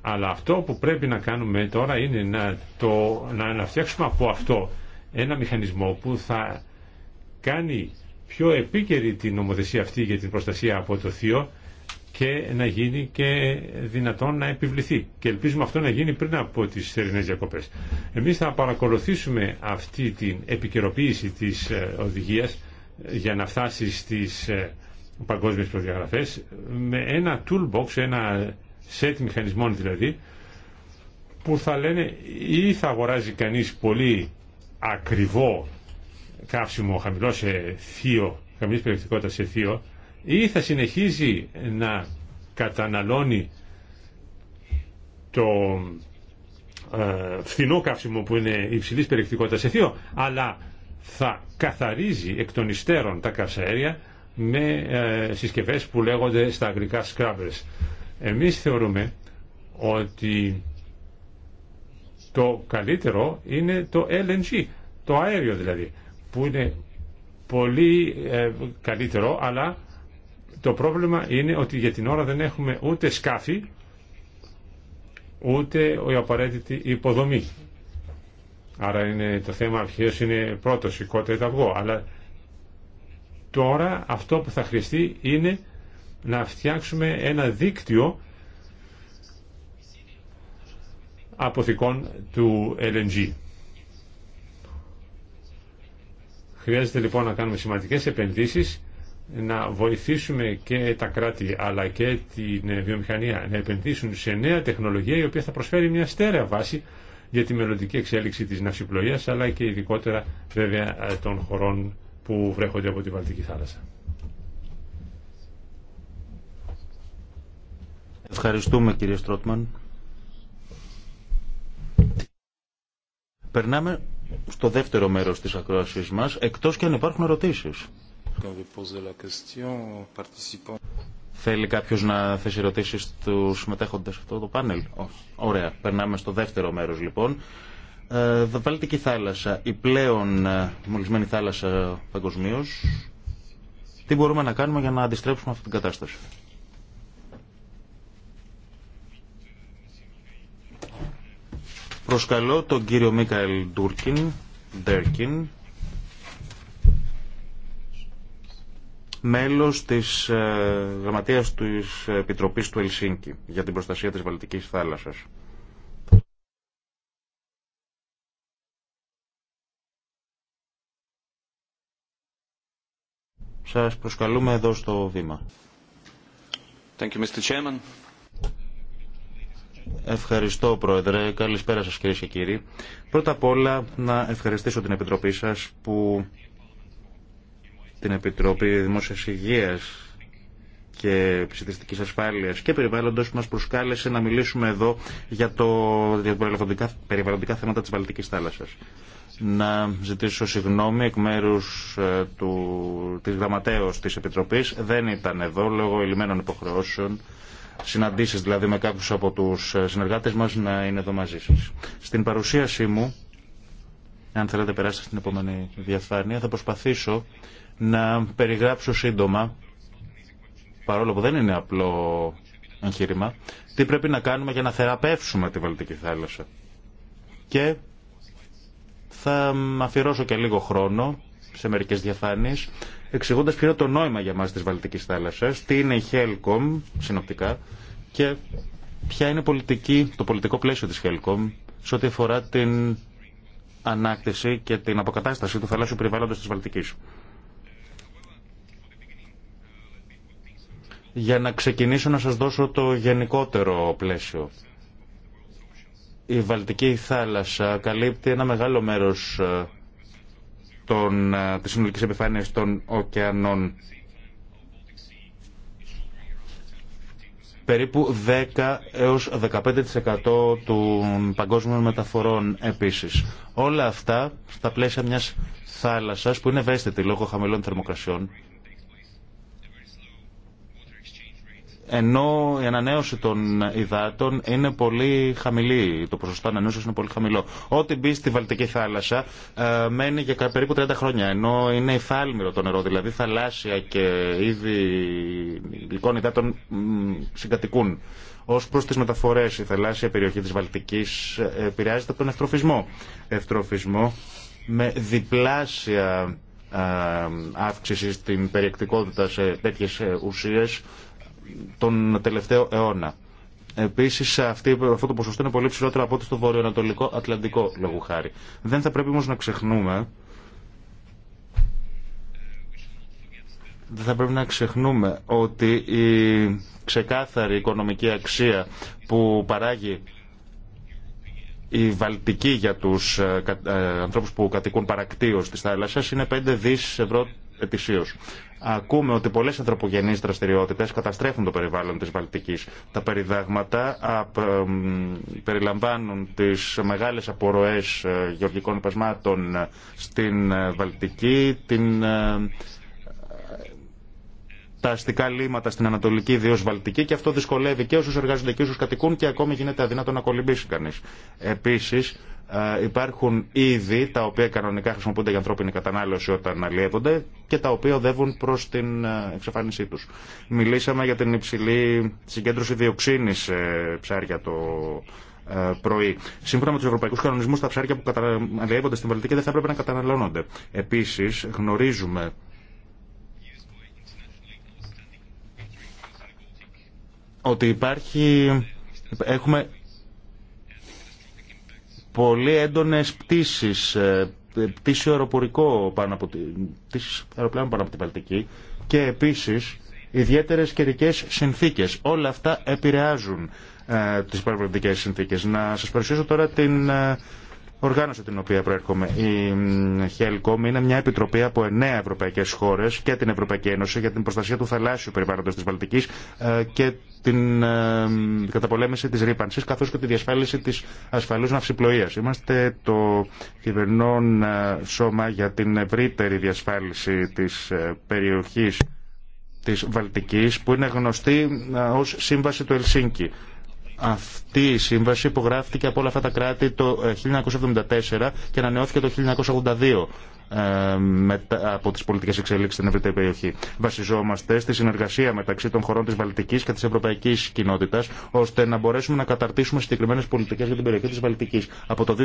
αλλά αυτό που πρέπει να κάνουμε τώρα είναι να, το, να, φτιάξουμε από αυτό ένα μηχανισμό που θα κάνει πιο επίκαιρη την νομοθεσία αυτή για την προστασία από το θείο και να γίνει και δυνατόν να επιβληθεί. Και ελπίζουμε αυτό να γίνει πριν από τις θερινές διακοπές. Εμείς θα παρακολουθήσουμε αυτή την επικαιροποίηση της ε, οδηγίας ε, για να φτάσει στις ε, παγκόσμιες προδιαγραφές με ένα toolbox, ένα set μηχανισμών δηλαδή που θα λένε ή θα αγοράζει κανείς πολύ ακριβό καύσιμο χαμηλό σε θείο, χαμηλή περιεκτικότητα σε θείο, ή θα συνεχίζει να καταναλώνει το ε, φθηνό καύσιμο που είναι υψηλής περιεκτικότητα σε θείο, αλλά θα καθαρίζει εκ των υστέρων τα καυσαέρια με ε, συσκευές που λέγονται στα αγγλικά scrubbers. Εμείς θεωρούμε ότι το καλύτερο είναι το LNG, το αέριο δηλαδή που είναι πολύ ε, καλύτερο, αλλά το πρόβλημα είναι ότι για την ώρα δεν έχουμε ούτε σκάφη, ούτε η απαραίτητη υποδομή. Άρα είναι, το θέμα αρχαίως είναι πρώτο σηκώτε τα αυγό. Αλλά τώρα αυτό που θα χρειαστεί είναι να φτιάξουμε ένα δίκτυο αποθηκών του LNG. Χρειάζεται λοιπόν να κάνουμε σημαντικές επενδύσεις, να βοηθήσουμε και τα κράτη αλλά και την ε, βιομηχανία να επενδύσουν σε νέα τεχνολογία η οποία θα προσφέρει μια στέρεα βάση για τη μελλοντική εξέλιξη της ναυσιπλοείας αλλά και ειδικότερα βέβαια ε, των χωρών που βρέχονται από τη Βαλτική θάλασσα. Ευχαριστούμε κύριε Στρότμαν. Περνάμε στο δεύτερο μέρος της ακρόασής μας, εκτός και αν υπάρχουν ερωτήσεις. Θέλει κάποιος να θέσει ερωτήσει στου συμμετέχοντε αυτό το πάνελ. Ωραία. Περνάμε στο δεύτερο μέρος λοιπόν. Ε, Βαλτική θάλασσα, η πλέον ε, μολυσμένη θάλασσα παγκοσμίω. Τι μπορούμε να κάνουμε για να αντιστρέψουμε αυτή την κατάσταση. Προσκαλώ τον κύριο Μίκαελ Ντούρκιν, Ντέρκιν, μέλος της ε, Γραμματείας της Επιτροπής του Ελσίνκη για την προστασία της Βαλτικής θάλασσας. Σας προσκαλούμε εδώ στο βήμα. Thank you, Mr. Chairman. Ευχαριστώ, Πρόεδρε. Καλησπέρα σας, κυρίες και κύριοι. Πρώτα απ' όλα, να ευχαριστήσω την Επιτροπή σας που την Επιτροπή Δημόσιας Υγείας και ψηφιστικής ασφάλειας και περιβάλλοντος που μας προσκάλεσε να μιλήσουμε εδώ για, το, περιβαλλοντικά, περιβαλλοντικά θέματα της Βαλτικής θάλασσας. Να ζητήσω συγγνώμη εκ μέρους ε, του, της γραμματέως της Επιτροπής. Δεν ήταν εδώ λόγω ελλημένων υποχρεώσεων Συναντήσει δηλαδή με κάποιου από τους ε, συνεργάτες μας να είναι εδώ μαζί σα. Στην παρουσίασή μου, αν θέλετε περάσετε στην επόμενη διαφάνεια, θα προσπαθήσω να περιγράψω σύντομα, παρόλο που δεν είναι απλό εγχείρημα, τι πρέπει να κάνουμε για να θεραπεύσουμε τη Βαλτική θάλασσα. Και θα αφιερώσω και λίγο χρόνο σε μερικές διαφάνειες εξηγώντα ποιο είναι το νόημα για μα τη Βαλτική θάλασσα, τι είναι η HELCOM συνοπτικά και ποια είναι πολιτική, το πολιτικό πλαίσιο τη HELCOM σε ό,τι αφορά την ανάκτηση και την αποκατάσταση του θαλάσσιου περιβάλλοντος της Βαλτικής. Για να ξεκινήσω να σας δώσω το γενικότερο πλαίσιο. Η Βαλτική θάλασσα καλύπτει ένα μεγάλο μέρος ε, των, ε, της συνολικής επιφάνειας των ωκεανών. Περίπου 10 έως 15% των παγκόσμιων μεταφορών επίσης. Όλα αυτά στα πλαίσια μιας θάλασσας που είναι ευαίσθητη λόγω χαμηλών θερμοκρασιών ενώ η ανανέωση των υδάτων είναι πολύ χαμηλή, το ποσοστό ανανέωση είναι πολύ χαμηλό. Ό,τι μπει στη Βαλτική θάλασσα ε, μένει για περίπου 30 χρόνια, ενώ είναι υφάλμηρο το νερό, δηλαδή θαλάσσια και είδη υλικών υδάτων συγκατοικούν. Ω προ τι μεταφορέ, η θαλάσσια περιοχή τη Βαλτική ε, επηρεάζεται από τον ευτροφισμό. Ευτροφισμό με διπλάσια ε, αύξηση στην περιεκτικότητα σε τέτοιε ουσίε τον τελευταίο αιώνα. Επίση, αυτό το ποσοστό είναι πολύ ψηλότερο από ό,τι στο βορειοανατολικό Ατλαντικό, λόγου χάρη. Δεν θα πρέπει όμω να ξεχνούμε. Δεν θα πρέπει να ξεχνούμε ότι η ξεκάθαρη οικονομική αξία που παράγει η βαλτική για τους ε, ε, ανθρώπους που κατοικούν παρακτίως της θάλασσας είναι 5 δις ευρώ ετησίως. Ακούμε ότι πολλές ανθρωπογενείς δραστηριότητες καταστρέφουν το περιβάλλον της Βαλτικής. Τα περιδάγματα περιλαμβάνουν τις μεγάλες απορροές ε, γεωργικών πεσμάτων ε, στην ε, Βαλτική, την τα αστικά λίμματα στην Ανατολική, ιδίω Βαλτική, και αυτό δυσκολεύει και όσου εργάζονται και όσου κατοικούν και ακόμη γίνεται αδυνατό να κολυμπήσει κανεί. Επίση, ε, υπάρχουν είδη τα οποία κανονικά χρησιμοποιούνται για ανθρώπινη κατανάλωση όταν αλλιεύονται και τα οποία οδεύουν προ την ε, εξαφάνισή του. Μιλήσαμε για την υψηλή συγκέντρωση διοξίνη σε ψάρια το ε, πρωί. Σύμφωνα με του ευρωπαϊκού κανονισμού, τα ψάρια που αλλιεύονται στην Βαλτική δεν θα έπρεπε να καταναλώνονται. Επίση, γνωρίζουμε ότι υπάρχει. Έχουμε πολύ έντονες πτήσεις, ε, πτήση αεροπορικό πάνω από, πτήσεις αεροπλάνο πάνω την Παλτική και επίσης ιδιαίτερες καιρικέ συνθήκες. Όλα αυτά επηρεάζουν ε, τις συνθήκε. συνθήκες. Να σας παρουσιάσω τώρα την ε, οργάνωση την οποία προέρχομαι. Η Helcom είναι μια επιτροπή από εννέα ευρωπαϊκές χώρες και την Ευρωπαϊκή Ένωση για την προστασία του θαλάσσιου περιβάλλοντος της Βαλτικής ε, και την ε, καταπολέμηση της ρήπανση καθώς και τη διασφάλιση της ασφαλούς ναυσιπλοείας. Είμαστε το κυβερνών ε, σώμα για την ευρύτερη διασφάλιση της περιοχής της Βαλτικής που είναι γνωστή ως Σύμβαση του Ελσίνκη αυτή η σύμβαση υπογράφηκε από όλα αυτά τα κράτη το 1974 ε, και ανανεώθηκε το 1982 ε, από τι πολιτικέ εξελίξει στην ευρύτερη περιοχή. Βασιζόμαστε στη συνεργασία μεταξύ των χωρών τη Βαλτική και τη Ευρωπαϊκή Κοινότητα, ώστε να μπορέσουμε να καταρτήσουμε συγκεκριμένε πολιτικέ για την περιοχή τη Βαλτική. Από το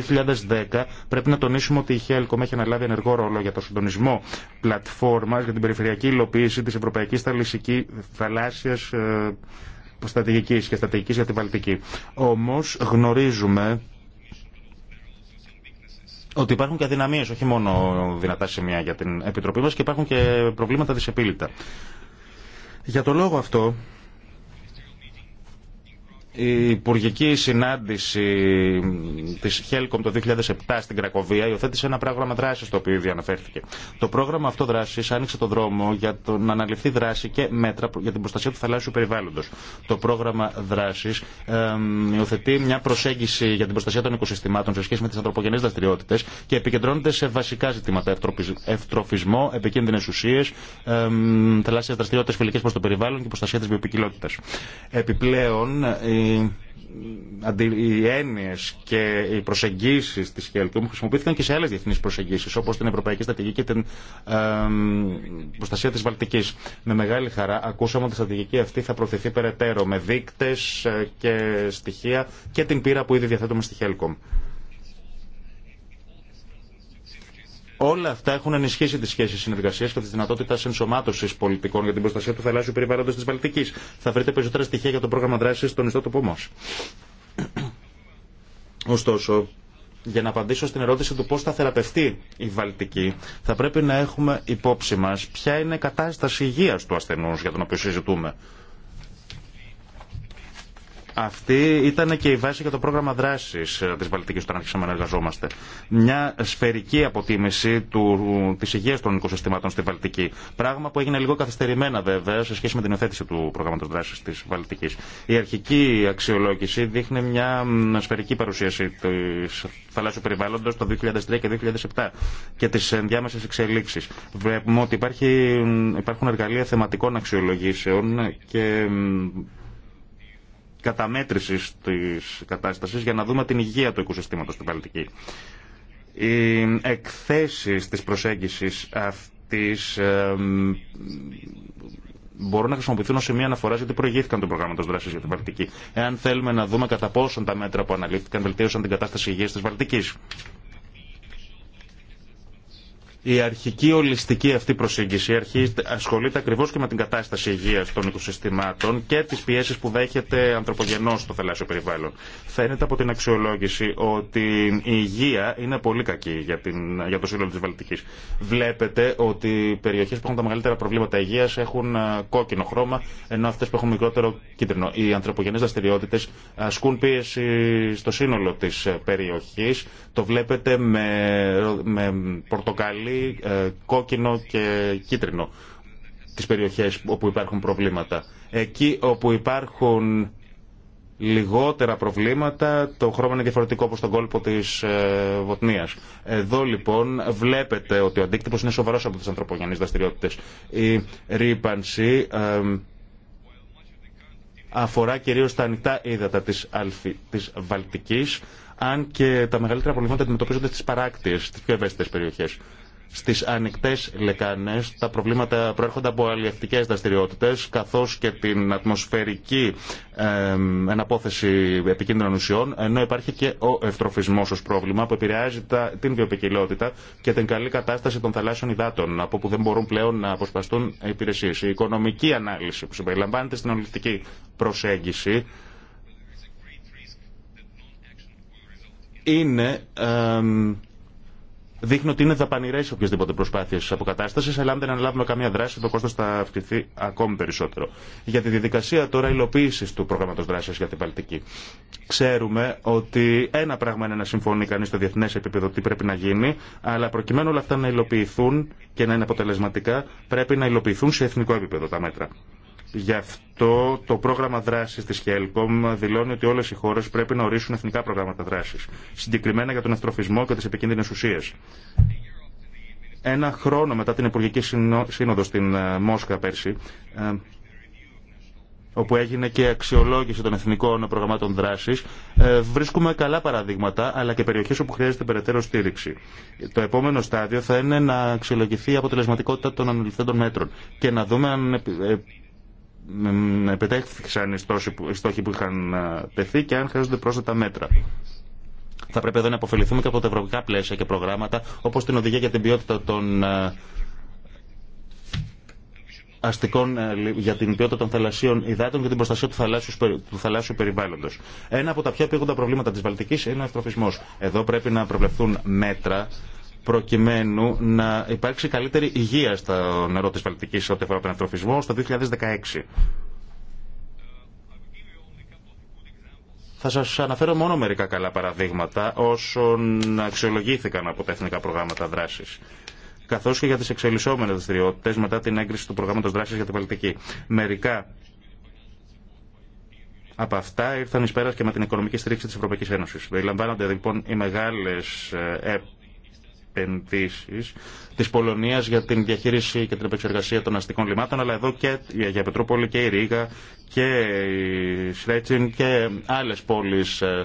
2010 πρέπει να τονίσουμε ότι η Χέλκομ έχει αναλάβει ενεργό ρόλο για το συντονισμό πλατφόρμα για την περιφερειακή υλοποίηση τη Ευρωπαϊκή Θαλάσσια ε, και στρατηγική για την Βαλτική. Όμως γνωρίζουμε ότι υπάρχουν και αδυναμίε, όχι μόνο δυνατά σημεία για την Επιτροπή μας και υπάρχουν και προβλήματα δυσεπίλητα. Για το λόγο αυτό η υπουργική συνάντηση τη Χέλκομ το 2007 στην Κρακοβία υιοθέτησε ένα πρόγραμμα δράση το οποίο ήδη αναφέρθηκε. Το πρόγραμμα αυτό δράση άνοιξε το δρόμο για το να αναλυφθεί δράση και μέτρα για την προστασία του θαλάσσιου περιβάλλοντο. Το πρόγραμμα δράση υιοθετεί μια προσέγγιση για την προστασία των οικοσυστημάτων σε σχέση με τι ανθρωπογενεί δραστηριότητε και επικεντρώνεται σε βασικά ζητήματα ευτροφισμό, επικίνδυνε ουσίε, θαλάσσιε δραστηριότητε φιλικέ προ το περιβάλλον και προστασία τη βιοπικιλότητα. Επιπλέον, οι έννοιε και οι προσεγγίσει τη Χέλκομ χρησιμοποιήθηκαν και σε άλλε διεθνεί προσεγγίσει, όπω την Ευρωπαϊκή Στρατηγική και την Προστασία τη Βαλτική. Με μεγάλη χαρά ακούσαμε ότι η στρατηγική αυτή θα προωθηθεί περαιτέρω με δείκτε ε, και στοιχεία και την πείρα που ήδη διαθέτουμε στη Χέλκομ. Όλα αυτά έχουν ενισχύσει τι σχέσει συνεργασία και τη δυνατότητα ενσωμάτωση πολιτικών για την προστασία του θαλάσσιου περιβάλλοντο τη Βαλτική. Θα βρείτε περισσότερα στοιχεία για το πρόγραμμα δράση στον ιστότοπο μα. Ωστόσο, για να απαντήσω στην ερώτηση του πώ θα θεραπευτεί η Βαλτική, θα πρέπει να έχουμε υπόψη μα ποια είναι η κατάσταση υγεία του ασθενού για τον οποίο συζητούμε. Αυτή ήταν και η βάση για το πρόγραμμα δράση ε, τη Βαλτική όταν άρχισαμε να εργαζόμαστε. Μια σφαιρική αποτίμηση τη υγεία των οικοσυστημάτων στη Βαλτική. Πράγμα που έγινε λίγο καθυστερημένα βέβαια σε σχέση με την υιοθέτηση του προγράμματο δράση τη Βαλτική. Η αρχική αξιολόγηση δείχνει μια σφαιρική παρουσίαση τη θαλάσσιου περιβάλλοντο το 2003 και 2007 και τι ενδιάμεσε εξελίξει. Βλέπουμε ότι υπάρχει, υπάρχουν εργαλεία θεματικών αξιολογήσεων και καταμέτρησης της κατάστασης για να δούμε την υγεία του οικοσυστήματος στην Παλαιτική. Οι εκθέσεις της προσέγγισης αυτής μπορούν να χρησιμοποιηθούν ω σημεία αναφορά γιατί προηγήθηκαν του προγράμματο δράση για την Βαλτική. Εάν θέλουμε να δούμε κατά πόσον τα μέτρα που αναλύθηκαν βελτίωσαν την κατάσταση υγεία τη Βαλτική. Η αρχική ολιστική αυτή προσέγγιση ασχολείται ακριβώ και με την κατάσταση υγεία των οικοσυστημάτων και τι πιέσει που δέχεται ανθρωπογενώ στο θαλάσσιο περιβάλλον. Φαίνεται από την αξιολόγηση ότι η υγεία είναι πολύ κακή για, την, για το σύνολο τη Βαλτική. Βλέπετε ότι οι περιοχέ που έχουν τα μεγαλύτερα προβλήματα υγεία έχουν ε, κόκκινο χρώμα, ενώ αυτέ που έχουν μικρότερο κίτρινο. Οι ανθρωπογενεί δραστηριότητε ασκούν πίεση στο σύνολο τη ε, περιοχή. Το βλέπετε με, με πορτοκαλί ε, κόκκινο και κίτρινο τις περιοχές όπου υπάρχουν προβλήματα. Εκεί όπου υπάρχουν λιγότερα προβλήματα, το χρώμα είναι διαφορετικό όπως τον κόλπο της ε, Βοτνίας. Εδώ λοιπόν βλέπετε ότι ο αντίκτυπος είναι σοβαρός από τις ανθρωπογενείς δραστηριότητες. Η ρήπανση ε, αφορά κυρίως τα ανοιχτά ύδατα της, αλφί της Βαλτικής, αν και τα μεγαλύτερα προβλήματα αντιμετωπίζονται στις παράκτιες, στις πιο ευαίσθητες περιοχές στις ανοιχτέ λεκάνες τα προβλήματα προέρχονται από αλλιευτικέ δραστηριότητε, καθώς και την ατμοσφαιρική εναπόθεση επικίνδυνων ουσιών ενώ υπάρχει και ο ευτροφισμός ως πρόβλημα που επηρεάζει την βιοπικιλότητα και την καλή κατάσταση των θαλάσσιων υδάτων από που δεν μπορούν πλέον να αποσπαστούν υπηρεσίε. Η οικονομική ανάλυση που συμπεριλαμβάνεται στην ολιστική προσέγγιση είναι... Ε, δείχνει ότι είναι δαπανηρέ οποιασδήποτε προσπάθειε αποκατάσταση, αλλά αν δεν αναλάβουμε καμία δράση, το κόστο θα αυξηθεί ακόμη περισσότερο. Για τη διαδικασία τώρα υλοποίηση του προγράμματο δράση για την Παλτική. Ξέρουμε ότι ένα πράγμα είναι να συμφωνεί κανεί στο διεθνέ επίπεδο τι πρέπει να γίνει, αλλά προκειμένου όλα αυτά να υλοποιηθούν και να είναι αποτελεσματικά, πρέπει να υλοποιηθούν σε εθνικό επίπεδο τα μέτρα. Γι' αυτό το πρόγραμμα δράση τη ΧΕΛΚΟΜ δηλώνει ότι όλε οι χώρε πρέπει να ορίσουν εθνικά προγράμματα δράση, συγκεκριμένα για τον ευτροφισμό και τι επικίνδυνε ουσίε. Ένα χρόνο μετά την Υπουργική Σύνοδο στην ε, Μόσχα πέρσι, ε, όπου έγινε και αξιολόγηση των εθνικών προγραμμάτων δράση, ε, βρίσκουμε καλά παραδείγματα, αλλά και περιοχέ όπου χρειάζεται περαιτέρω στήριξη. Το επόμενο στάδιο θα είναι να αξιολογηθεί η αποτελεσματικότητα των αναλυθέντων μέτρων και να δούμε αν επιτέχθηκαν οι στόχοι που είχαν ε, τεθεί και αν χρειάζονται πρόσθετα μέτρα. Θα πρέπει εδώ να αποφεληθούμε και από τα ευρωπαϊκά πλαίσια και προγράμματα, όπως την οδηγία για την ποιότητα των ε, αστικών, ε, για την ποιότητα των θαλασσίων υδάτων και την προστασία του θαλάσσιου, του θαλάσσιου περιβάλλοντος. Ένα από τα πιο επίγοντα προβλήματα της Βαλτικής είναι ο αστροφισμός. Εδώ πρέπει να προβλεφθούν μέτρα προκειμένου να υπάρξει καλύτερη υγεία στο νερό της Βαλτικής ό,τι αφορά τον ανθρωπισμό, στο 2016. Θα σας αναφέρω μόνο μερικά καλά παραδείγματα όσων αξιολογήθηκαν από τα εθνικά προγράμματα δράσης καθώς και για τις εξελισσόμενες δραστηριότητε μετά την έγκριση του προγράμματος δράσης για την Βαλτική. Μερικά από αυτά ήρθαν εις πέρα και με την οικονομική στήριξη τη Ευρωπαϊκή Ένωση. Δηλαμβάνονται λοιπόν οι μεγάλε ε, Τη της Πολωνίας για την διαχείριση και την επεξεργασία των αστικών λιμάτων, αλλά εδώ και η Αγία Πετρούπολη και η Ρήγα και η Σρέτσιν και άλλε πόλει ε,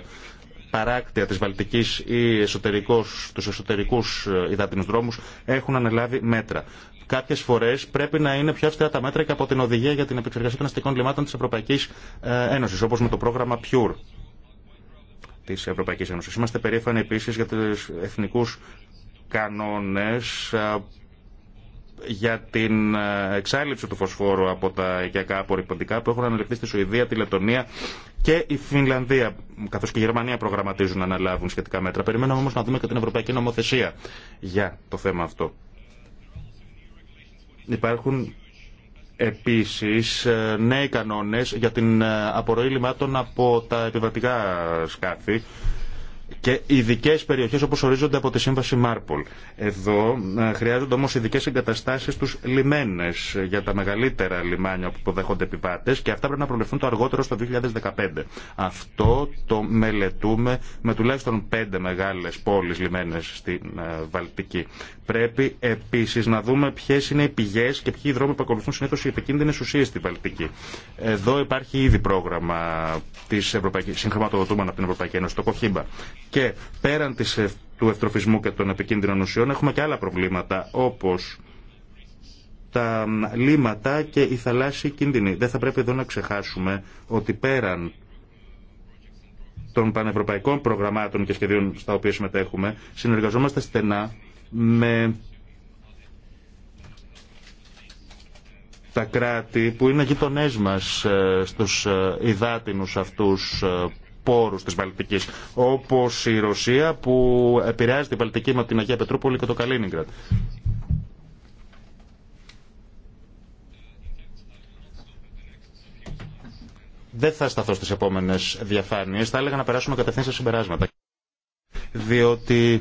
παράκτια της Βαλτικής ή του εσωτερικού εσωτερικούς ε, υδάτινους δρόμους έχουν αναλάβει μέτρα. Κάποιες φορές πρέπει να είναι πιο αυστηρά τα μέτρα και από την οδηγία για την επεξεργασία των αστικών λιμάτων της Ευρωπαϊκής ε, Ένωσης, όπως με το πρόγραμμα PURE τη Ευρωπαϊκή Ένωση. Είμαστε περήφανοι επίση για του εθνικού κανόνες ε, για την ε, εξάλληψη του φωσφόρου από τα οικιακά απορριπαντικά που έχουν αναλυφθεί στη Σουηδία, τη Λετωνία και η Φινλανδία, καθώς και η Γερμανία προγραμματίζουν να αναλάβουν σχετικά μέτρα. Περιμένουμε όμως να δούμε και την ευρωπαϊκή νομοθεσία για το θέμα αυτό. Υπάρχουν επίσης ε, νέοι κανόνες για την απορροή λιμάτων από τα επιβατικά σκάφη και ειδικέ περιοχέ όπω ορίζονται από τη σύμβαση Μάρπολ. Εδώ ε, χρειάζονται όμω ειδικέ εγκαταστάσει στου λιμένε ε, για τα μεγαλύτερα λιμάνια που υποδέχονται επιβάτε και αυτά πρέπει να προβλεφθούν το αργότερο στο 2015. Αυτό το μελετούμε με τουλάχιστον πέντε μεγάλε πόλει λιμένε στην ε, Βαλτική. Πρέπει επίση να δούμε ποιε είναι οι πηγέ και ποιοι οι δρόμοι που ακολουθούν συνήθω οι επικίνδυνε ουσίε στη Βαλτική. Εδώ υπάρχει ήδη πρόγραμμα τη Ευρωπαϊκής, συγχρηματοδοτούμενο από την Ευρωπαϊκή Ένωση, το Κοχύμπα και πέραν ε, του ευτροφισμού και των επικίνδυνων ουσιών έχουμε και άλλα προβλήματα όπως τα λίματα και η θαλάσσια κίνδυνη. Δεν θα πρέπει εδώ να ξεχάσουμε ότι πέραν των πανευρωπαϊκών προγραμμάτων και σχεδίων στα οποία συμμετέχουμε, συνεργαζόμαστε στενά με τα κράτη που είναι γειτονές μας ε, στους ε, υδάτινους αυτούς πόρους της Βαλτική. όπως η Ρωσία που επηρεάζει την Βαλτική με την Αγία Πετρούπολη και το Καλίνιγκρατ. Δεν θα σταθώ στις επόμενες διαφάνειες, θα έλεγα να περάσουμε κατευθείαν σε συμπεράσματα. Διότι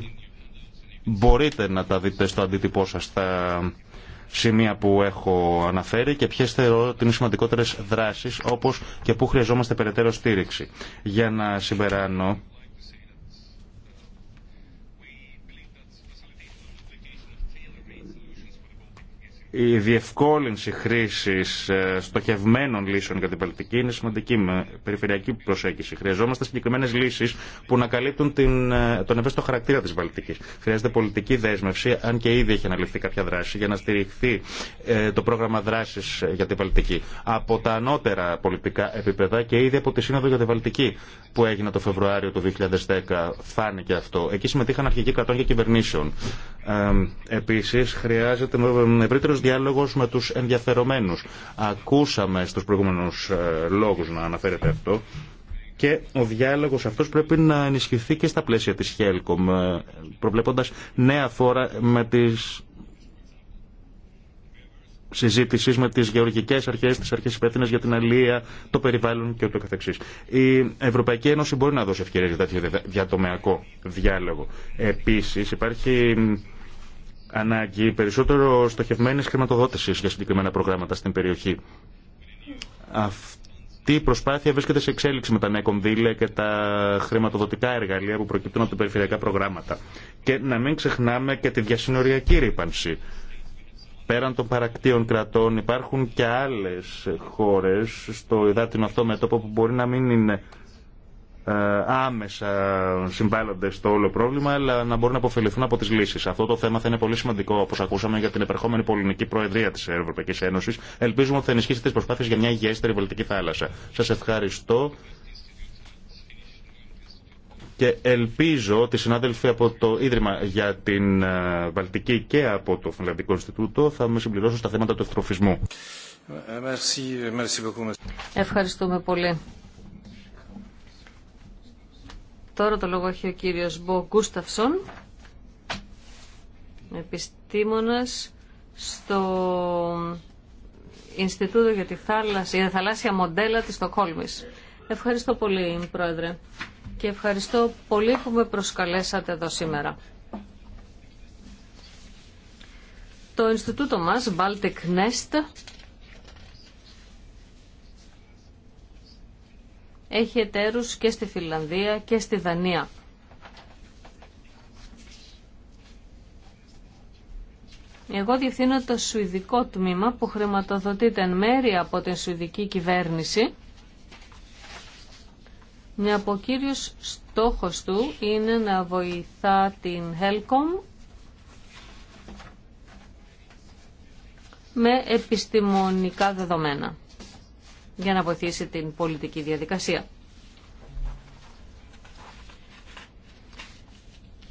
μπορείτε να τα δείτε στο αντίτυπό σας στα σημεία που έχω αναφέρει και ποιε θεωρώ ότι είναι σημαντικότερε δράσει, όπω και πού χρειαζόμαστε περαιτέρω στήριξη. Για να συμπεράνω, η διευκόλυνση χρήση ε, στοχευμένων λύσεων για την πολιτική είναι σημαντική με περιφερειακή προσέγγιση. Χρειαζόμαστε συγκεκριμένε λύσει που να καλύπτουν την, ε, τον ευαίσθητο χαρακτήρα τη Βαλτική. Χρειάζεται πολιτική δέσμευση, αν και ήδη έχει αναλυφθεί κάποια δράση, για να στηριχθεί ε, το πρόγραμμα δράση για την πολιτική. Από τα ανώτερα πολιτικά επίπεδα και ήδη από τη Σύνοδο για την Βαλτική που έγινε το Φεβρουάριο του 2010 φάνηκε αυτό. Εκεί συμμετείχαν αρχικοί κρατών και κυβερνήσεων. Ε, Επίση, χρειάζεται Διάλογο με του ενδιαφερομένους. Ακούσαμε στους προηγούμενους ε, λόγους να αναφέρεται αυτό και ο διάλογος αυτός πρέπει να ενισχυθεί και στα πλαίσια της Χέλκομ ε, προβλέποντας νέα φόρα με τις συζήτηση με τι γεωργικέ αρχέ, τι αρχέ υπεύθυνε για την αλληλεία, το περιβάλλον και ούτω καθεξής. Η Ευρωπαϊκή Ένωση μπορεί να δώσει ευκαιρίε για τέτοιο διατομεακό διάλογο. Επίση, υπάρχει ανάγκη περισσότερο στοχευμένης χρηματοδότησης για συγκεκριμένα προγράμματα στην περιοχή. Αυτή η προσπάθεια βρίσκεται σε εξέλιξη με τα νέα κονδύλια και τα χρηματοδοτικά εργαλεία που προκύπτουν από τα περιφερειακά προγράμματα. Και να μην ξεχνάμε και τη διασυνοριακή ρήπανση. Πέραν των παρακτήων κρατών υπάρχουν και άλλες χώρες στο υδάτινο αυτό μέτωπο που μπορεί να μην είναι ε, άμεσα συμβάλλονται στο όλο πρόβλημα, αλλά να μπορούν να αποφεληθούν από τι λύσει. Αυτό το θέμα θα είναι πολύ σημαντικό, όπω ακούσαμε, για την επερχόμενη πολιτική προεδρία τη Ευρωπαϊκή Ένωση. Ελπίζουμε ότι θα ενισχύσει τι προσπάθειε για μια υγιέστερη Βαλτική θάλασσα. Σα ευχαριστώ. Και ελπίζω ότι οι συνάδελφοι από το Ίδρυμα για την ε, Βαλτική και από το Φιλανδικό Ινστιτούτο θα με συμπληρώσουν στα θέματα του ευτροφισμού. Ε, Ευχαριστούμε πολύ. Τώρα το λόγο έχει ο κύριος Μπο Γκούσταυσον, επιστήμονας στο Ινστιτούτο για τη θάλασσα, για θαλάσσια μοντέλα της Στοκχόλμης. Ευχαριστώ πολύ, Πρόεδρε, και ευχαριστώ πολύ που με προσκαλέσατε εδώ σήμερα. Το Ινστιτούτο μας, Baltic Nest, έχει εταίρους και στη Φιλανδία και στη Δανία. Εγώ διευθύνω το σουηδικό τμήμα που χρηματοδοτείται εν μέρη από την σουηδική κυβέρνηση. Μια από κύριους στόχος του είναι να βοηθά την Helcom με επιστημονικά δεδομένα για να βοηθήσει την πολιτική διαδικασία.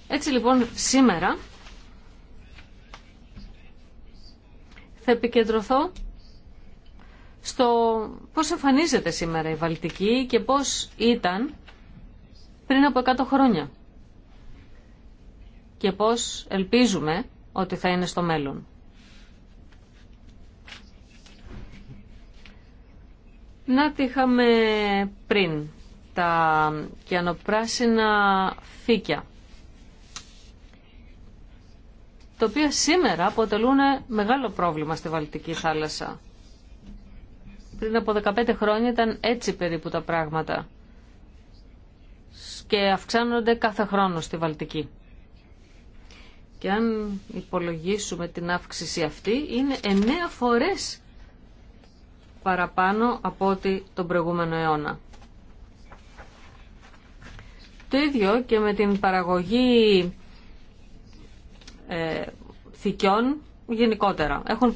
Έτσι λοιπόν σήμερα θα επικεντρωθώ στο πώς εμφανίζεται σήμερα η Βαλτική και πώς ήταν πριν από 100 χρόνια και πώς ελπίζουμε ότι θα είναι στο μέλλον. Να τη είχαμε πριν, τα κιανοπράσινα φύκια, τα οποία σήμερα αποτελούν μεγάλο πρόβλημα στη Βαλτική θάλασσα. Πριν από 15 χρόνια ήταν έτσι περίπου τα πράγματα και αυξάνονται κάθε χρόνο στη Βαλτική. Και αν υπολογίσουμε την αύξηση αυτή, είναι 9 φορές παραπάνω από ό,τι τον προηγούμενο αιώνα. Το ίδιο και με την παραγωγή ε, γενικότερα. Έχουν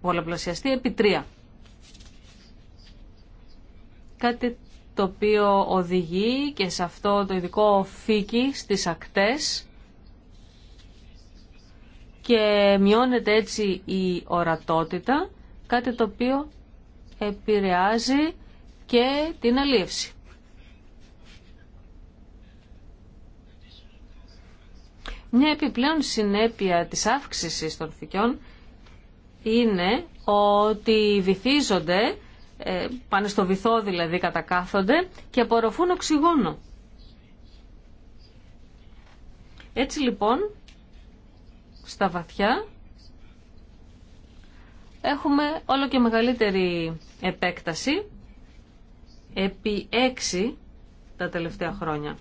πολλαπλασιαστεί επί τρία. Κάτι το οποίο οδηγεί και σε αυτό το ειδικό φύκι στις ακτές και μειώνεται έτσι η ορατότητα, κάτι το οποίο επηρεάζει και την αλίευση. Μια επιπλέον συνέπεια της αύξησης των φυκιών είναι ότι βυθίζονται, ε, πάνε στο βυθό δηλαδή κατακάθονται και απορροφούν οξυγόνο. Έτσι λοιπόν, στα βαθιά έχουμε όλο και μεγαλύτερη επέκταση επί έξι τα τελευταία χρόνια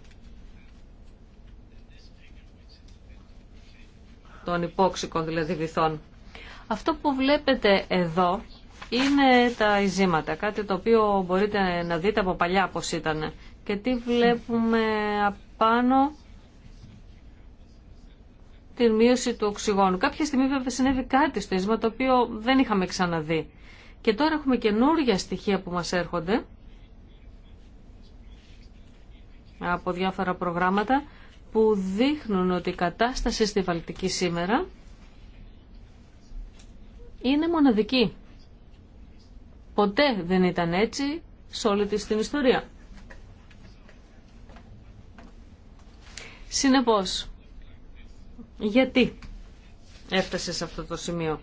των υπόξικων δηλαδή βυθών. Αυτό που βλέπετε εδώ είναι τα ειζήματα, κάτι το οποίο μπορείτε να δείτε από παλιά πώς ήταν. Και τι βλέπουμε απάνω, τη μείωση του οξυγόνου. Κάποια στιγμή βέβαια συνέβη κάτι στο ίσμα το οποίο δεν είχαμε ξαναδεί. Και τώρα έχουμε καινούργια στοιχεία που μας έρχονται από διάφορα προγράμματα που δείχνουν ότι η κατάσταση στη Βαλτική σήμερα είναι μοναδική. Ποτέ δεν ήταν έτσι σε όλη της την ιστορία. Συνεπώς, γιατί έφτασε σε αυτό το σημείο.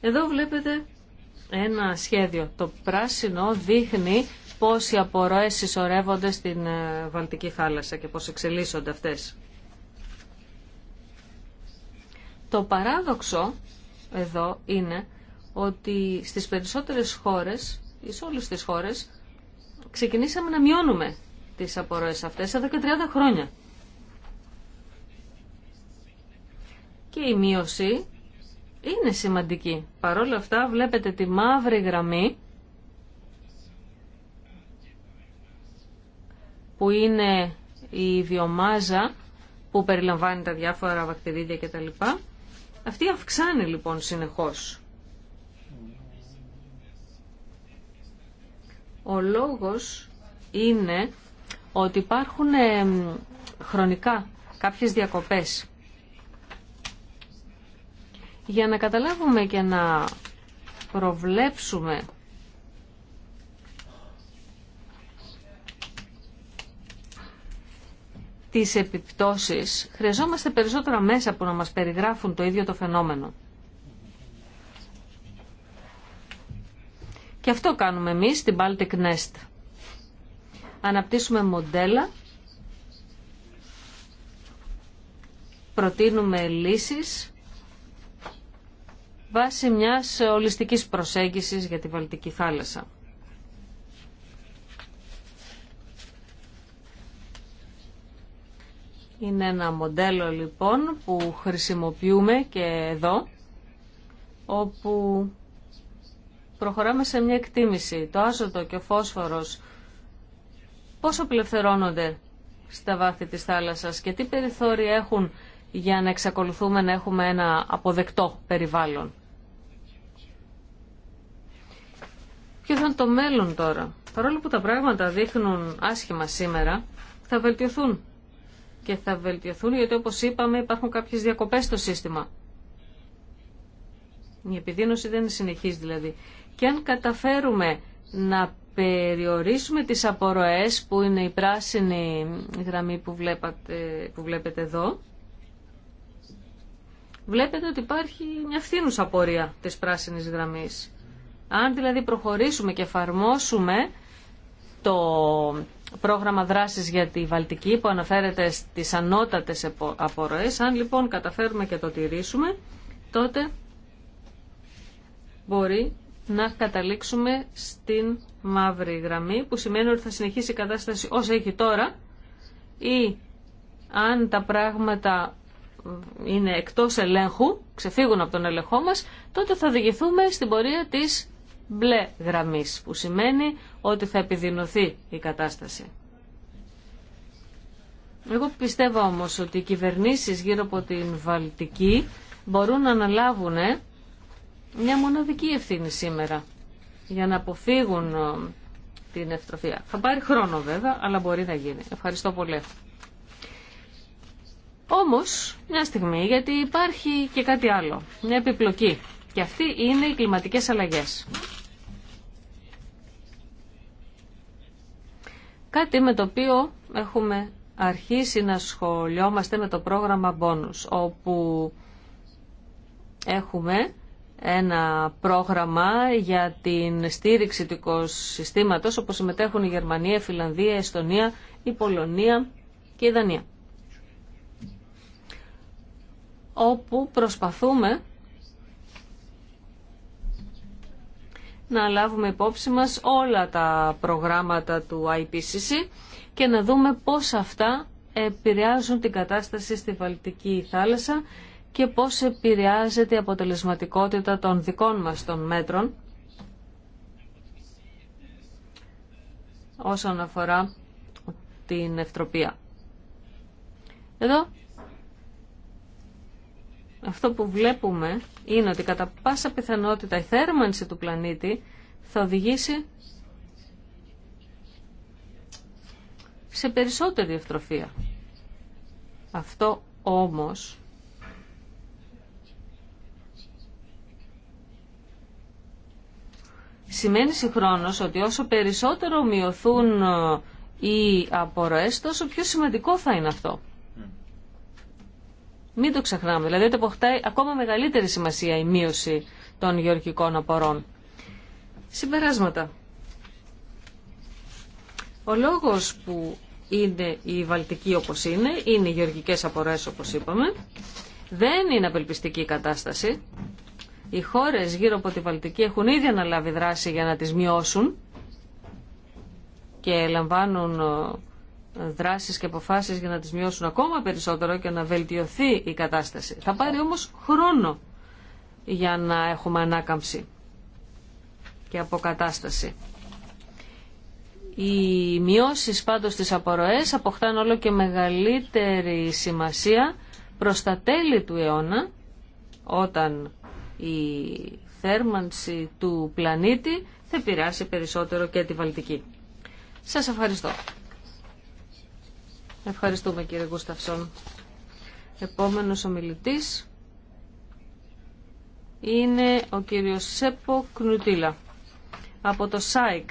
Εδώ βλέπετε ένα σχέδιο. Το πράσινο δείχνει πώς οι απορροές συσσωρεύονται στην ε, Βαλτική θάλασσα και πώς εξελίσσονται αυτές. Το παράδοξο εδώ είναι ότι στις περισσότερες χώρες, σε όλες τις χώρες, ξεκινήσαμε να μειώνουμε τις απορροές αυτές εδώ και 30 χρόνια. Και η μείωση είναι σημαντική. Παρόλα αυτά βλέπετε τη μαύρη γραμμή που είναι η βιομάζα που περιλαμβάνει τα διάφορα βακτηρίδια κτλ. Αυτή αυξάνει λοιπόν συνεχώς. Ο λόγος είναι ότι υπάρχουν χρονικά κάποιες διακοπές. Για να καταλάβουμε και να προβλέψουμε τις επιπτώσεις, χρειαζόμαστε περισσότερα μέσα που να μας περιγράφουν το ίδιο το φαινόμενο. Και αυτό κάνουμε εμείς στην Baltic Nest αναπτύσσουμε μοντέλα, προτείνουμε λύσεις βάσει μιας ολιστικής προσέγγισης για τη Βαλτική θάλασσα. Είναι ένα μοντέλο λοιπόν που χρησιμοποιούμε και εδώ, όπου προχωράμε σε μια εκτίμηση. Το άζωτο και ο φόσφορος πόσο απελευθερώνονται στα βάθη της θάλασσας και τι περιθώρια έχουν για να εξακολουθούμε να έχουμε ένα αποδεκτό περιβάλλον. Ποιο θα είναι το μέλλον τώρα. Παρόλο που τα πράγματα δείχνουν άσχημα σήμερα, θα βελτιωθούν. Και θα βελτιωθούν γιατί όπως είπαμε υπάρχουν κάποιες διακοπές στο σύστημα. Η επιδείνωση δεν συνεχίζει δηλαδή. Και αν καταφέρουμε να περιορίσουμε τις απορροές που είναι η πράσινη γραμμή που, βλέπατε, που βλέπετε εδώ, βλέπετε ότι υπάρχει μια φθήνουσα απορία της πράσινης γραμμής. Αν δηλαδή προχωρήσουμε και εφαρμόσουμε το πρόγραμμα δράσης για τη Βαλτική που αναφέρεται στις ανώτατες απορροές, αν λοιπόν καταφέρουμε και το τηρήσουμε, τότε μπορεί να καταλήξουμε στην μαύρη γραμμή που σημαίνει ότι θα συνεχίσει η κατάσταση όσο έχει τώρα ή αν τα πράγματα είναι εκτός ελέγχου, ξεφύγουν από τον ελεγχό μας, τότε θα διηγηθούμε στην πορεία της μπλε γραμμής, που σημαίνει ότι θα επιδεινωθεί η κατάσταση. Εγώ πιστεύω όμως ότι οι κυβερνήσεις γύρω από την Βαλτική μπορούν να αναλάβουν μια μοναδική ευθύνη σήμερα για να αποφύγουν ε, την ευτροφία. Θα πάρει χρόνο βέβαια, αλλά μπορεί να γίνει. Ευχαριστώ πολύ. Όμως, μια στιγμή, γιατί υπάρχει και κάτι άλλο, μια επιπλοκή. Και αυτή είναι οι κλιματικές αλλαγές. Κάτι με το οποίο έχουμε αρχίσει να ασχολιόμαστε με το πρόγραμμα Bonus, όπου έχουμε ένα πρόγραμμα για την στήριξη του οικοσυστήματος όπως συμμετέχουν η Γερμανία, η Φιλανδία, η Εστονία, η Πολωνία και η Δανία. Όπου προσπαθούμε να λάβουμε υπόψη μας όλα τα προγράμματα του IPCC και να δούμε πώς αυτά επηρεάζουν την κατάσταση στη Βαλτική θάλασσα και πώς επηρεάζεται η αποτελεσματικότητα των δικών μας των μέτρων όσον αφορά την ευτροπία. Εδώ αυτό που βλέπουμε είναι ότι κατά πάσα πιθανότητα η θέρμανση του πλανήτη θα οδηγήσει σε περισσότερη ευτροφία. Αυτό όμως Σημαίνει συγχρόνως ότι όσο περισσότερο μειωθούν ε, οι απορροές, τόσο πιο σημαντικό θα είναι αυτό. Μην το ξεχνάμε. Δηλαδή ότι αποκτάει ακόμα μεγαλύτερη σημασία η μείωση των γεωργικών απορών. Συμπεράσματα. Ο λόγος που είναι η Βαλτική όπως είναι, είναι οι γεωργικές απορές όπως είπαμε, δεν είναι απελπιστική η κατάσταση, οι χώρες γύρω από τη Βαλτική έχουν ήδη αναλάβει δράση για να τις μειώσουν και λαμβάνουν ε, δράσεις και αποφάσεις για να τις μειώσουν ακόμα περισσότερο και να βελτιωθεί η κατάσταση. Θα πάρει όμως χρόνο για να έχουμε ανάκαμψη και αποκατάσταση. Οι μειώσεις πάντως στις απορροές αποκτάνε όλο και μεγαλύτερη σημασία προς τα τέλη του αιώνα, όταν η θέρμανση του πλανήτη θα επηρεάσει περισσότερο και τη Βαλτική. Σας ευχαριστώ. Ευχαριστούμε κύριε Γκούσταυσον. Επόμενος ομιλητής είναι ο κύριος Σέπο Κνουτίλα από το ΣΑΙΚ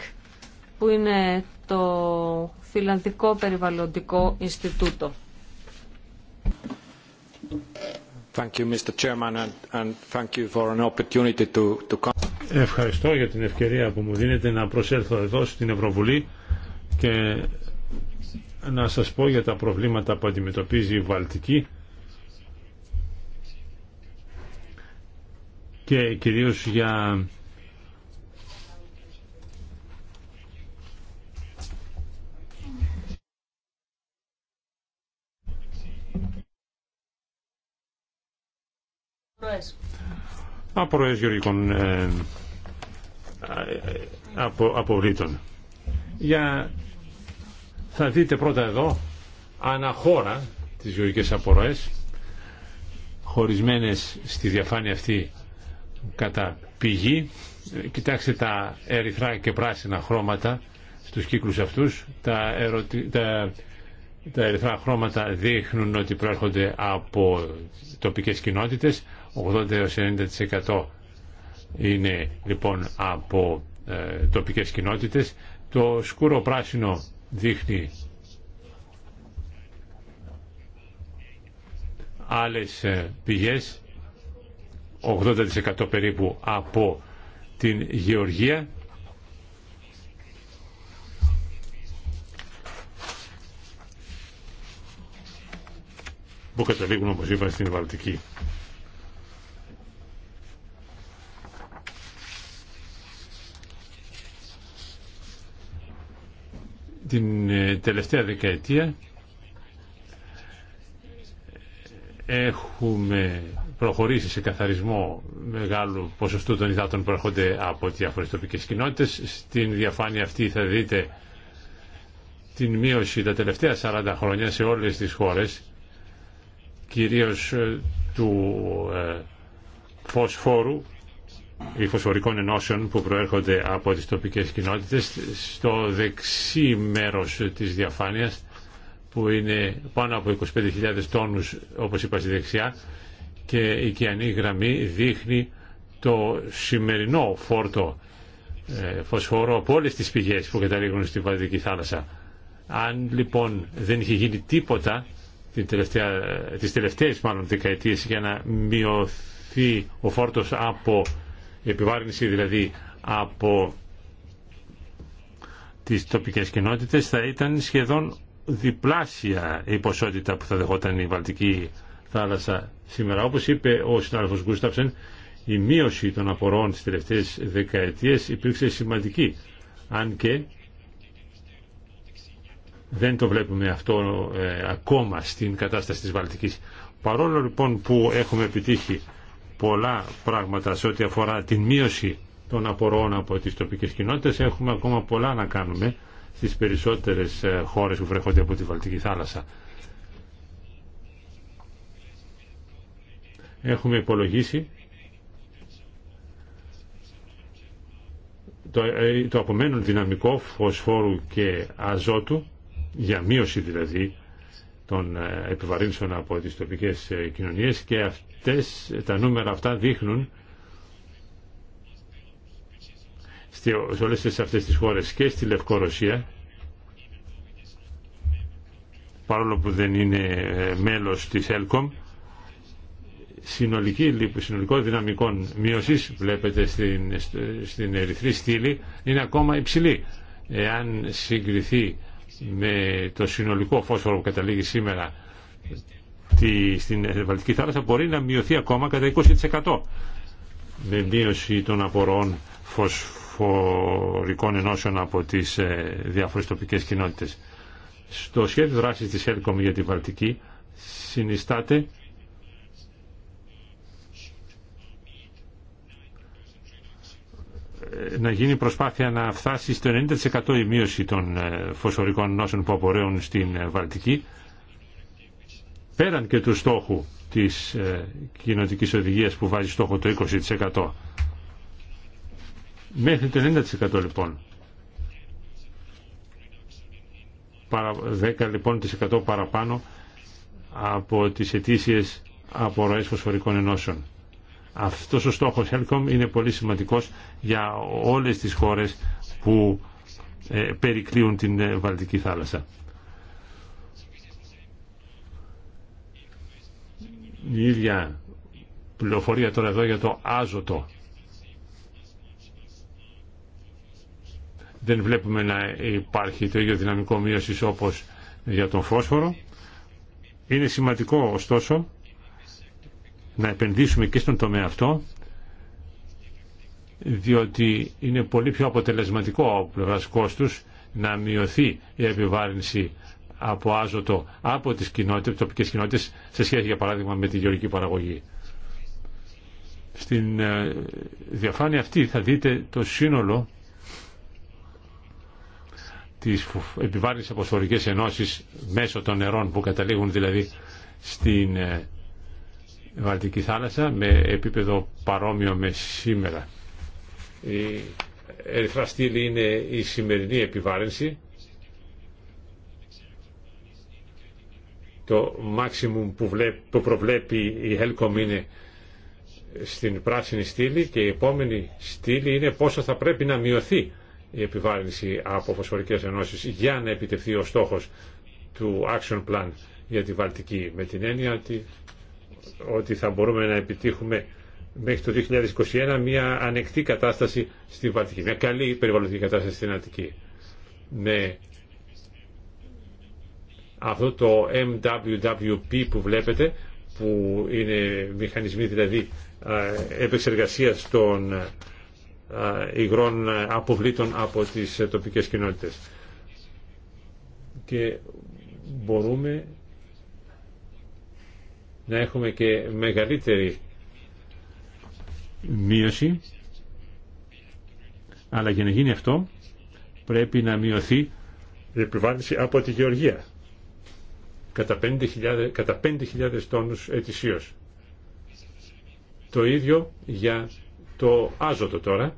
που είναι το Φιλανδικό Περιβαλλοντικό Ινστιτούτο. Ευχαριστώ για την ευκαιρία που μου δίνετε να προσέλθω εδώ στην Ευρωβουλή και να σας πω για τα προβλήματα που αντιμετωπίζει η Βαλτική και κυρίως για Απορροές. γεωργικών ε, ε, Για, θα δείτε πρώτα εδώ αναχώρα τις γεωργικές απορροές χωρισμένες στη διαφάνεια αυτή κατά πηγή. Κοιτάξτε τα ερυθρά και πράσινα χρώματα στους κύκλους αυτούς. Τα, τα... τα ερυθρά χρώματα δείχνουν ότι προέρχονται από τοπικές κοινότητες. 80-90% είναι λοιπόν από ε, τοπικές κοινότητες. Το σκούρο πράσινο δείχνει άλλες ε, πηγές 80% περίπου από την γεωργία που καταλήγουν όπως είπα στην Βαλτική. την ε, τελευταία δεκαετία έχουμε προχωρήσει σε καθαρισμό μεγάλου ποσοστού των υδάτων που έρχονται από διάφορες τοπικές κοινότητες. Στην διαφάνεια αυτή θα δείτε την μείωση τα τελευταία 40 χρόνια σε όλες τις χώρες, κυρίως ε, του ε, φωσφόρου φωσφορικών ενώσεων που προέρχονται από τις τοπικές κοινότητες στο δεξί μέρος της διαφάνειας που είναι πάνω από 25.000 τόνους όπως είπα στη δεξιά και η κιανή γραμμή δείχνει το σημερινό φόρτο ε, φωσφόρο από όλες τις πηγές που καταλήγουν στη Βαλτική θάλασσα. Αν λοιπόν δεν είχε γίνει τίποτα την τελευταία, ε, τις τελευταίες μάλλον δεκαετίες για να μειωθεί ο φόρτος από η επιβάρυνση δηλαδή από τις τοπικές κοινότητες θα ήταν σχεδόν διπλάσια η ποσότητα που θα δεχόταν η Βαλτική θάλασσα σήμερα. Όπως είπε ο συνάδελφος Γκούσταψεν, η μείωση των απορών στις τελευταίες δεκαετίες υπήρξε σημαντική, αν και δεν το βλέπουμε αυτό ε, ακόμα στην κατάσταση της Βαλτικής. Παρόλο λοιπόν που έχουμε επιτύχει πολλά πράγματα σε ό,τι αφορά την μείωση των απορροών από τις τοπικές κοινότητες. Έχουμε ακόμα πολλά να κάνουμε στις περισσότερες ε, χώρες που βρέχονται από τη Βαλτική θάλασσα. Έχουμε υπολογίσει το, ε, το απομένον δυναμικό φωσφόρου και αζότου για μείωση δηλαδή των ε, επιβαρύνσεων από τις τοπικές κοινωνίες και τα νούμερα αυτά δείχνουν σε όλες αυτές τις χώρες και στη Λευκορωσία παρόλο που δεν είναι ε, μέλος της ΕΛΚΟΜ συνολική, συνολικό δυναμικό μείωσης βλέπετε στην, στην ερυθρή στήλη είναι ακόμα υψηλή εάν συγκριθεί με το συνολικό φόσφορο που καταλήγει σήμερα στην Βαλτική θάλασσα μπορεί να μειωθεί ακόμα κατά 20% με μείωση των απορροών φωσφορικών ενώσεων από τις ε, διάφορες τοπικές κοινότητες. Στο σχέδιο δράσης της Helcom για τη Βαλτική συνιστάται να γίνει προσπάθεια να φτάσει στο 90% η μείωση των ε, φωσφορικών ενώσεων που απορρέουν στην ε, Βαλτική πέραν και του στόχου της ε, κοινοτικής οδηγίας που βάζει στόχο το 20%. Μέχρι το 90% λοιπόν. 10% λοιπόν της 100 παραπάνω από τις ετήσιες απορροές φωσφορικών ενώσεων. Αυτός ο στόχος Helcom είναι πολύ σημαντικός για όλες τις χώρες που ε, περικλείουν την ε, Βαλτική θάλασσα. η ίδια πληροφορία τώρα εδώ για το άζωτο. Δεν βλέπουμε να υπάρχει το ίδιο δυναμικό μείωση όπως για τον φόσφορο. Είναι σημαντικό ωστόσο να επενδύσουμε και στον τομέα αυτό διότι είναι πολύ πιο αποτελεσματικό ο πλευράς κόστους να μειωθεί η επιβάρυνση από άζωτο από τις κοινότητες, τοπικές κοινότητες σε σχέση για παράδειγμα με τη γεωργική παραγωγή. Στην ε, διαφάνεια αυτή θα δείτε το σύνολο της επιβάρυνσης από ενώσεις μέσω των νερών που καταλήγουν δηλαδή στην ε, Βαλτική θάλασσα με επίπεδο παρόμοιο με σήμερα. Η ερυθρά είναι η σημερινή επιβάρυνση Το maximum που, προβλέπει η Helcom είναι στην πράσινη στήλη και η επόμενη στήλη είναι πόσο θα πρέπει να μειωθεί η επιβάρυνση από φωσφορικές ενώσεις για να επιτευχθεί ο στόχος του Action Plan για τη Βαλτική με την έννοια ότι, ότι θα μπορούμε να επιτύχουμε μέχρι το 2021 μια ανεκτή κατάσταση στη Βαλτική, μια καλή περιβαλλοντική κατάσταση στην Αττική με αυτό το MWWP που βλέπετε που είναι μηχανισμοί δηλαδή ε, επεξεργασίας των ε, υγρών αποβλήτων από τις ε, τοπικές κοινότητες. Και μπορούμε να έχουμε και μεγαλύτερη μείωση αλλά για να γίνει αυτό πρέπει να μειωθεί η από τη γεωργία κατά 5.000, κατά τόνους ετησίως. Το ίδιο για το άζωτο τώρα,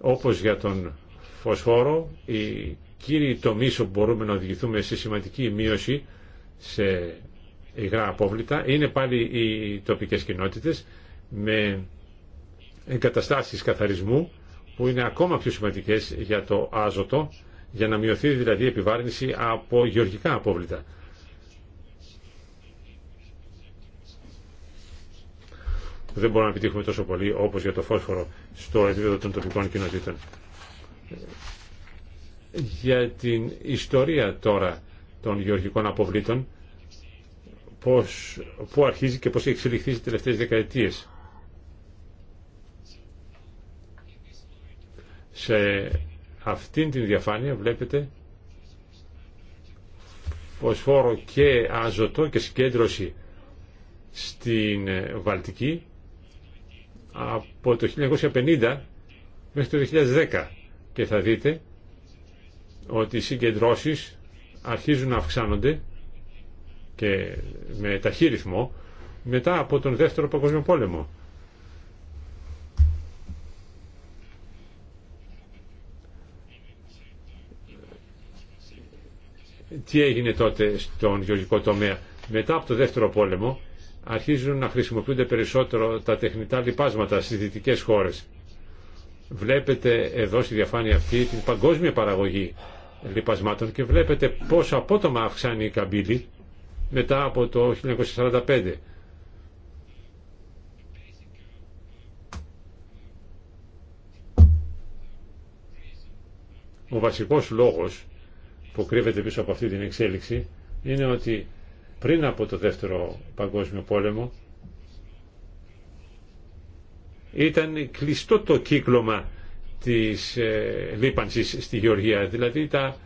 όπως για τον φωσφόρο, ...η κύριοι τομείς όπου μπορούμε να οδηγηθούμε σε σημαντική μείωση σε υγρά απόβλητα είναι πάλι οι τοπικές κοινότητες με εγκαταστάσεις καθαρισμού που είναι ακόμα πιο σημαντικές για το άζωτο για να μειωθεί δηλαδή η επιβάρυνση από γεωργικά απόβλητα. Δεν μπορούμε να επιτύχουμε τόσο πολύ όπως για το φόσφορο στο επίπεδο των τοπικών κοινοτήτων. Για την ιστορία τώρα των γεωργικών αποβλήτων, πώς, πού αρχίζει και πώς έχει εξελιχθεί στις τελευταίες δεκαετίες. Σε Αυτήν την διαφάνεια βλέπετε φωσφόρο και άζωτο και συγκέντρωση στην ε, Βαλτική από το 1950 μέχρι το 2010 και θα δείτε ότι οι συγκεντρώσεις αρχίζουν να αυξάνονται και με ταχύ ρυθμό μετά από τον Δεύτερο Παγκόσμιο Πόλεμο. Τι έγινε τότε στον γεωργικό τομέα. Μετά από το δεύτερο πόλεμο αρχίζουν να χρησιμοποιούνται περισσότερο τα τεχνητά λοιπάσματα στις δυτικές χώρες. Βλέπετε εδώ στη διαφάνεια αυτή την παγκόσμια παραγωγή λιπασμάτων και βλέπετε πόσο απότομα αυξάνει η καμπύλη μετά από το 1945. Ο βασικός λόγος που κρύβεται πίσω από αυτή την εξέλιξη είναι ότι πριν από το δεύτερο παγκόσμιο πόλεμο ήταν κλειστό το κύκλωμα της ε, λίπανσης στη Γεωργία. Δηλαδή τα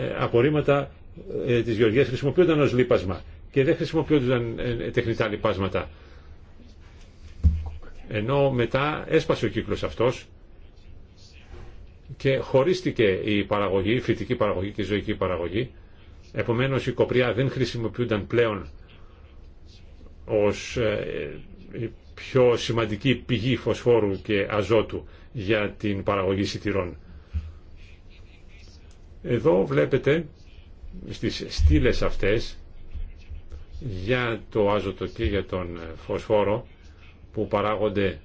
ε, απορρίμματα ε, της Γεωργίας χρησιμοποιούνταν ως λίπασμα και δεν χρησιμοποιούνταν τεχνητά λιπάσματα. Ενώ μετά έσπασε ο κύκλος αυτός και χωρίστηκε η παραγωγή, η φυτική παραγωγή και η ζωική παραγωγή. Επομένως, η κοπριά δεν χρησιμοποιούνταν πλέον ως ε, η πιο σημαντική πηγή φωσφόρου και αζότου για την παραγωγή σιτηρών. Εδώ βλέπετε στις στήλες αυτές για το άζωτο και για τον φωσφόρο που παράγονται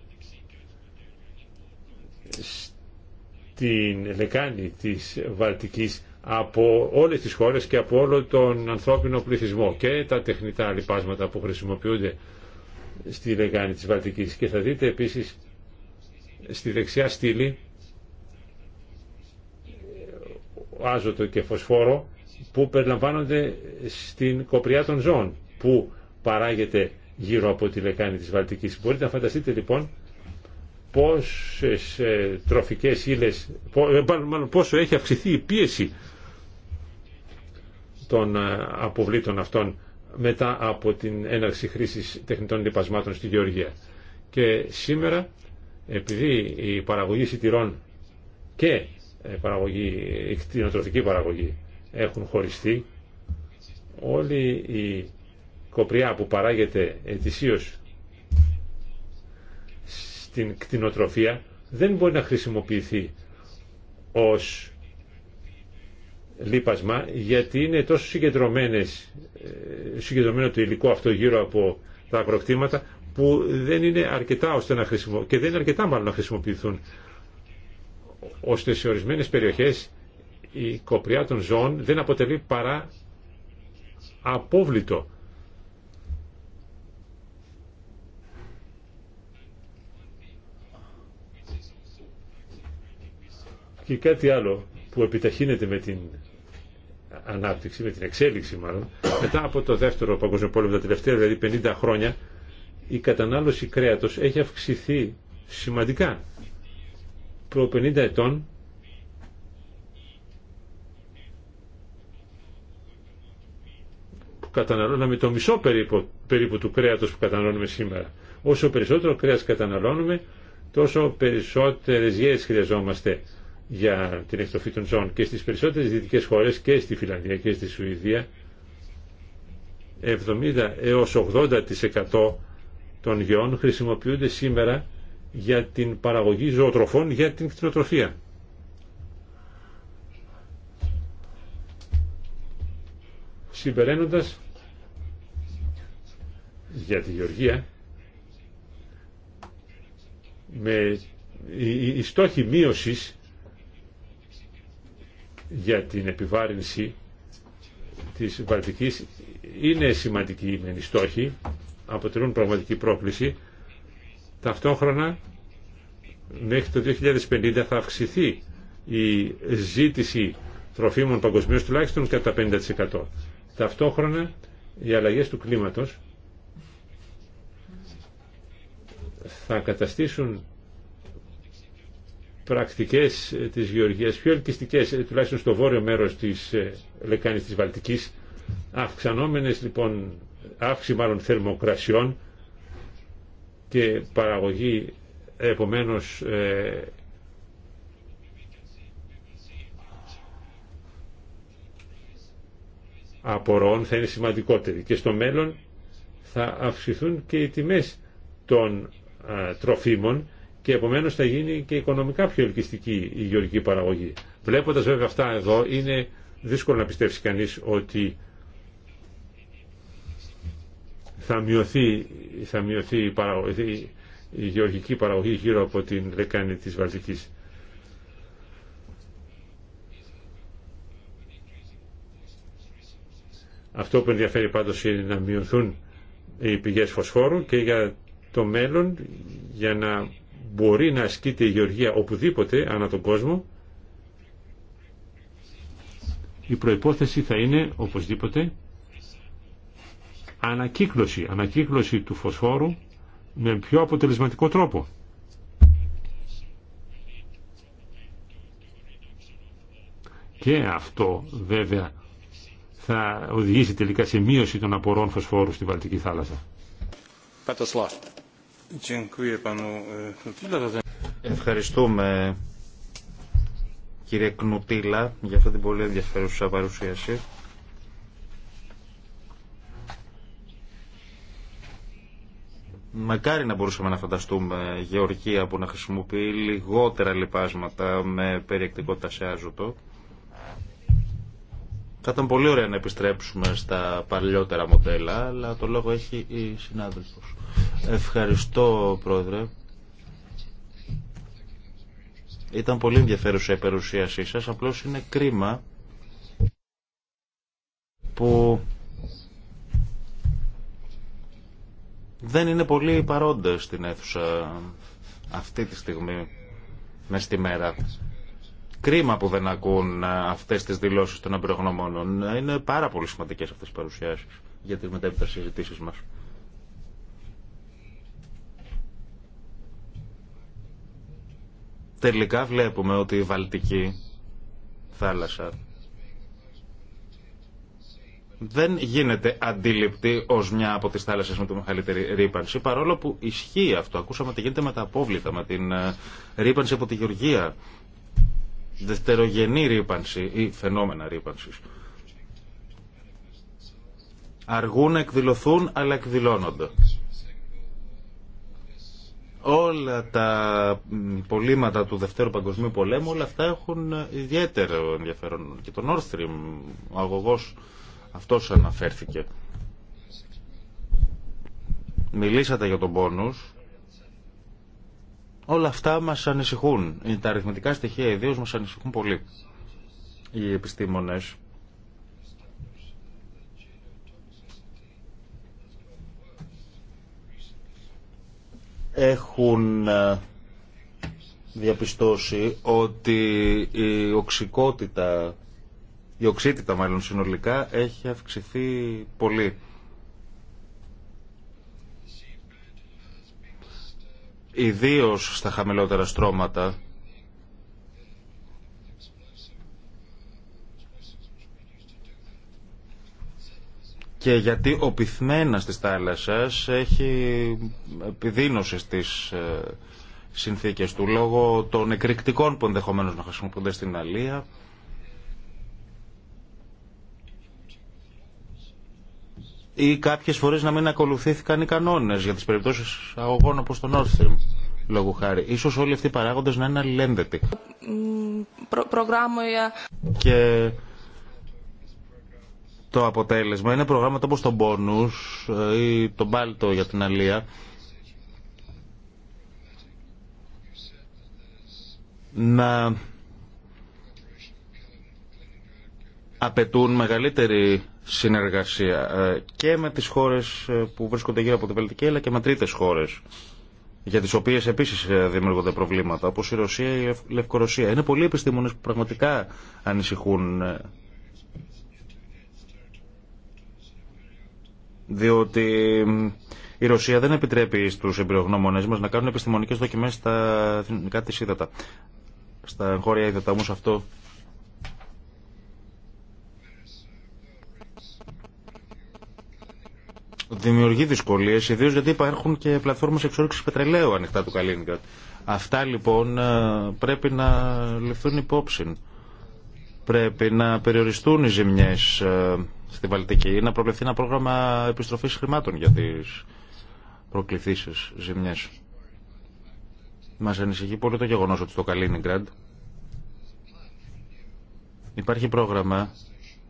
την λεκάνη της Βαλτικής από όλες τις χώρες και από όλο τον ανθρώπινο πληθυσμό και τα τεχνητά λοιπάσματα που χρησιμοποιούνται στη λεκάνη της Βαλτικής και θα δείτε επίσης στη δεξιά στήλη άζωτο και φωσφόρο που περιλαμβάνονται στην κοπριά των ζώων που παράγεται γύρω από τη λεκάνη της Βαλτικής. Μπορείτε να φανταστείτε λοιπόν πόσες ε, τροφικές ύλες, ε, πόσο έχει αυξηθεί η πίεση των ε, αποβλήτων αυτών μετά από την έναρξη χρήσης τεχνητών λοιπασμάτων στη Γεωργία. Και σήμερα, επειδή η παραγωγή σιτηρών και παραγωγή, η κτηνοτροφική παραγωγή έχουν χωριστεί, όλη η κοπριά που παράγεται ετησίως στην κτηνοτροφία δεν μπορεί να χρησιμοποιηθεί ως λίπασμα γιατί είναι τόσο συγκεντρωμένες, ε, συγκεντρωμένο το υλικό αυτό γύρω από τα αγροκτήματα που δεν είναι αρκετά ώστε να και δεν είναι αρκετά μάλλον να χρησιμοποιηθούν ώστε σε ορισμένες περιοχές η κοπριά των ζώων δεν αποτελεί παρά απόβλητο Και κάτι άλλο που επιταχύνεται με την ανάπτυξη, με την εξέλιξη μάλλον, μετά από το δεύτερο παγκόσμιο πόλεμο, τα τελευταία δηλαδή 50 χρόνια, η κατανάλωση κρέατος έχει αυξηθεί σημαντικά. Προ 50 ετών που καταναλώναμε το μισό περίπου, περίπου του κρέατος που καταναλώνουμε σήμερα. Όσο περισσότερο κρέας καταναλώνουμε, τόσο περισσότερες γέες χρειαζόμαστε για την εκτροφή των ζώων και στις περισσότερες δυτικές χώρες και στη Φιλανδία και στη Σουηδία 70 έως 80% των γεών χρησιμοποιούνται σήμερα για την παραγωγή ζωοτροφών για την κτηνοτροφία. Συμπεραίνοντας για τη γεωργία με η στόχοι μείωσης για την επιβάρυνση της Βαλτικής είναι σημαντική μεν οι αποτελούν πραγματική πρόκληση. Ταυτόχρονα μέχρι το 2050 θα αυξηθεί η ζήτηση τροφίμων παγκοσμίως τουλάχιστον κατά 50%. Ταυτόχρονα οι αλλαγές του κλίματος θα καταστήσουν πρακτικές της γεωργίας πιο ελκυστικές, ε, τουλάχιστον στο βόρειο μέρος της ε, λεκάνης της Βαλτικής, αυξανόμενες λοιπόν, αύξηση μάλλον θερμοκρασιών και παραγωγή επομένως ε, απορών θα είναι σημαντικότερη και στο μέλλον θα αυξηθούν και οι τιμές των τροφίμων και επομένως θα γίνει και οικονομικά πιο ελκυστική η γεωργική παραγωγή. Βλέποντας βέβαια αυτά εδώ είναι δύσκολο να πιστεύσει κανείς ότι θα μειωθεί, θα μειωθεί η, παραγωγή, η γεωργική παραγωγή γύρω από την λεκάνη της Βαλτικής. Αυτό που ενδιαφέρει πάντως είναι να μειωθούν οι πηγές φωσφόρου και για το μέλλον για να μπορεί να ασκείται η γεωργία οπουδήποτε ανά τον κόσμο η προϋπόθεση θα είναι οπωσδήποτε ανακύκλωση, ανακύκλωση του φωσφόρου με πιο αποτελεσματικό τρόπο. Και αυτό βέβαια θα οδηγήσει τελικά σε μείωση των απορών φωσφόρου στη Βαλτική θάλασσα. E, Ευχαριστούμε κύριε Κνουτίλα για αυτή την πολύ ενδιαφέρουσα παρουσίαση. Μακάρι να μπορούσαμε να φανταστούμε γεωργία που να χρησιμοποιεί λιγότερα λιπάσματα με περιεκτικότητα σε άζωτο. Θα ήταν πολύ ωραία να επιστρέψουμε στα παλιότερα μοντέλα, αλλά το λόγο έχει η συνάδελφος. Ευχαριστώ, Πρόεδρε. Ήταν πολύ ενδιαφέρουσα η παρουσίασή σας, απλώς είναι κρίμα που δεν είναι πολύ παρόντες στην αίθουσα αυτή τη στιγμή, με στη μέρα. Κρίμα που δεν ακούν ε, αυτές τις δηλώσεις των εμπειρογνωμόνων. Ε, είναι πάρα πολύ σημαντικέ αυτέ οι παρουσιάσει για τις μετέπειτα συζητήσεις μας. Τελικά βλέπουμε ότι η Βαλτική θάλασσα δεν γίνεται αντιληπτή ω μια από τι θάλασσες με τη μεγαλύτερη ρήπανση, παρόλο που ισχύει αυτό. Ακούσαμε ότι γίνεται με τα απόβλητα, με την ε, ρήπανση από τη Γεωργία δευτερογενή ρήπανση ή φαινόμενα ρήπανσης. Αργούν να εκδηλωθούν αλλά εκδηλώνονται. Όλα τα πολίματα του Δευτέρου Παγκοσμίου Πολέμου, όλα αυτά έχουν ιδιαίτερο ενδιαφέρον. Και τον Nord Stream, ο αγωγός αυτός αναφέρθηκε. Μιλήσατε για τον πόνους Όλα αυτά μας ανησυχούν. Τα αριθμητικά στοιχεία ιδίως μας ανησυχούν πολύ. Οι επιστήμονες έχουν ε, διαπιστώσει ότι η οξικότητα, η οξύτητα μάλλον συνολικά έχει αυξηθεί πολύ ιδίως στα χαμηλότερα στρώματα, και γιατί ο πυθμένας της θάλασσας έχει επιδείνωση στις ε, συνθήκες του λόγω των εκρηκτικών που ενδεχομένως να χρησιμοποιούνται στην Αλία ή κάποιες φορές να μην ακολουθήθηκαν οι κανόνες για τις περιπτώσεις αγωγών όπως το Nord Stream λόγου χάρη. Ίσως όλοι αυτοί οι παράγοντες να είναι αλληλένδετοι. Και το αποτέλεσμα είναι προγράμματα όπως το Bonus ε, ή το Balto για την Αλία να απαιτούν μεγαλύτερη συνεργασία ε, και με τις χώρες ε, που βρίσκονται γύρω από την Βαλτική αλλά και με τρίτες χώρες για τις οποίες επίσης ε, δημιουργούνται προβλήματα όπως η Ρωσία ή η Λευκορωσία. Είναι πολλοί επιστήμονες που πραγματικά ανησυχούν διότι η Ρωσία δεν επιτρέπει στους εμπειρογνώμονές μας να κάνουν επιστημονικές δοκιμές στα εθνικά της ύδατα. Στα χώρια ύδατα όμως αυτό δημιουργεί δυσκολίες, ιδίως γιατί υπάρχουν και πλατφόρμες εξόρυξης πετρελαίου ανοιχτά του Καλίνιγκρατ. Αυτά λοιπόν ε, πρέπει να ληφθούν υπόψη. Πρέπει να περιοριστούν οι ζημιές ε, στη Βαλτική, να προβλεφθεί ένα πρόγραμμα επιστροφής χρημάτων για τις προκληθήσεις ζημιές. Μας ανησυχεί πολύ το γεγονός ότι στο Καλίνιγκραντ υπάρχει πρόγραμμα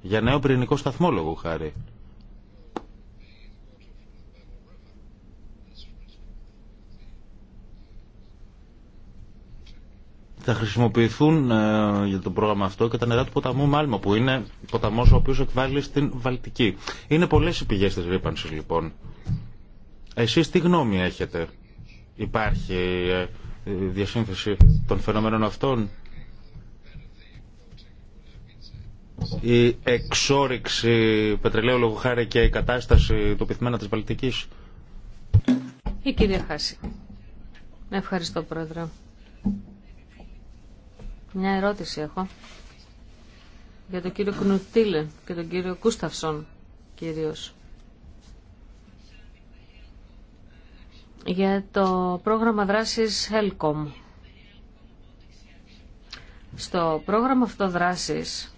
για νέο πυρηνικό σταθμό λόγω χάρη θα χρησιμοποιηθούν ε, για το πρόγραμμα αυτό και τα νερά του ποταμού Μάλμα, που είναι ποταμό ο οποίο εκβάλλει στην Βαλτική. Είναι πολλέ οι πηγέ τη ρήπανση, λοιπόν. Εσεί τι γνώμη έχετε, Υπάρχει ε, διασύνθεση των φαινομένων αυτών. Η εξόριξη πετρελαίου λόγω χάρη και η κατάσταση του πυθμένα της Βαλτικής. Η κυρία Χάση. Ευχαριστώ, Πρόεδρε. Μια ερώτηση έχω για τον κύριο Κνουτήλε και τον κύριο Κούσταυσον κυρίως. Για το πρόγραμμα δράσης Helcom. Στο πρόγραμμα αυτό δράσης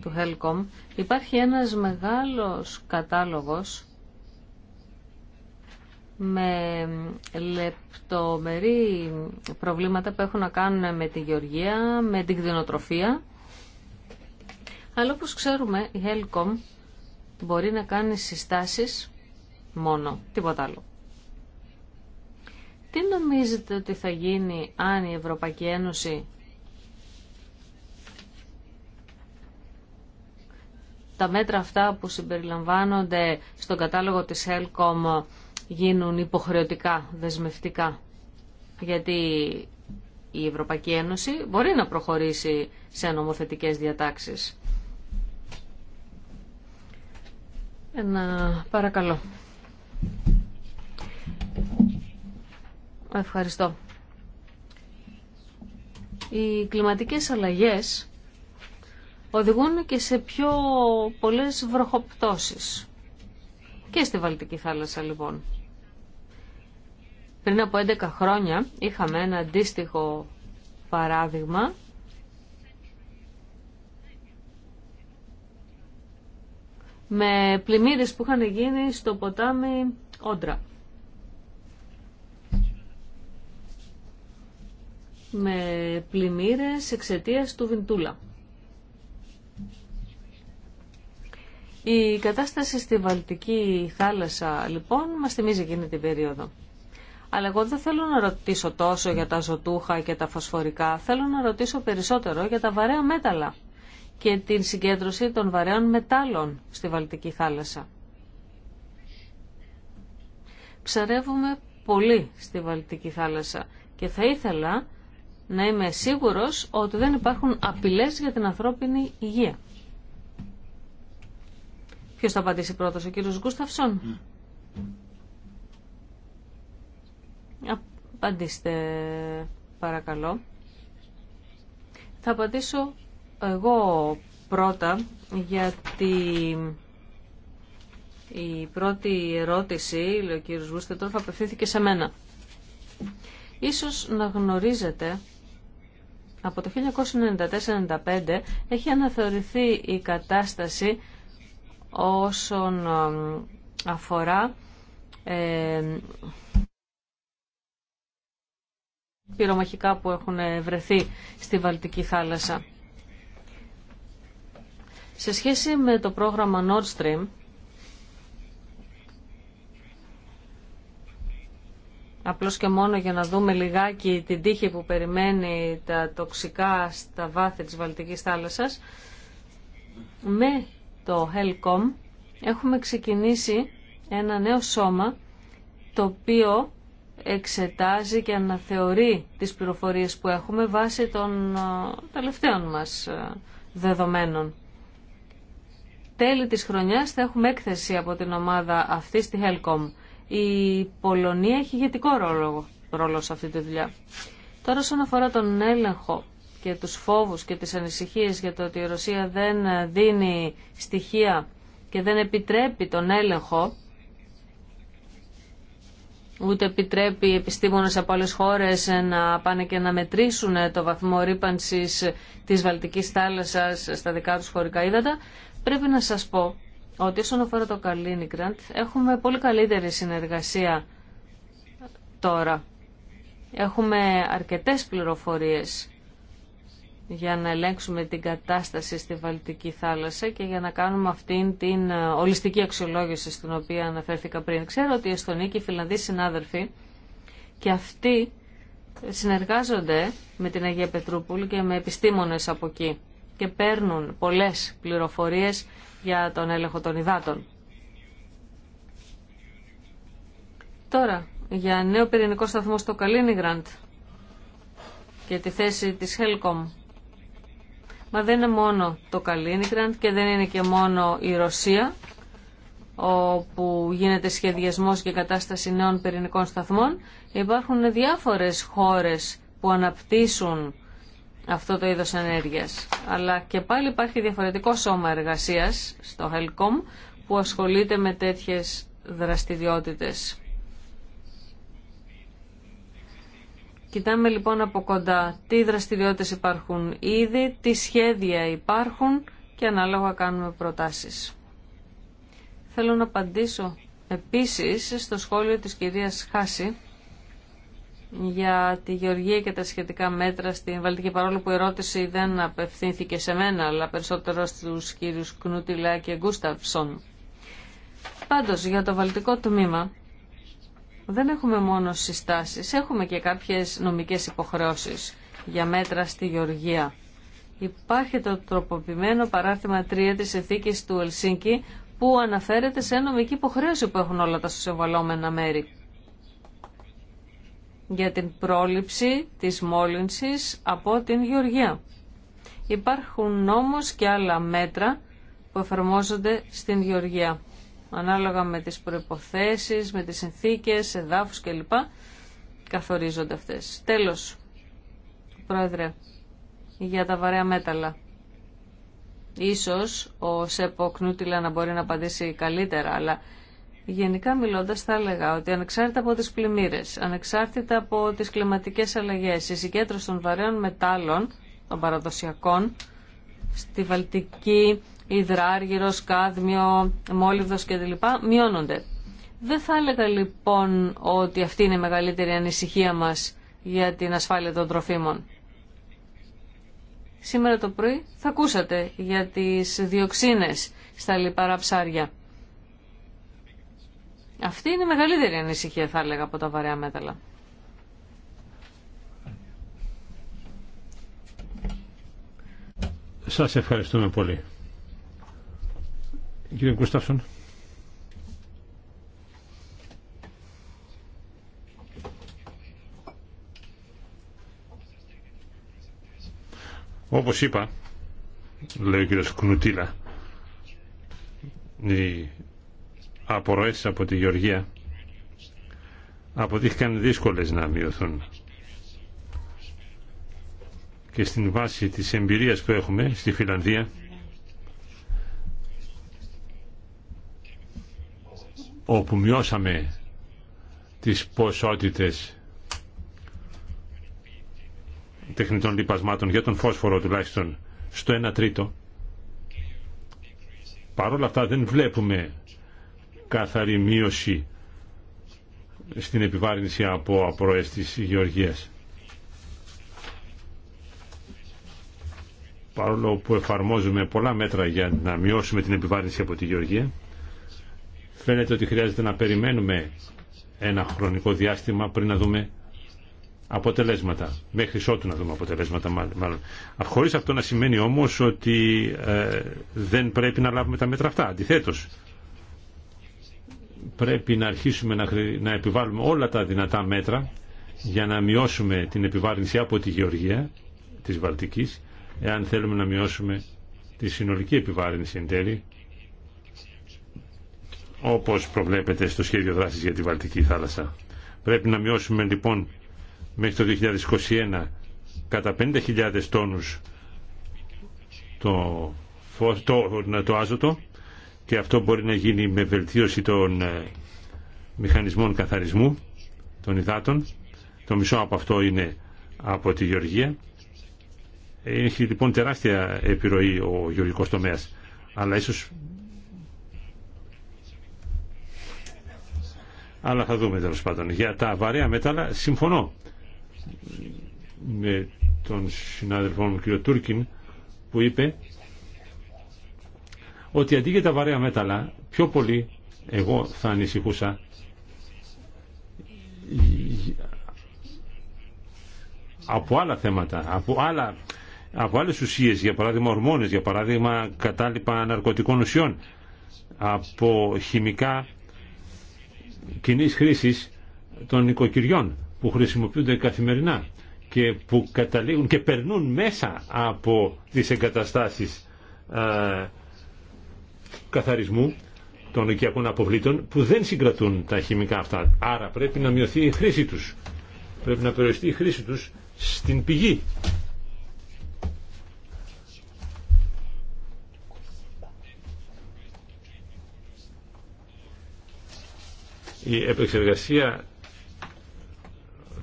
του Helcom υπάρχει ένας μεγάλος κατάλογος με λεπτομερή προβλήματα που έχουν να κάνουν με τη γεωργία, με την κτηνοτροφία. Αλλά όπως ξέρουμε η Helcom μπορεί να κάνει συστάσεις μόνο, τίποτα άλλο. Τι νομίζετε ότι θα γίνει αν η Ευρωπαϊκή Ένωση τα μέτρα αυτά που συμπεριλαμβάνονται στον κατάλογο της Helcom γίνουν υποχρεωτικά, δεσμευτικά. Γιατί η Ευρωπαϊκή Ένωση μπορεί να προχωρήσει σε νομοθετικές διατάξεις. Ένα παρακαλώ. Ευχαριστώ. Οι κλιματικές αλλαγές οδηγούν και σε πιο πολλές βροχοπτώσεις. Και στη Βαλτική θάλασσα λοιπόν. Πριν από 11 χρόνια είχαμε ένα αντίστοιχο παράδειγμα με πλημμύρες που είχαν γίνει στο ποτάμι Όντρα. με πλημμύρες εξαιτία του Βιντούλα. Η κατάσταση στη Βαλτική θάλασσα λοιπόν μας θυμίζει εκείνη την περίοδο. Αλλά εγώ δεν θέλω να ρωτήσω τόσο για τα ζωτούχα και τα φωσφορικά. Θέλω να ρωτήσω περισσότερο για τα βαρέα μέταλλα και την συγκέντρωση των βαρέων μετάλλων στη Βαλτική θάλασσα. Ψαρεύουμε πολύ στη Βαλτική θάλασσα και θα ήθελα να είμαι σίγουρος ότι δεν υπάρχουν απειλές για την ανθρώπινη υγεία. Ποιος θα απαντήσει πρώτος, ο κύριος Γκούσταυσον. Ναι. Απαντήστε παρακαλώ. Θα απαντήσω εγώ πρώτα γιατί η πρώτη ερώτηση, λέει ο κύριος θα απευθύνθηκε σε μένα. Ίσως να γνωρίζετε, από το 1994-1995 έχει αναθεωρηθεί η κατάσταση όσον ε, αφορά ε, πυρομαχικά που έχουν βρεθεί στη Βαλτική θάλασσα. Σε σχέση με το πρόγραμμα Nord Stream, απλώς και μόνο για να δούμε λιγάκι την τύχη που περιμένει τα τοξικά στα βάθη της Βαλτικής θάλασσας, με το HELCOM έχουμε ξεκινήσει ένα νέο σώμα το οποίο εξετάζει και αναθεωρεί τις πληροφορίες που έχουμε βάσει των ε, τελευταίων μας ε, δεδομένων. Τέλη της χρονιάς θα έχουμε έκθεση από την ομάδα αυτή στη Helcom. Η Πολωνία έχει ηγετικό ρόλο, ρόλο σε αυτή τη δουλειά. Τώρα όσον αφορά τον έλεγχο και τους φόβους και τις ανησυχίες για το ότι η Ρωσία δεν δίνει στοιχεία και δεν επιτρέπει τον έλεγχο ούτε επιτρέπει επιστήμονες από άλλες χώρες να πάνε και να μετρήσουν το βαθμό ρήπανσης της Βαλτικής θάλασσας στα δικά τους χωρικά ύδατα, πρέπει να σας πω ότι όσον αφορά το Καλίνικραντ έχουμε πολύ καλύτερη συνεργασία τώρα. Έχουμε αρκετές πληροφορίες για να ελέγξουμε την κατάσταση στη Βαλτική θάλασσα και για να κάνουμε αυτήν την ε, ολιστική αξιολόγηση στην οποία αναφέρθηκα πριν. Ξέρω ότι οι Εστονοί και οι Φιλανδοί συνάδελφοι και αυτοί συνεργάζονται με την Αγία Πετρούπολη και με επιστήμονες από εκεί και παίρνουν πολλές πληροφορίες για τον έλεγχο των υδάτων. Τώρα, για νέο πυρηνικό σταθμό στο Καλίνιγραντ και τη θέση της Helcom Μα δεν είναι μόνο το Καλίνικραντ και δεν είναι και μόνο η Ρωσία όπου γίνεται σχεδιασμός και κατάσταση νέων πυρηνικών σταθμών. Υπάρχουν διάφορες χώρες που αναπτύσσουν αυτό το είδος ενέργειας. Αλλά και πάλι υπάρχει διαφορετικό σώμα εργασίας στο HELCOM που ασχολείται με τέτοιες δραστηριότητες. Κοιτάμε λοιπόν από κοντά τι δραστηριότητες υπάρχουν ήδη, τι σχέδια υπάρχουν και ανάλογα κάνουμε προτάσεις. Θέλω να απαντήσω επίσης στο σχόλιο της κυρίας Χάση για τη γεωργία και τα σχετικά μέτρα στην Βαλτική παρόλο που η ερώτηση δεν απευθύνθηκε σε μένα αλλά περισσότερο στους κύριους Κνούτιλα και Γκούσταυσον. Πάντως για το Βαλτικό τμήμα δεν έχουμε μόνο συστάσεις, έχουμε και κάποιες νομικές υποχρεώσεις για μέτρα στη Γεωργία. Υπάρχει το τροποποιημένο παράρτημα 3 της εθήκης του Ελσίνκη που αναφέρεται σε νομική υποχρέωση που έχουν όλα τα συμβαλόμενα μέρη για την πρόληψη της μόλυνσης από την Γεωργία. Υπάρχουν όμως και άλλα μέτρα που εφαρμόζονται στην Γεωργία ανάλογα με τις προϋποθέσεις, με τις συνθήκες, εδάφους κλπ. καθορίζονται αυτές. Τέλος, Πρόεδρε, για τα βαρέα μέταλλα. Ίσως ο Σέπο Κνούτιλα να μπορεί να απαντήσει καλύτερα, αλλά γενικά μιλώντας θα έλεγα ότι ανεξάρτητα από τις πλημμύρες, ανεξάρτητα από τις κλιματικές αλλαγές, η συγκέντρωση των βαρέων μετάλλων, των παραδοσιακών, στη Βαλτική, υδράργυρος, κάδμιο, μόλιβδος κλπ. μειώνονται. Δεν θα έλεγα λοιπόν ότι αυτή είναι η μεγαλύτερη ανησυχία μας για την ασφάλεια των τροφίμων. Σήμερα το πρωί θα ακούσατε για τις διοξίνες στα λιπαρά ψάρια. Αυτή είναι η μεγαλύτερη ανησυχία θα έλεγα από τα βαρέα μέταλλα. Σας ευχαριστούμε πολύ. Κύριε Κουστάφσον. Όπως είπα, λέει ο κύριος Κνουτίλα, οι απορροές από τη Γεωργία αποδείχθηκαν δύσκολες να μειωθούν. Και στην βάση της εμπειρίας που έχουμε στη Φιλανδία, όπου μειώσαμε τις ποσότητες τεχνητών λιπασμάτων για τον φόσφορο τουλάχιστον στο 1 τρίτο παρόλα αυτά δεν βλέπουμε καθαρή μείωση στην επιβάρυνση από απορροές της γεωργίας. Παρόλο που εφαρμόζουμε πολλά μέτρα για να μειώσουμε την επιβάρυνση από τη γεωργία, Φαίνεται ότι χρειάζεται να περιμένουμε ένα χρονικό διάστημα πριν να δούμε αποτελέσματα. Μέχρι ότου να δούμε αποτελέσματα μάλλον. Χωρίς αυτό να σημαίνει όμως ότι ε, δεν πρέπει να λάβουμε τα μέτρα αυτά. Αντιθέτως, πρέπει να αρχίσουμε να, να επιβάλλουμε όλα τα δυνατά μέτρα για να μειώσουμε την επιβάρυνση από τη γεωργία της Βαλτικής εάν θέλουμε να μειώσουμε τη συνολική επιβάρυνση εν τέλει όπως προβλέπεται στο σχέδιο δράσης για τη Βαλτική θάλασσα. Πρέπει να μειώσουμε λοιπόν μέχρι το 2021 κατά 50.000 τόνους το, το, το άζωτο και αυτό μπορεί να γίνει με βελτίωση των ε, μηχανισμών καθαρισμού των υδάτων. Το μισό από αυτό είναι από τη Γεωργία. Έχει λοιπόν τεράστια επιρροή ο γεωργικός τομέας, αλλά ίσως αλλά θα δούμε τέλο πάντων. Για τα βαρέα μέταλλα συμφωνώ με τον συνάδελφό μου κύριο Τούρκιν που είπε ότι αντί για τα βαρέα μέταλλα πιο πολύ εγώ θα ανησυχούσα από άλλα θέματα, από, άλλα, από άλλες ουσίες, για παράδειγμα ορμόνες, για παράδειγμα κατάλοιπα ναρκωτικών ουσιών, από χημικά κοινή χρήση των οικοκυριών που χρησιμοποιούνται καθημερινά και που καταλήγουν και περνούν μέσα από τις εγκαταστάσεις ε, καθαρισμού των οικιακών αποβλήτων που δεν συγκρατούν τα χημικά αυτά. Άρα πρέπει να μειωθεί η χρήση τους. Πρέπει να περιοριστεί η χρήση τους στην πηγή η επεξεργασία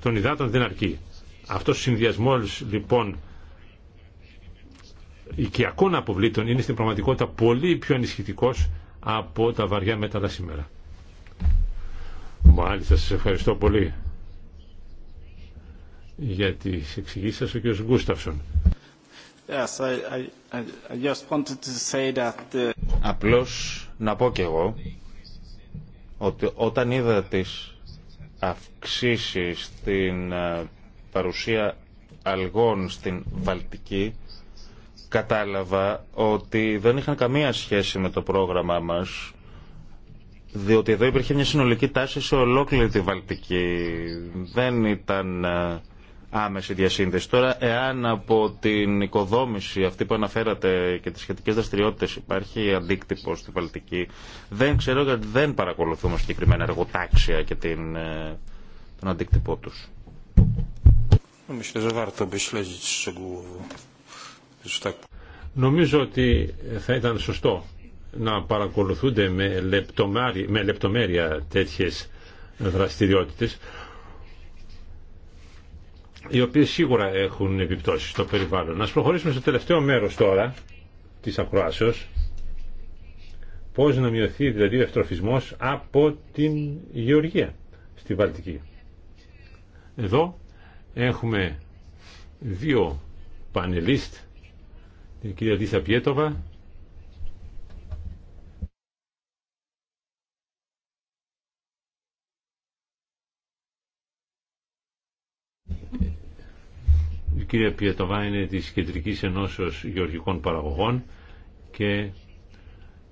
των υδάτων δεν αρκεί. Αυτός ο συνδυασμός λοιπόν οικιακών αποβλήτων είναι στην πραγματικότητα πολύ πιο ενισχυτικός από τα βαριά μέταλλα σήμερα. Μάλιστα, σας ευχαριστώ πολύ για τις εξηγήσεις σας, ο κ. Γκούσταυσον. Yes, I, I, I just uh, Απλώς να πω κι εγώ ότι όταν είδα τις αυξήσεις στην ε, παρουσία αλγών στην Βαλτική, κατάλαβα ότι δεν είχαν καμία σχέση με το πρόγραμμά μας, διότι εδώ υπήρχε μια συνολική τάση σε ολόκληρη τη Βαλτική. Δεν ήταν ε, άμεση διασύνδεση. Τώρα, εάν από την οικοδόμηση αυτή που αναφέρατε και τι σχετικές δραστηριότητε, υπάρχει αντίκτυπο στη Βαλτική, δεν ξέρω γιατί δεν παρακολουθούμε συγκεκριμένα εργοτάξια και την, ε, τον αντίκτυπό τους. Νομίζω ότι θα ήταν σωστό να παρακολουθούνται με, με λεπτομέρεια τέτοιες δραστηριότητες οι οποίες σίγουρα έχουν επιπτώσει στο περιβάλλον. Να προχωρήσουμε στο τελευταίο μέρος τώρα της ακροάσεως. Πώς να μειωθεί δηλαδή ο ευτροφισμός από την γεωργία στη Βαλτική. Εδώ έχουμε δύο πανελίστ, την κυρία Δίθα Πιέτοβα κυρία Πιετοβά είναι της Κεντρικής Ενώσεως Γεωργικών Παραγωγών και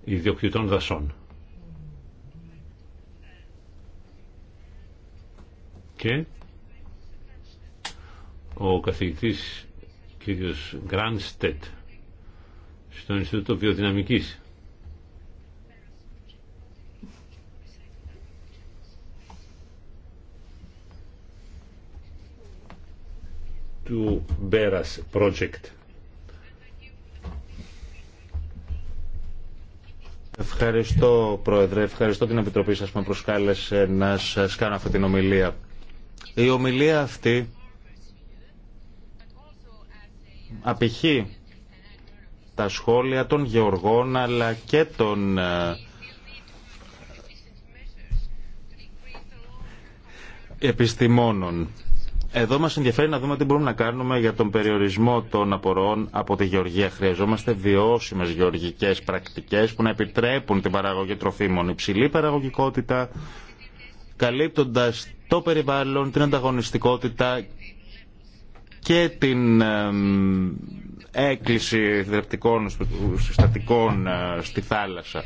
Ιδιοκτητών Δασών. Και ο καθηγητής κύριος Γκράνστετ στο Ινστιτούτο Βιοδυναμικής Project. Ευχαριστώ Πρόεδρε, ευχαριστώ την Επιτροπή σας που με προσκάλεσε να σας κάνω αυτή την ομιλία. Η ομιλία αυτή απηχεί τα σχόλια των γεωργών αλλά και των ε, επιστημόνων. Εδώ μας ενδιαφέρει να δούμε τι μπορούμε να κάνουμε για τον περιορισμό των απορροών από τη γεωργία. Χρειαζόμαστε βιώσιμε γεωργικέ πρακτικές που να επιτρέπουν την παραγωγή τροφίμων. Υψηλή παραγωγικότητα, καλύπτοντας το περιβάλλον, την ανταγωνιστικότητα και την έκκληση θρεπτικών συστατικών ε, στη θάλασσα.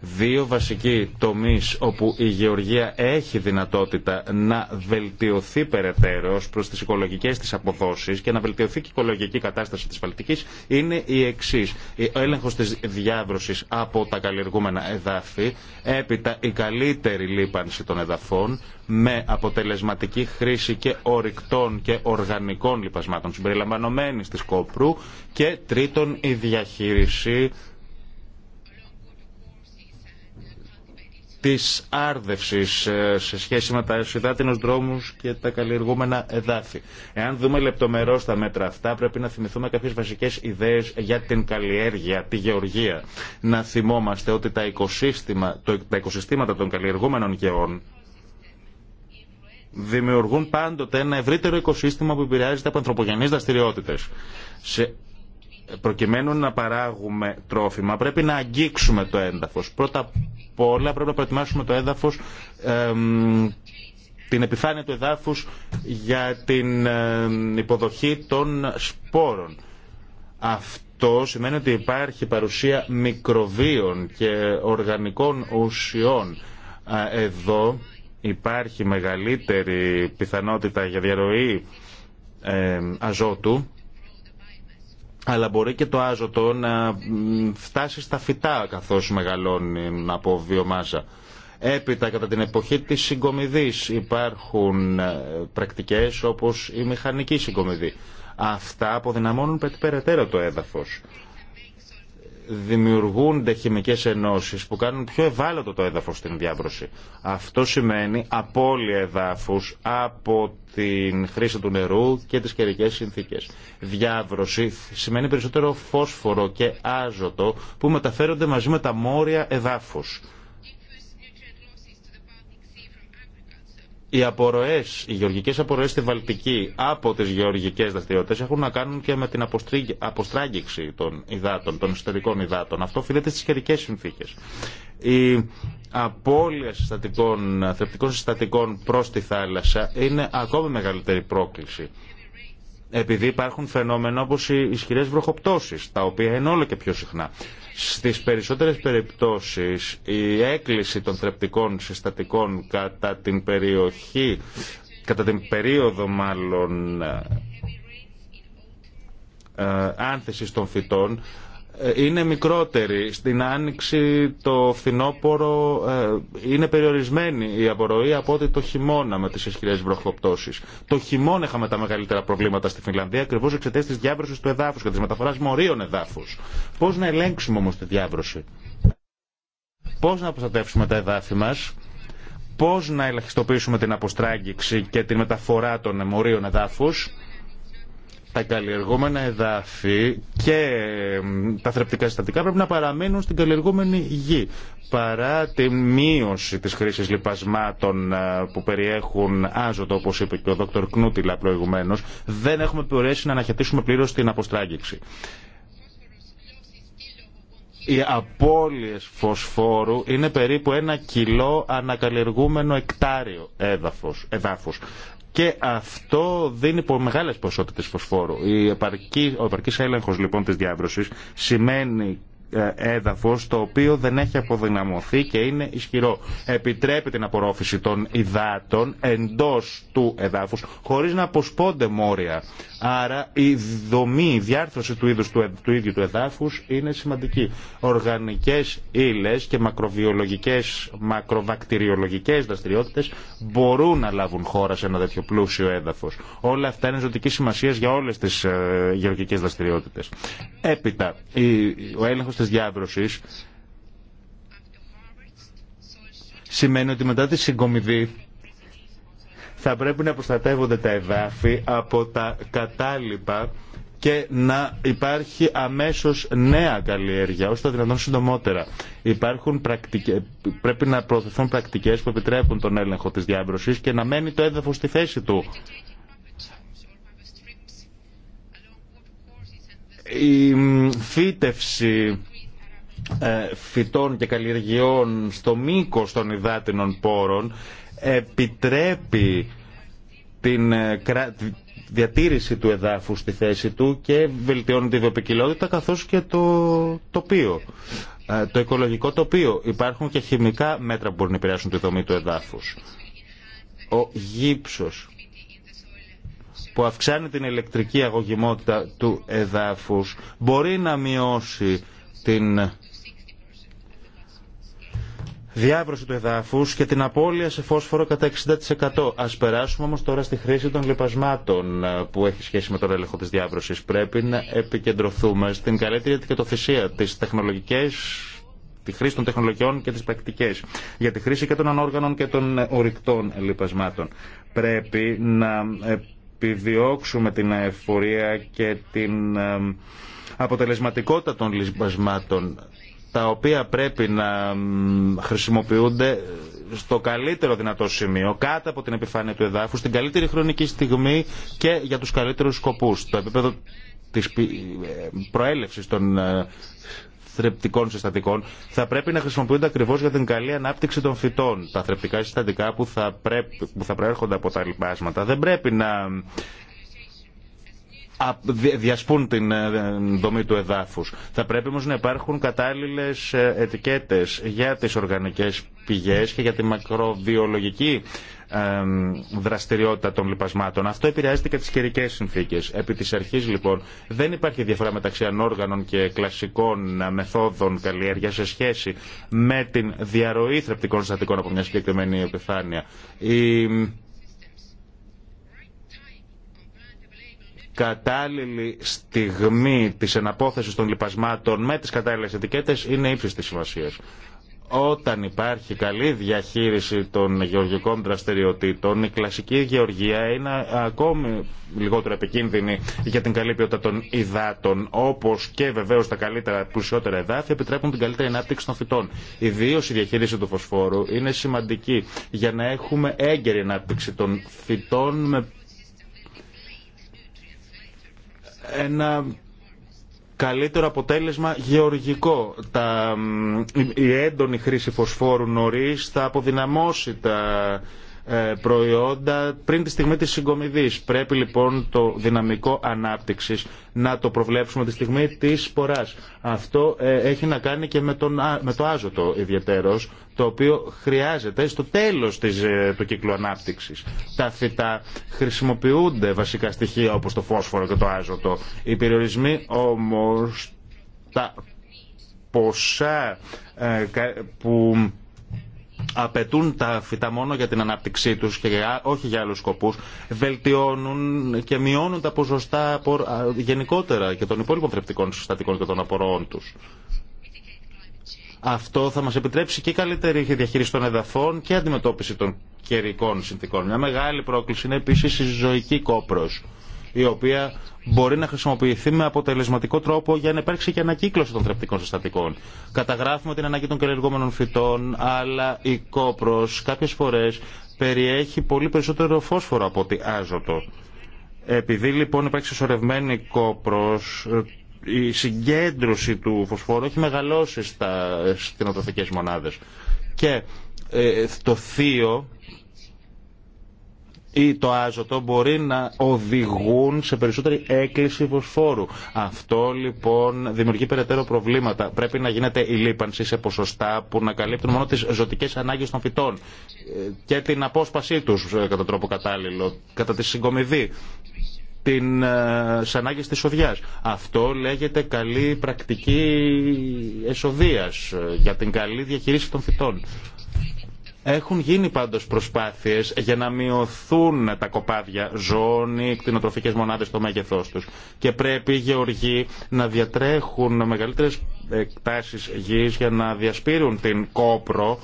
Δύο βασικοί τομείς όπου η γεωργία έχει δυνατότητα να βελτιωθεί περαιτέρω προς τις οικολογικές της αποδόσεις και να βελτιωθεί και η οικολογική κατάσταση της Βαλτικής είναι η εξή. Ο έλεγχος της διάβρωσης από τα καλλιεργούμενα εδάφη, έπειτα η καλύτερη λίπανση των εδαφών με αποτελεσματική χρήση και ορυκτών και οργανικών λιπασμάτων συμπεριλαμβανομένης της κόπρου και τρίτον η διαχείριση της άρδευσης ε, σε σχέση με τα σιδάτινους δρόμους και τα καλλιεργούμενα εδάφη. Εάν δούμε λεπτομερώς τα μέτρα αυτά πρέπει να θυμηθούμε κάποιες βασικές ιδέες για την καλλιέργεια, τη γεωργία. Να θυμόμαστε ότι τα, οικοσύστημα, τα οικοσυστήματα των καλλιεργούμενων γεών δημιουργούν πάντοτε ένα ευρύτερο οικοσύστημα που επηρεάζεται από ανθρωπογενείς δραστηριότητε. Σε προκειμένου να παράγουμε τρόφιμα πρέπει να αγγίξουμε το έδαφος. Πρώτα απ' όλα πρέπει να προετοιμάσουμε το έδαφος, την επιφάνεια του εδάφους για την υποδοχή των σπόρων. Αυτό σημαίνει ότι υπάρχει παρουσία μικροβίων και οργανικών ουσιών. Εδώ υπάρχει μεγαλύτερη πιθανότητα για διαρροή αζότου αλλά μπορεί και το άζωτο να φτάσει στα φυτά καθώς μεγαλώνει από βιομάζα. Έπειτα, κατά την εποχή της συγκομιδής υπάρχουν ε, πρακτικές όπως η μηχανική συγκομιδή. Αυτά αποδυναμώνουν περαιτέρω το έδαφος δημιουργούνται χημικές ενώσεις που κάνουν πιο ευάλωτο το έδαφος στην διάβρωση. Αυτό σημαίνει απώλεια εδάφους από την χρήση του νερού και τις καιρικέ συνθήκες. Διάβρωση σημαίνει περισσότερο φόσφορο και άζωτο που μεταφέρονται μαζί με τα μόρια εδάφους. Οι απορροές, οι γεωργικές απορροές στη Βαλτική από τις γεωργικές δραστηριότητες έχουν να κάνουν και με την αποστράγγιξη των υδάτων, των εσωτερικών υδάτων. Αυτό οφείλεται στις χερικές συνθήκες. Η απώλεια συστατικών, θρεπτικών συστατικών προς τη θάλασσα είναι ακόμη μεγαλύτερη πρόκληση. Επειδή υπάρχουν φαινόμενα όπως οι ισχυρές βροχοπτώσεις, τα οποία είναι όλο και πιο συχνά. Στις περισσότερες περιπτώσεις η έκκληση των θρεπτικών συστατικών κατά την περιοχή, κατά την περίοδο μάλλον ε, άνθησης των φυτών ε, είναι μικρότερη. Στην άνοιξη το φθινόπωρο ε, είναι περιορισμένη η απορροή από ότι το χειμώνα με τις ισχυρές βροχοπτώσεις. Το χειμώνα είχαμε τα μεγαλύτερα προβλήματα στη Φιλανδία, ακριβώς εξαιτία της διάβρωσης του εδάφους και της μεταφοράς μορίων εδάφους. Πώς να ελέγξουμε όμως τη διάβρωση. Πώς να προστατεύσουμε τα εδάφη μας πώς να ελαχιστοποιήσουμε την αποστράγγιξη και τη μεταφορά των μορίων εδάφους τα καλλιεργούμενα εδάφη και τα θρεπτικά συστατικά πρέπει να παραμείνουν στην καλλιεργούμενη γη. Παρά τη μείωση της χρήσης λιπασμάτων ε, που περιέχουν άζωτο, όπως είπε και ο Δ. Κνούτιλα προηγουμένως, δεν έχουμε μπορέσει να αναχαιτήσουμε πλήρως την αποστράγγιξη. Οι απώλειες φωσφόρου είναι περίπου ένα κιλό ανακαλλιεργούμενο εκτάριο έδαφος. εδάφος και αυτό δίνει μεγάλε ποσότητε φωσφόρου. ο επαρκή έλεγχο λοιπόν τη διάβρωση σημαίνει ε, έδαφος το οποίο δεν έχει αποδυναμωθεί και είναι ισχυρό. Επιτρέπει την απορρόφηση των υδάτων εντός του εδάφους χωρίς να αποσπώνται μόρια. Άρα η δομή, η διάρθρωση του, είδους, του, του ίδιου του εδάφους είναι σημαντική. Οργανικές ύλες και μακροβιολογικές, μακροβακτηριολογικές δραστηριότητες μπορούν να λάβουν χώρα σε ένα τέτοιο πλούσιο έδαφος. Όλα αυτά είναι ζωτική σημασία για όλες τις ε, γεωργικές δραστηριότητες. Έπειτα, ο Τη διάβρωση. σημαίνει ότι μετά τη συγκομιδή θα πρέπει να προστατεύονται τα εδάφη από τα κατάλοιπα και να υπάρχει αμέσως νέα καλλιέργεια, ώστε το δυνατόν συντομότερα. Υπάρχουν πρέπει να προωθηθούν πρακτικές που επιτρέπουν τον έλεγχο της διάβρωσης και να μένει το έδαφος στη θέση του η φύτευση ε, φυτών και καλλιεργειών στο μήκος των υδάτινων πόρων επιτρέπει την ε, διατήρηση του εδάφου στη θέση του και βελτιώνει τη βιοπικιλότητα καθώς και το τοπίο, ε, το οικολογικό τοπίο. Υπάρχουν και χημικά μέτρα που μπορούν να επηρεάσουν τη δομή του εδάφους. Ο γύψος που αυξάνει την ηλεκτρική αγωγημότητα του εδάφους μπορεί να μειώσει την διάβρωση του εδάφους και την απώλεια σε φόσφορο κατά 60%. Ας περάσουμε όμως τώρα στη χρήση των λιπασμάτων ε, που έχει σχέση με τον έλεγχο της διάβρωσης. Πρέπει να επικεντρωθούμε στην καλύτερη ετικετοθεσία, τις τεχνολογικές τη χρήση των τεχνολογιών και τις πρακτικές, για τη χρήση και των ανόργανων και των ορυκτών λιπασμάτων. Πρέπει να ε, επιδιώξουμε την εφορία και την αποτελεσματικότητα των λυσμασμάτων τα οποία πρέπει να χρησιμοποιούνται στο καλύτερο δυνατό σημείο, κάτω από την επιφάνεια του εδάφου, στην καλύτερη χρονική στιγμή και για τους καλύτερους σκοπούς. Το επίπεδο της ε, προέλευσης των ε, θρεπτικών συστατικών θα πρέπει να χρησιμοποιούνται ακριβώ για την καλή ανάπτυξη των φυτών. Τα θρεπτικά συστατικά που θα, θα προέρχονται από τα λοιπάσματα δεν πρέπει να διασπούν την ε, δομή του εδάφους. Θα πρέπει όμως να υπάρχουν κατάλληλες ε, ετικέτες για τις οργανικές πηγές και για τη μακροβιολογική δραστηριότητα των λοιπασμάτων. Αυτό επηρεάζεται και τι καιρικέ συνθήκε. Επί τη αρχή, λοιπόν, δεν υπάρχει διαφορά μεταξύ ανόργανων και κλασικών μεθόδων καλλιέργεια σε σχέση με την διαρροή θρεπτικών συστατικών από μια συγκεκριμένη επιφάνεια. Η κατάλληλη στιγμή της εναπόθεσης των λοιπασμάτων με τις κατάλληλες ετικέτες είναι ύψης της σημασίας. Όταν υπάρχει καλή διαχείριση των γεωργικών δραστηριοτήτων, η κλασική γεωργία είναι ακόμη λιγότερο επικίνδυνη για την καλή ποιότητα των υδάτων, όπω και βεβαίω τα καλύτερα, πλουσιότερα εδάφη επιτρέπουν την καλύτερη ανάπτυξη των φυτών. Ιδίω η διαχείριση του φωσφόρου είναι σημαντική για να έχουμε έγκαιρη ανάπτυξη των φυτών με ένα καλύτερο αποτέλεσμα γεωργικό. Τα, η έντονη χρήση φωσφόρου νωρίς θα αποδυναμώσει τα ε, προϊόντα πριν τη στιγμή της συγκομιδής. Πρέπει λοιπόν το δυναμικό ανάπτυξης να το προβλέψουμε τη στιγμή της σποράς. Αυτό ε, έχει να κάνει και με, τον, με το άζωτο ιδιαίτερος, το οποίο χρειάζεται στο τέλος της, ε, του κύκλου ανάπτυξης. Τα φυτά χρησιμοποιούνται βασικά στοιχεία όπως το φόσφορο και το άζωτο. Οι περιορισμοί όμως τα ποσά που απαιτούν τα φυτά μόνο για την ανάπτυξή τους και όχι για άλλους σκοπούς, βελτιώνουν και μειώνουν τα ποσοστά γενικότερα και των υπόλοιπων θρεπτικών συστατικών και των απορροών τους. Αυτό θα μας επιτρέψει και καλύτερη διαχείριση των εδαφών και αντιμετώπιση των καιρικών συνθήκων. Μια μεγάλη πρόκληση είναι επίσης η ζωική κόπρος η οποία μπορεί να χρησιμοποιηθεί με αποτελεσματικό τρόπο για να υπάρξει και ανακύκλωση των θρεπτικών συστατικών. Καταγράφουμε την ανάγκη των καλλιεργούμενων φυτών, αλλά η κόπρος κάποιες φορές περιέχει πολύ περισσότερο φόσφορο από ότι άζωτο. Επειδή λοιπόν υπάρχει συσσωρευμένη κόπρος, η συγκέντρωση του φωσφόρου έχει μεγαλώσει στα κτηνοτροφικές μονάδες. Και ε, το θείο ή το άζωτο μπορεί να οδηγούν σε περισσότερη έκκληση φωσφόρου. Αυτό λοιπόν δημιουργεί περαιτέρω προβλήματα. Πρέπει να γίνεται η λίπανση σε ποσοστά που να καλύπτουν μόνο τι ζωτικέ ανάγκε των φυτών ε, και την απόσπασή του ε, κατά τρόπο κατάλληλο, κατά τη συγκομιδή την ε, ανάγκε της οδειάς. Αυτό λέγεται καλή πρακτική εσοδείας για την καλή διαχείριση των φυτών. Έχουν γίνει πάντως προσπάθειες για να μειωθούν τα κοπάδια ζώνη, ή κτηνοτροφικές μονάδες στο μέγεθός τους. Και πρέπει οι γεωργοί να διατρέχουν μεγαλύτερες εκτάσεις γης για να διασπείρουν την κόπρο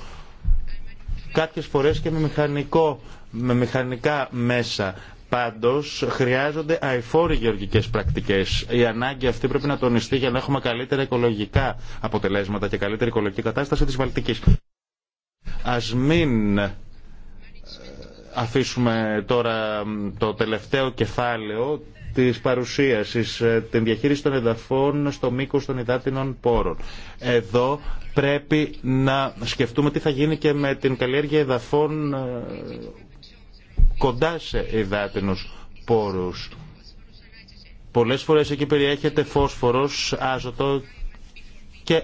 κάποιες φορές και με, μηχανικό, με μηχανικά μέσα. Πάντως χρειάζονται αηφόροι γεωργικές πρακτικές. Η ανάγκη αυτή πρέπει να τονιστεί για να έχουμε καλύτερα οικολογικά αποτελέσματα και καλύτερη οικολογική κατάσταση τη Βαλτική. Ας μην ε, αφήσουμε τώρα το τελευταίο κεφάλαιο της παρουσίασης, ε, την διαχείριση των εδαφών στο μήκος των υδάτινων πόρων. Εδώ πρέπει να σκεφτούμε τι θα γίνει και με την καλλιέργεια εδαφών ε, κοντά σε υδάτινους πόρους. Πολλές φορές εκεί περιέχεται φόσφορος, άζωτο και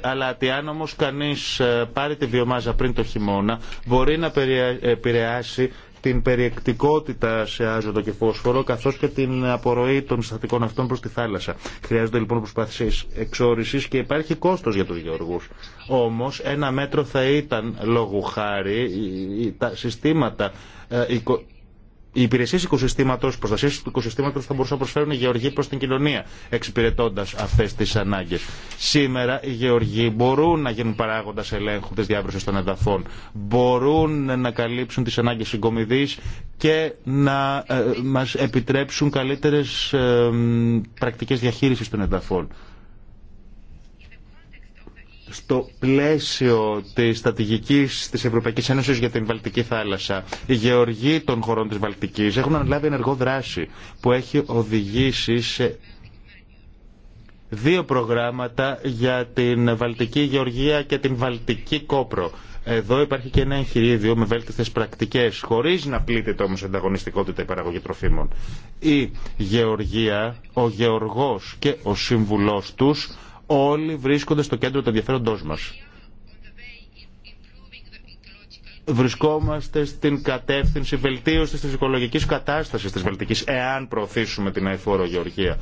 αν όμω κανεί ε, πάρει τη βιομάζα πριν το χειμώνα, μπορεί να επηρεάσει την περιεκτικότητα σε άζωτο και φόσφορο, καθώ και την απορροή των συστατικών αυτών προ τη θάλασσα. Χρειάζονται λοιπόν προσπάθειε εξόριση και υπάρχει κόστο για του γεωργού. Όμω, ένα μέτρο θα ήταν λόγου χάρη τα συστήματα ε, οι υπηρεσίε οικοσυστήματο, προστασία του οικοσυστήματο θα μπορούσαν να προσφέρουν οι γεωργοί προ την κοινωνία, εξυπηρετώντα αυτέ τι ανάγκε. Σήμερα οι γεωργοί μπορούν να γίνουν παράγοντα ελέγχου τη διάβρωση των εδαφών, μπορούν να καλύψουν τι ανάγκε συγκομιδή και να ε, μα επιτρέψουν καλύτερε ε, πρακτικέ διαχείριση των εδαφών στο πλαίσιο της στρατηγικής της Ευρωπαϊκής Ένωσης για την Βαλτική θάλασσα. Οι γεωργοί των χωρών της Βαλτικής έχουν αναλάβει ενεργό δράση που έχει οδηγήσει σε δύο προγράμματα για την Βαλτική Γεωργία και την Βαλτική Κόπρο. Εδώ υπάρχει και ένα εγχειρίδιο με βέλτιστε πρακτικέ, χωρί να πλήττεται όμω ανταγωνιστικότητα η παραγωγή τροφίμων. Η Γεωργία, ο Γεωργό και ο σύμβουλό του όλοι βρίσκονται στο κέντρο του ενδιαφέροντό μα. Βρισκόμαστε στην κατεύθυνση βελτίωση τη οικολογική κατάσταση τη Βαλτική, εάν προωθήσουμε την αηφόρο γεωργία.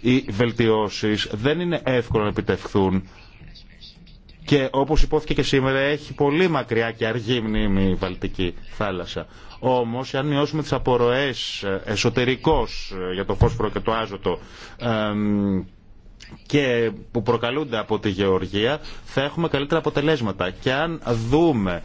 Οι βελτιώσει δεν είναι εύκολο να επιτευχθούν και όπω υπόθηκε και σήμερα, έχει πολύ μακριά και αργή μνήμη η Βαλτική θάλασσα. Όμω, εάν μειώσουμε τι απορροέ ε, εσωτερικώ ε, για το φόσφορο και το άζωτο ε, και που προκαλούνται από τη γεωργία θα έχουμε καλύτερα αποτελέσματα. Και αν δούμε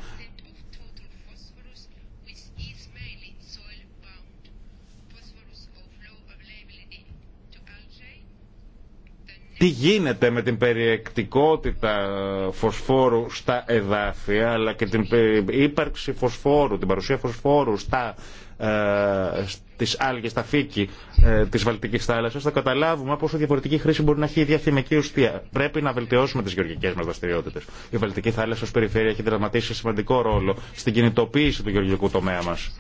τι γίνεται με την περιεκτικότητα φωσφόρου στα εδάφια αλλά και την ύπαρξη φωσφόρου, την παρουσία φωσφόρου στα, ε, τις άλγες, τα φύκη ε, της Βαλτικής θάλασσας, θα καταλάβουμε πόσο διαφορετική χρήση μπορεί να έχει η διαθυμική ουστία. Πρέπει να βελτιώσουμε τις γεωργικές μας δραστηριότητε. Η Βαλτική θάλασσα ω περιφέρεια έχει δραματίσει σημαντικό ρόλο στην κινητοποίηση του γεωργικού τομέα μας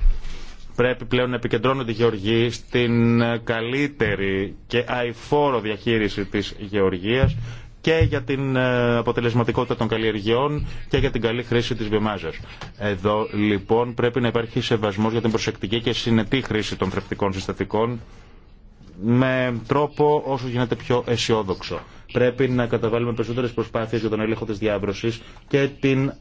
πρέπει πλέον να επικεντρώνονται οι γεωργοί στην καλύτερη και αηφόρο διαχείριση της γεωργίας και για την ε, αποτελεσματικότητα των καλλιεργειών και για την καλή χρήση της βιομάζας. Εδώ λοιπόν πρέπει να υπάρχει σεβασμός για την προσεκτική και συνετή χρήση των θρεπτικών συστατικών με τρόπο όσο γίνεται πιο αισιόδοξο. Πρέπει να καταβάλουμε περισσότερες προσπάθειες για τον έλεγχο της διάβρωσης και την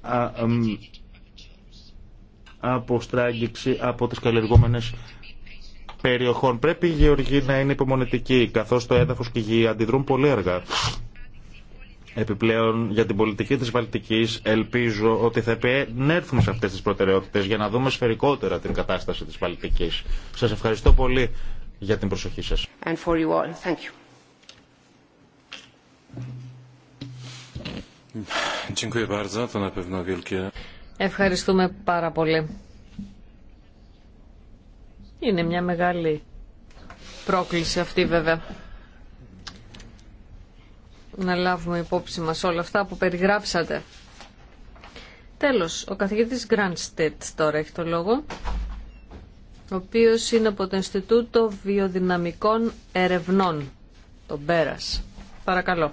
αποστράγγιξη από τις καλλιεργούμενες περιοχών. Πρέπει η γεωργία να είναι υπομονετική, καθώς το έδαφος και η γη αντιδρούν πολύ αργά. Επιπλέον, για την πολιτική της Βαλτικής ελπίζω ότι θα έρθουμε σε αυτές τις προτεραιότητες για να δούμε σφαιρικότερα την κατάσταση της Βαλτικής. Σας ευχαριστώ πολύ για την προσοχή σας. Ευχαριστούμε πάρα πολύ. Είναι μια μεγάλη πρόκληση αυτή βέβαια να λάβουμε υπόψη μας όλα αυτά που περιγράψατε. Τέλος, ο καθηγητής Γκρανστέτ τώρα έχει το λόγο, ο οποίος είναι από το Ινστιτούτο Βιοδυναμικών Ερευνών, το Πέρας. Παρακαλώ.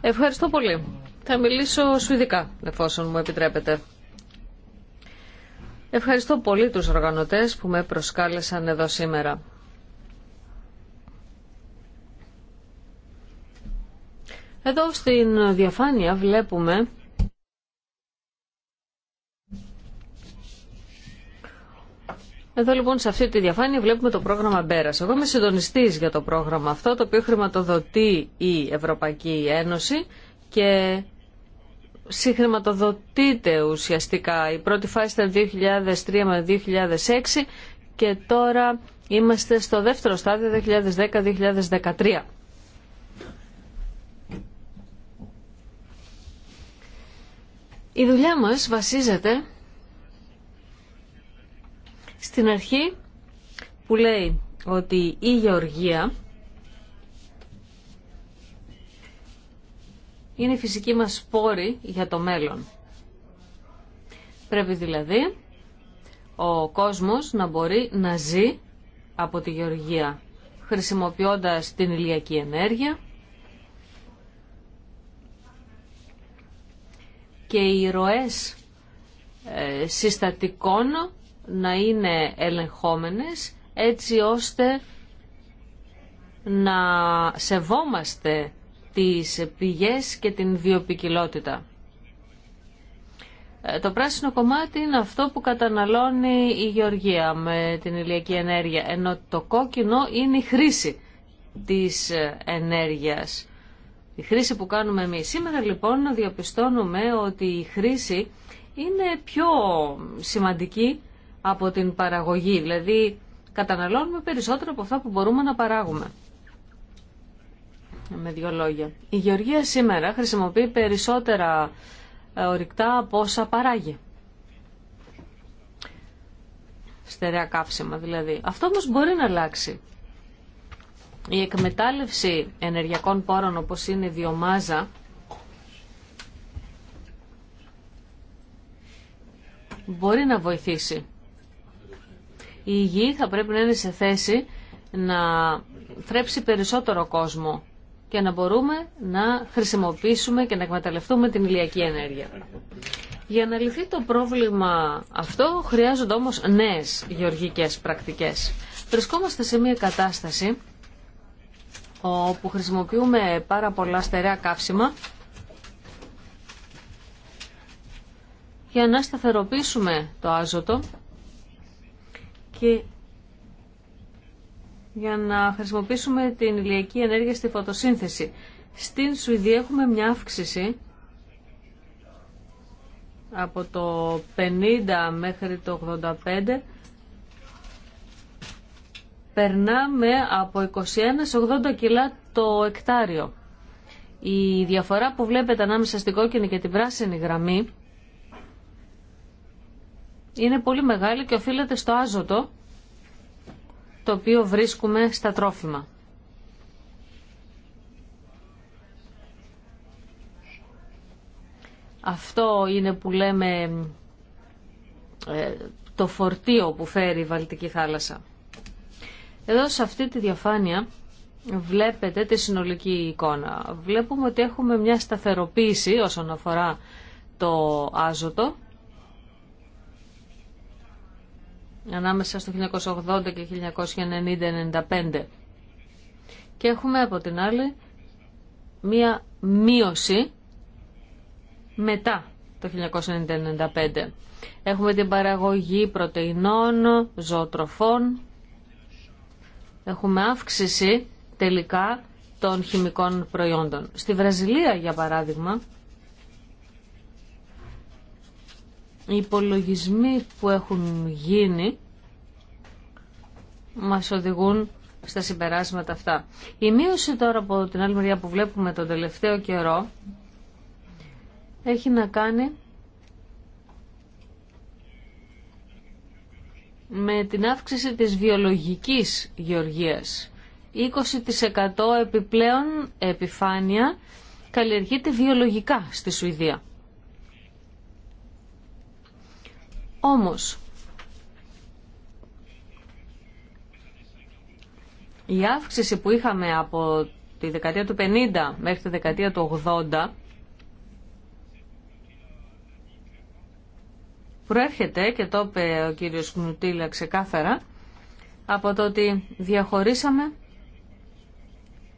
Ευχαριστώ πολύ. Θα μιλήσω σουηδικά, εφόσον μου επιτρέπετε. Ευχαριστώ πολύ τους οργανωτές που με προσκάλεσαν εδώ σήμερα. Εδώ στην διαφάνεια βλέπουμε Εδώ λοιπόν σε αυτή τη διαφάνεια βλέπουμε το πρόγραμμα Μπέρας. Εγώ είμαι συντονιστής για το πρόγραμμα αυτό το οποίο χρηματοδοτεί η Ευρωπαϊκή Ένωση και συγχρηματοδοτείται ουσιαστικά. Η πρώτη φάση ήταν 2003 με 2006 και τώρα είμαστε στο δεύτερο στάδιο 2010-2013. Η δουλειά μας βασίζεται στην αρχή που λέει ότι η γεωργία είναι η φυσική μας πόρη για το μέλλον. Πρέπει δηλαδή ο κόσμος να μπορεί να ζει από τη γεωργία χρησιμοποιώντας την ηλιακή ενέργεια και οι ροές ε, συστατικών να είναι ελεγχόμενες έτσι ώστε να σεβόμαστε τις πηγές και την βιοπικιλότητα. Ε, το πράσινο κομμάτι είναι αυτό που καταναλώνει η γεωργία με την ηλιακή ενέργεια, ενώ το κόκκινο είναι η χρήση της ενέργειας. Η χρήση που κάνουμε εμείς. Σήμερα λοιπόν διαπιστώνουμε ότι η χρήση είναι πιο σημαντική από την παραγωγή, δηλαδή καταναλώνουμε περισσότερο από αυτά που μπορούμε να παράγουμε με δύο Η Γεωργία σήμερα χρησιμοποιεί περισσότερα ε, ορυκτά από όσα παράγει. Στερεά καύσιμα δηλαδή. Αυτό όμως μπορεί να αλλάξει. Η εκμετάλλευση ενεργειακών πόρων όπως είναι η βιομάζα μπορεί να βοηθήσει. Η γη θα πρέπει να είναι σε θέση να θρέψει περισσότερο κόσμο και να μπορούμε να χρησιμοποιήσουμε και να εκμεταλλευτούμε την ηλιακή ενέργεια. Για να λυθεί το πρόβλημα αυτό χρειάζονται όμως νέες γεωργικές πρακτικές. Βρισκόμαστε σε μια κατάσταση όπου χρησιμοποιούμε πάρα πολλά στερεά καύσιμα για να σταθεροποιήσουμε το άζωτο και για να χρησιμοποιήσουμε την ηλιακή ενέργεια στη φωτοσύνθεση. Στην Σουηδία έχουμε μια αύξηση από το 50 μέχρι το 85 περνάμε από 21 σε 80 κιλά το εκτάριο. Η διαφορά που βλέπετε ανάμεσα στην κόκκινη και την πράσινη γραμμή είναι πολύ μεγάλη και οφείλεται στο άζωτο το οποίο βρίσκουμε στα τρόφιμα. Αυτό είναι που λέμε ε, το φορτίο που φέρει η Βαλτική θάλασσα. Εδώ σε αυτή τη διαφάνεια βλέπετε τη συνολική εικόνα. Βλέπουμε ότι έχουμε μια σταθεροποίηση όσον αφορά το άζωτο ανάμεσα στο 1980 και 1990 Και έχουμε από την άλλη μία μείωση μετά το 1995. Έχουμε την παραγωγή πρωτεϊνών, ζωοτροφών. Έχουμε αύξηση τελικά των χημικών προϊόντων. Στη Βραζιλία, για παράδειγμα, Οι υπολογισμοί που έχουν γίνει μας οδηγούν στα συμπεράσματα αυτά. Η μείωση τώρα από την άλλη μεριά που βλέπουμε τον τελευταίο καιρό έχει να κάνει με την αύξηση της βιολογικής γεωργίας. 20% επιπλέον επιφάνεια καλλιεργείται βιολογικά στη Σουηδία. Όμως, η αύξηση που είχαμε από τη δεκαετία του 50 μέχρι τη δεκαετία του 80 προέρχεται, και το είπε ο κύριος Κνουτήλα ξεκάθαρα, από το ότι διαχωρίσαμε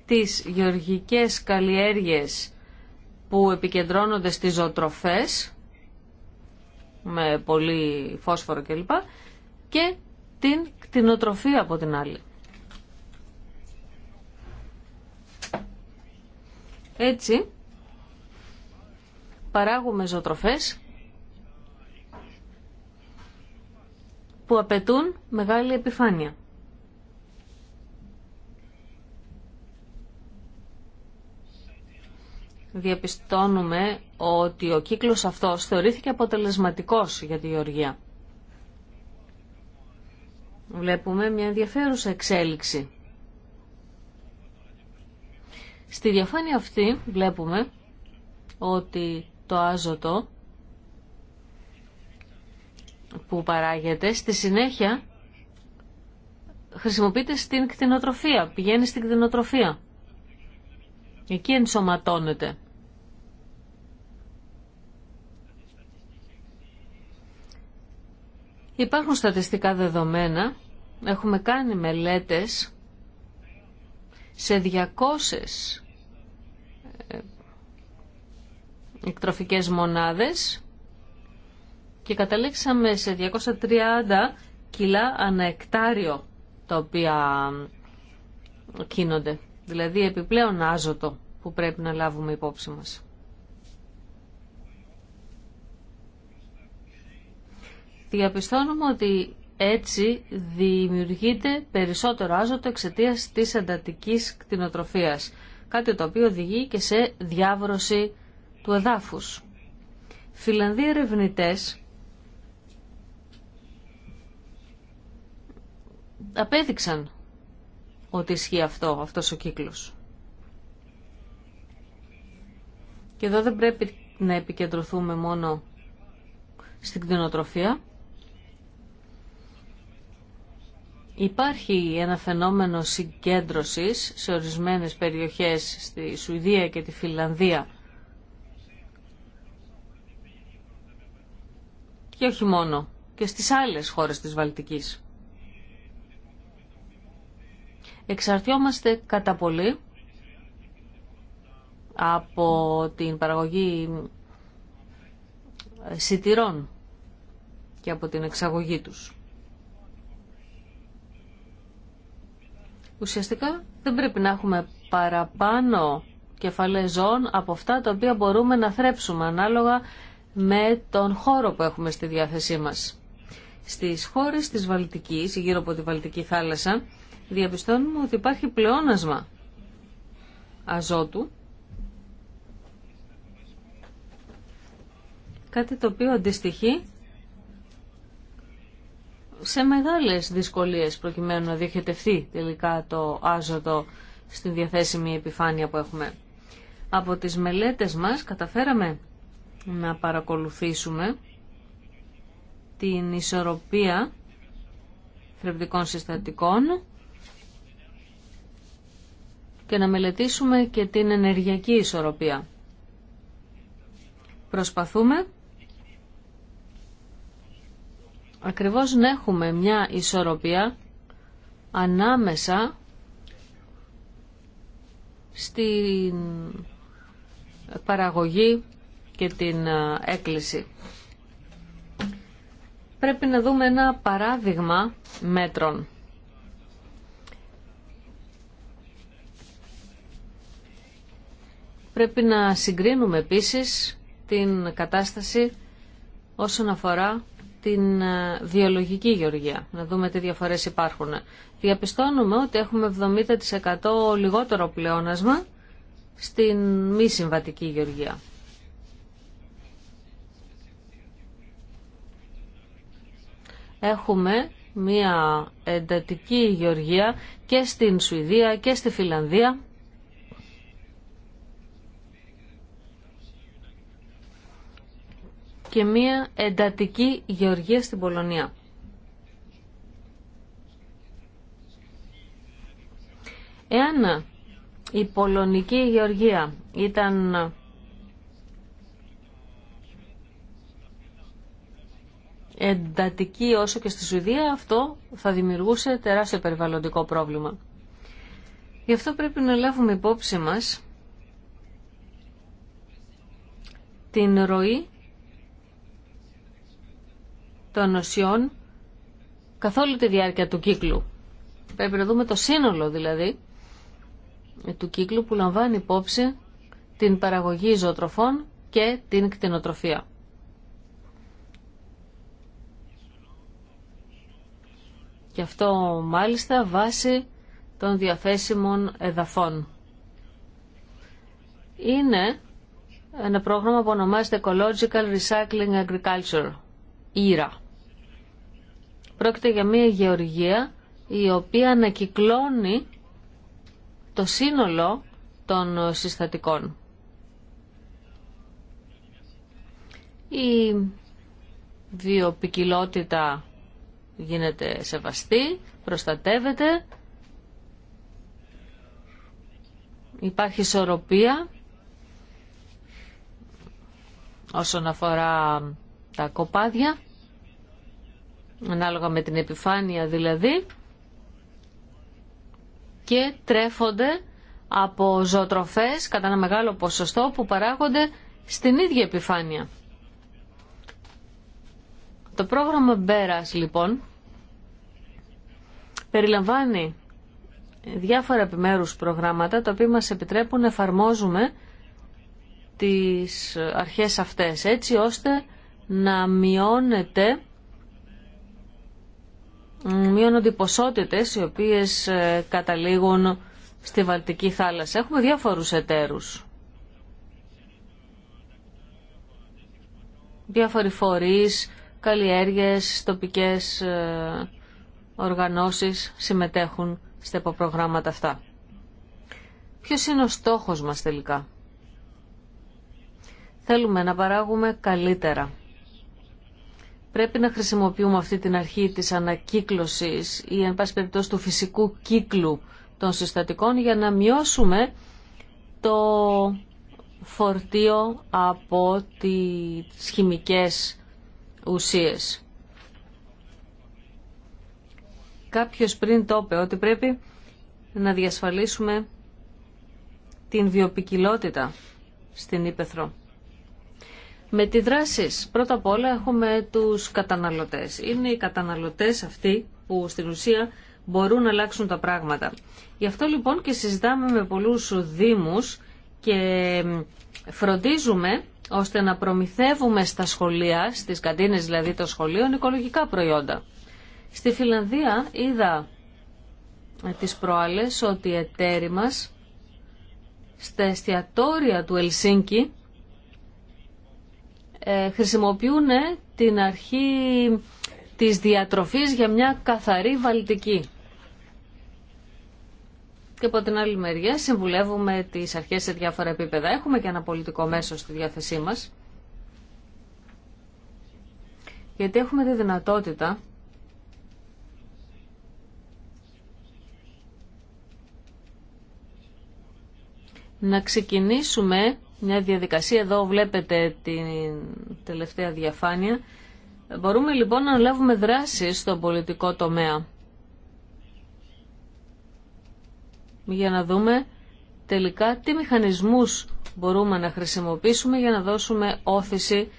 τις γεωργικές καλλιέργειες που επικεντρώνονται στις ζωοτροφές με πολύ φόσφορο κλπ. Και την κτηνοτροφία από την άλλη. Έτσι, παράγουμε ζωοτροφές που απαιτούν μεγάλη επιφάνεια. διαπιστώνουμε ότι ο κύκλος αυτός θεωρήθηκε αποτελεσματικός για τη Γεωργία. Βλέπουμε μια ενδιαφέρουσα εξέλιξη. Στη διαφάνεια αυτή βλέπουμε ότι το άζωτο που παράγεται στη συνέχεια χρησιμοποιείται στην κτηνοτροφία, πηγαίνει στην κτηνοτροφία. Εκεί ενσωματώνεται. Υπάρχουν στατιστικά δεδομένα, έχουμε κάνει μελέτες σε 200 ε, εκτροφικές μονάδες και καταλήξαμε σε 230 κιλά εκτάριο τα οποία ε, κίνονται. Δηλαδή επιπλέον άζωτο που πρέπει να λάβουμε υπόψη μας. διαπιστώνουμε ότι έτσι δημιουργείται περισσότερο άζωτο εξαιτία της εντατική κτηνοτροφίας, κάτι το οποίο οδηγεί και σε διάβρωση του εδάφους. Φιλανδοί ερευνητέ απέδειξαν ότι ισχύει αυτό, αυτός ο κύκλος. Και εδώ δεν πρέπει να επικεντρωθούμε μόνο στην κτηνοτροφία, Υπάρχει ένα φαινόμενο συγκέντρωσης σε ορισμένες περιοχές στη Σουηδία και τη Φιλανδία και όχι μόνο, και στις άλλες χώρες της Βαλτικής. Εξαρτιόμαστε κατά πολύ από την παραγωγή σιτηρών και από την εξαγωγή τους. Ουσιαστικά δεν πρέπει να έχουμε παραπάνω κεφαλές ζώων από αυτά τα οποία μπορούμε να θρέψουμε ανάλογα με τον χώρο που έχουμε στη διάθεσή μας. Στις χώρες της Βαλτικής, γύρω από τη Βαλτική θάλασσα, διαπιστώνουμε ότι υπάρχει πλεόνασμα αζότου, κάτι το οποίο αντιστοιχεί σε μεγάλες δυσκολίες προκειμένου να διοχετευτεί τελικά το άζωτο στην διαθέσιμη επιφάνεια που έχουμε. Από τις μελέτες μας καταφέραμε να παρακολουθήσουμε την ισορροπία θρεπτικών συστατικών και να μελετήσουμε και την ενεργειακή ισορροπία. Προσπαθούμε ακριβώς να έχουμε μια ισορροπία ανάμεσα στην παραγωγή και την ε, έκκληση. Πρέπει να δούμε ένα παράδειγμα μέτρων. Πρέπει να συγκρίνουμε επίσης την κατάσταση όσον αφορά την ε, βιολογική γεωργία, να δούμε τι διαφορές υπάρχουν. Διαπιστώνουμε ότι έχουμε 70% λιγότερο πλεόνασμα στην μη συμβατική γεωργία. Έχουμε μία εντατική γεωργία και στην Σουηδία και στη Φιλανδία και μία εντατική γεωργία στην Πολωνία. Εάν η πολωνική γεωργία ήταν εντατική όσο και στη Σουηδία, αυτό θα δημιουργούσε τεράστιο περιβαλλοντικό πρόβλημα. Γι' αυτό πρέπει να λάβουμε υπόψη μας την ροή των νοσιών καθ' όλη τη διάρκεια του κύκλου. Πρέπει να δούμε το σύνολο δηλαδή του κύκλου που λαμβάνει υπόψη την παραγωγή ζωοτροφών και την κτηνοτροφία. Και αυτό μάλιστα βάσει των διαθέσιμων εδαφών. Είναι ένα πρόγραμμα που ονομάζεται Ecological Recycling Agriculture, ERA. Πρόκειται για μια γεωργία η οποία ανακυκλώνει το σύνολο των συστατικών. Η βιοπικιλότητα γίνεται σεβαστή, προστατεύεται, υπάρχει ισορροπία όσον αφορά τα κοπάδια ανάλογα με την επιφάνεια δηλαδή, και τρέφονται από ζωοτροφές κατά ένα μεγάλο ποσοστό που παράγονται στην ίδια επιφάνεια. Το πρόγραμμα Μπέρας λοιπόν περιλαμβάνει διάφορα επιμέρους προγράμματα τα οποία μας επιτρέπουν να εφαρμόζουμε τις αρχές αυτές έτσι ώστε να μειώνεται μειώνονται οι ποσότητες οι οποίες ε, καταλήγουν στη Βαλτική θάλασσα. Έχουμε διάφορους εταίρους. Διάφοροι φορείς, καλλιέργειες, τοπικές ε, οργανώσεις συμμετέχουν στα υποπρογράμματα αυτά. Ποιος είναι ο στόχος μας τελικά. Θέλουμε να παράγουμε καλύτερα πρέπει να χρησιμοποιούμε αυτή την αρχή της ανακύκλωσης ή εν πάση περιπτώσει του φυσικού κύκλου των συστατικών για να μειώσουμε το φορτίο από τις χημικές ουσίες. Κάποιος πριν το είπε ότι πρέπει να διασφαλίσουμε την βιοπικιλότητα στην Ήπεθρο με τη δράση. Πρώτα απ' όλα έχουμε τους καταναλωτές. Είναι οι καταναλωτές αυτοί που στην ουσία μπορούν να αλλάξουν τα πράγματα. Γι' αυτό λοιπόν και συζητάμε με πολλούς δήμους και φροντίζουμε ώστε να προμηθεύουμε στα σχολεία, στις καντίνες δηλαδή των σχολείων, οικολογικά προϊόντα. Στη Φιλανδία είδα ε, τις προάλλες ότι οι εταίροι μας στα εστιατόρια του Ελσίνκη ε, χρησιμοποιούν ε, την αρχή της διατροφής για μια καθαρή βαλτική. Και από την άλλη μεριά συμβουλεύουμε τις αρχές σε διάφορα επίπεδα. Έχουμε και ένα πολιτικό μέσο στη διάθεσή μας. Γιατί έχουμε τη δυνατότητα να ξεκινήσουμε μια διαδικασία. Εδώ βλέπετε την τελευταία διαφάνεια. Μπορούμε λοιπόν να λάβουμε δράση στον πολιτικό τομέα. Για να δούμε τελικά τι μηχανισμούς μπορούμε να χρησιμοποιήσουμε για να δώσουμε όθηση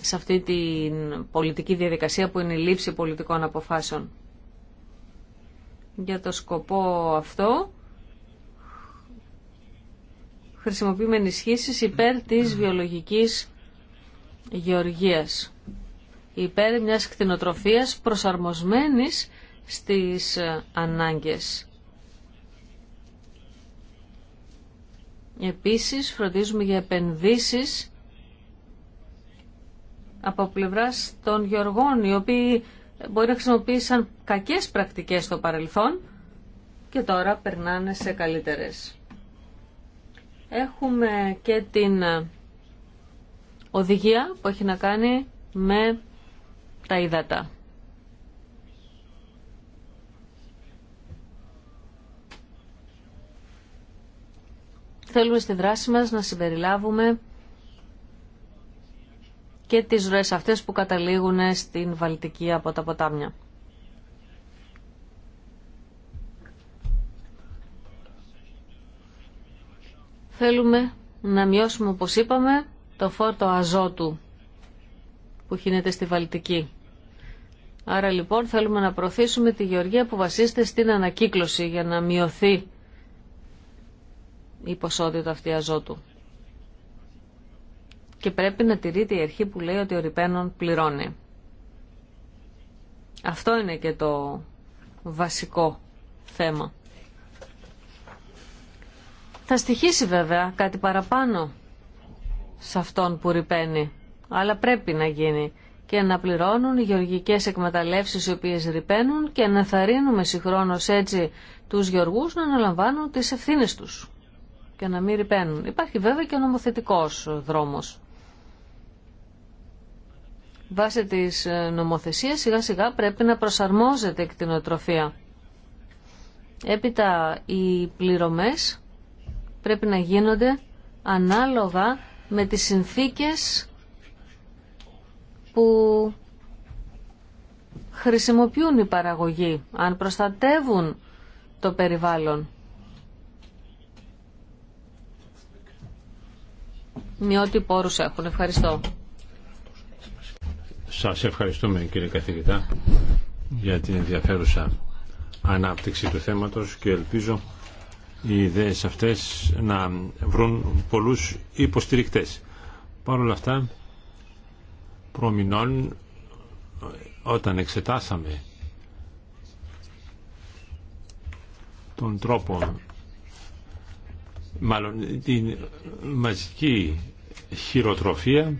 σε αυτή την πολιτική διαδικασία που είναι η λήψη πολιτικών αποφάσεων. Για το σκοπό αυτό χρησιμοποιούμε ενισχύσει υπέρ της βιολογικής γεωργίας. Υπέρ μιας κτηνοτροφίας προσαρμοσμένης στις ε, ανάγκες. Επίσης φροντίζουμε για επενδύσεις από πλευράς των γεωργών, οι οποίοι μπορεί να χρησιμοποίησαν κακές πρακτικές στο παρελθόν και τώρα περνάνε σε καλύτερες. Έχουμε και την ε, οδηγία που έχει να κάνει με τα υδατά. Θέλουμε στη δράση μας να συμπεριλάβουμε και τις ροές αυτές που καταλήγουν στην Βαλτική από τα ποτάμια. Θέλουμε να μειώσουμε, όπως είπαμε, το φόρτο αζότου που χύνεται στη Βαλτική. Άρα λοιπόν θέλουμε να προωθήσουμε τη γεωργία που βασίζεται στην ανακύκλωση για να μειωθεί η ποσότητα αυτή αζότου. Και πρέπει να τηρείται η αρχή που λέει ότι ο ρηπαίνων πληρώνει. Αυτό είναι και το βασικό θέμα. Θα στοιχήσει βέβαια κάτι παραπάνω σε αυτόν που ρηπαίνει, αλλά πρέπει να γίνει και να πληρώνουν οι γεωργικές εκμεταλλεύσεις οι οποίες ρηπαίνουν και να θαρρύνουμε συγχρόνως έτσι τους γεωργούς να αναλαμβάνουν τις ευθύνες τους και να μην ρηπαίνουν. Υπάρχει βέβαια και ο νομοθετικός δρόμος. Βάσει της ε, νομοθεσίας σιγά σιγά πρέπει να προσαρμόζεται η κτηνοτροφία. Έπειτα οι πληρωμές πρέπει να γίνονται ανάλογα με τις συνθήκες που χρησιμοποιούν οι παραγωγοί, αν προστατεύουν το περιβάλλον. Με ό,τι πόρους έχουν. Ευχαριστώ. Σας ευχαριστούμε κύριε καθηγητά για την ενδιαφέρουσα ανάπτυξη του θέματος και ελπίζω οι ιδέες αυτές να βρουν πολλούς υποστηρικτές. Παρ' όλα αυτά, προμηνών όταν εξετάσαμε τον τρόπο μάλλον την μαζική χειροτροφία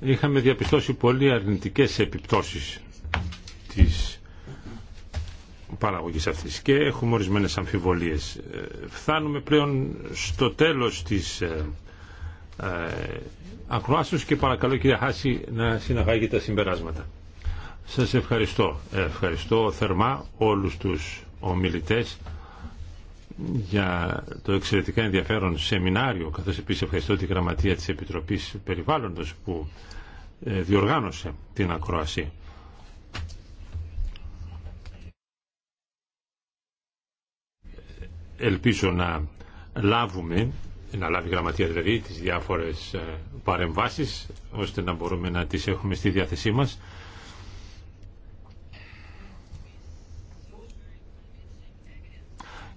είχαμε διαπιστώσει πολύ αρνητικές επιπτώσεις της παραγωγής αυτής και έχουμε ορισμένες αμφιβολίες. Ε, φτάνουμε πλέον στο τέλος της ε, ε, ακροάσεως και παρακαλώ κυρία Χάση να συναγάγει τα συμπεράσματα. Σας ευχαριστώ. Ευχαριστώ θερμά όλους τους ομιλητές για το εξαιρετικά ενδιαφέρον σεμινάριο καθώς επίσης ευχαριστώ τη Γραμματεία της Επιτροπής Περιβάλλοντος που διοργάνωσε την ακροασία. ελπίζω να λάβουμε, να λάβει η γραμματεία δηλαδή τις διάφορες ε, παρεμβάσεις ώστε να μπορούμε να τις έχουμε στη διάθεσή μας.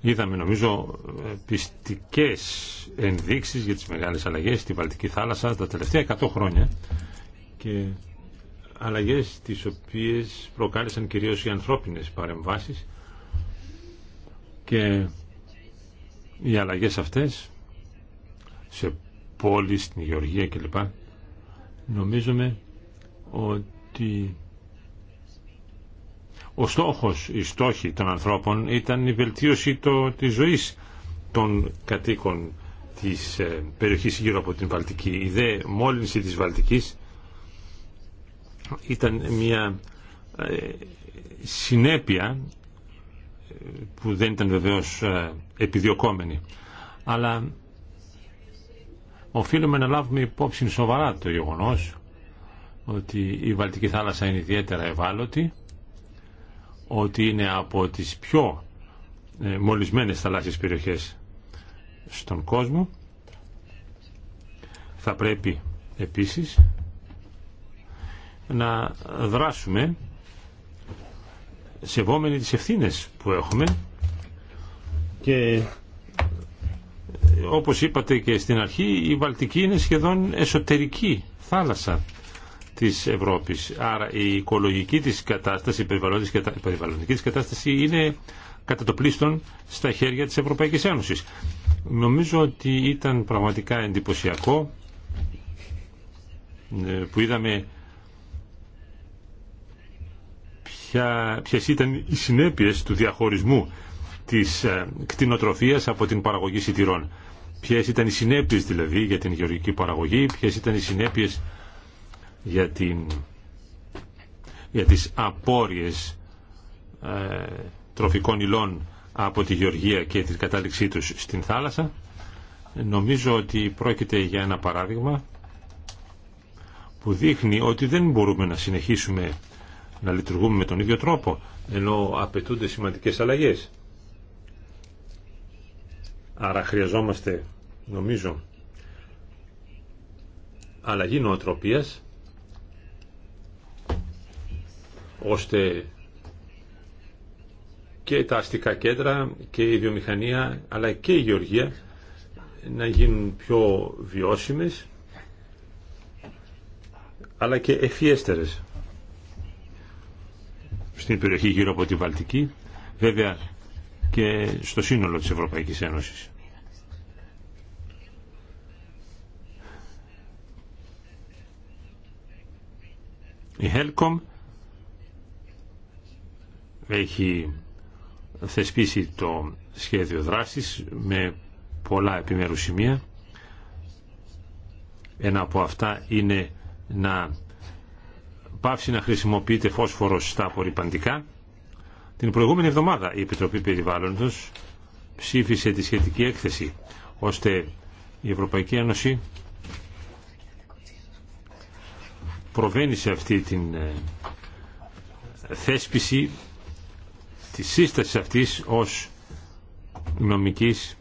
Είδαμε νομίζω ε, πιστικές ενδείξεις για τις μεγάλες αλλαγές στη Βαλτική θάλασσα τα τελευταία 100 χρόνια και αλλαγές τις οποίες προκάλεσαν κυρίως οι ανθρώπινες παρεμβάσεις και οι αλλαγές αυτές σε πόλεις, στην Γεωργία κλπ. Νομίζουμε ότι ο στόχος, η στόχη των ανθρώπων ήταν η βελτίωση τη της ζωής των κατοίκων της ε, περιοχής γύρω από την Βαλτική. Η δε μόλυνση της Βαλτικής ήταν μια ε, συνέπεια που δεν ήταν βεβαίως ε, επιδιωκόμενη. Αλλά οφείλουμε να λάβουμε υπόψη σοβαρά το γεγονός ότι η Βαλτική θάλασσα είναι ιδιαίτερα ευάλωτη, ότι είναι από τις πιο ε, μολυσμένες θαλάσσιες περιοχές στον κόσμο. Θα πρέπει επίσης να δράσουμε σεβόμενοι τις ευθύνες που έχουμε και ε, όπως είπατε και στην αρχή η Βαλτική είναι σχεδόν εσωτερική θάλασσα της Ευρώπης. Άρα η οικολογική της κατάσταση, η περιβαλλοντική της κατάσταση είναι κατά το πλήστον στα χέρια της Ευρωπαϊκής Ένωσης. Νομίζω ότι ήταν πραγματικά εντυπωσιακό ε, που είδαμε ποια, ποιες ήταν οι συνέπειες του διαχωρισμού της ε, κτηνοτροφίας από την παραγωγή σιτηρών. Ποιες ήταν οι συνέπειες δηλαδή για την γεωργική παραγωγή, ποιες ήταν οι συνέπειες για, την, για τις απόρριες ε, τροφικών υλών από τη γεωργία και την κατάληξή τους στην θάλασσα. Νομίζω ότι πρόκειται για ένα παράδειγμα που δείχνει ότι δεν μπορούμε να συνεχίσουμε να λειτουργούμε με τον ίδιο τρόπο, ενώ απαιτούνται σημαντικές αλλαγές. Άρα χρειαζόμαστε, νομίζω, αλλαγή νοοτροπίας, ώστε και τα αστικά κέντρα και η βιομηχανία, αλλά και η γεωργία να γίνουν πιο βιώσιμες, αλλά και ευφιέστερες στην περιοχή γύρω από τη Βαλτική, βέβαια και στο σύνολο της Ευρωπαϊκής Ένωσης. Η Helcom έχει θεσπίσει το σχέδιο δράσης με πολλά επιμέρους σημεία. Ένα από αυτά είναι να Πάψει να χρησιμοποιείται φόσφορο στα απορριπαντικά. Την προηγούμενη εβδομάδα η Επιτροπή Περιβάλλοντος ψήφισε τη σχετική έκθεση ώστε η Ευρωπαϊκή Ένωση προβαίνει σε αυτή την ε, θέσπιση της σύστασης αυτής ως νομικής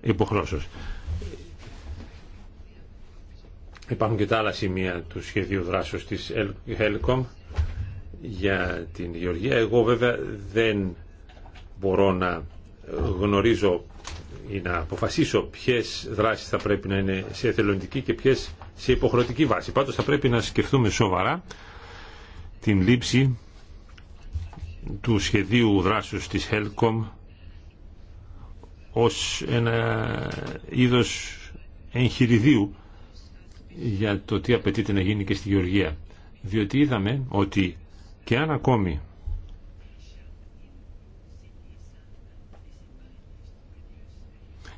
υποχρώσεως. Υπάρχουν και τα άλλα σημεία του σχεδίου δράσεως της Helcom για την Γεωργία. Εγώ βέβαια δεν μπορώ να γνωρίζω ή να αποφασίσω ποιες δράσεις θα πρέπει να είναι σε εθελοντική και ποιες σε υποχρεωτική βάση. Πάντως θα πρέπει να σκεφτούμε σοβαρά την λήψη του σχεδίου δράσεως της Helcom ως ένα είδος εγχειριδίου για το τι απαιτείται να γίνει και στη Γεωργία. Διότι είδαμε ότι και αν ακόμη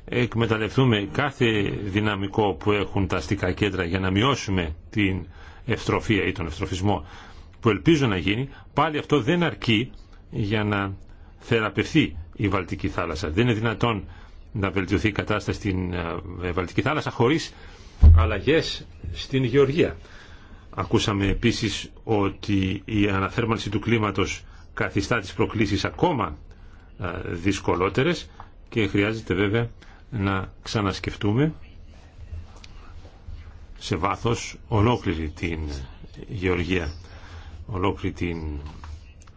εκμεταλλευτούμε κάθε δυναμικό που έχουν τα αστικά κέντρα για να μειώσουμε την ευστροφία ή τον ευστροφισμό που ελπίζω να γίνει, πάλι αυτό δεν αρκεί για να θεραπευθεί η Βαλτική θάλασσα. Δεν είναι δυνατόν να βελτιωθεί η κατάσταση στην ε, Βαλτική θάλασσα χωρίς αλλαγές στην γεωργία. Ακούσαμε επίσης ότι η αναθέρμανση του κλίματος καθιστά τις προκλήσεις ακόμα ε, δυσκολότερες και χρειάζεται βέβαια να ξανασκεφτούμε σε βάθος ολόκληρη την γεωργία, ολόκληρη την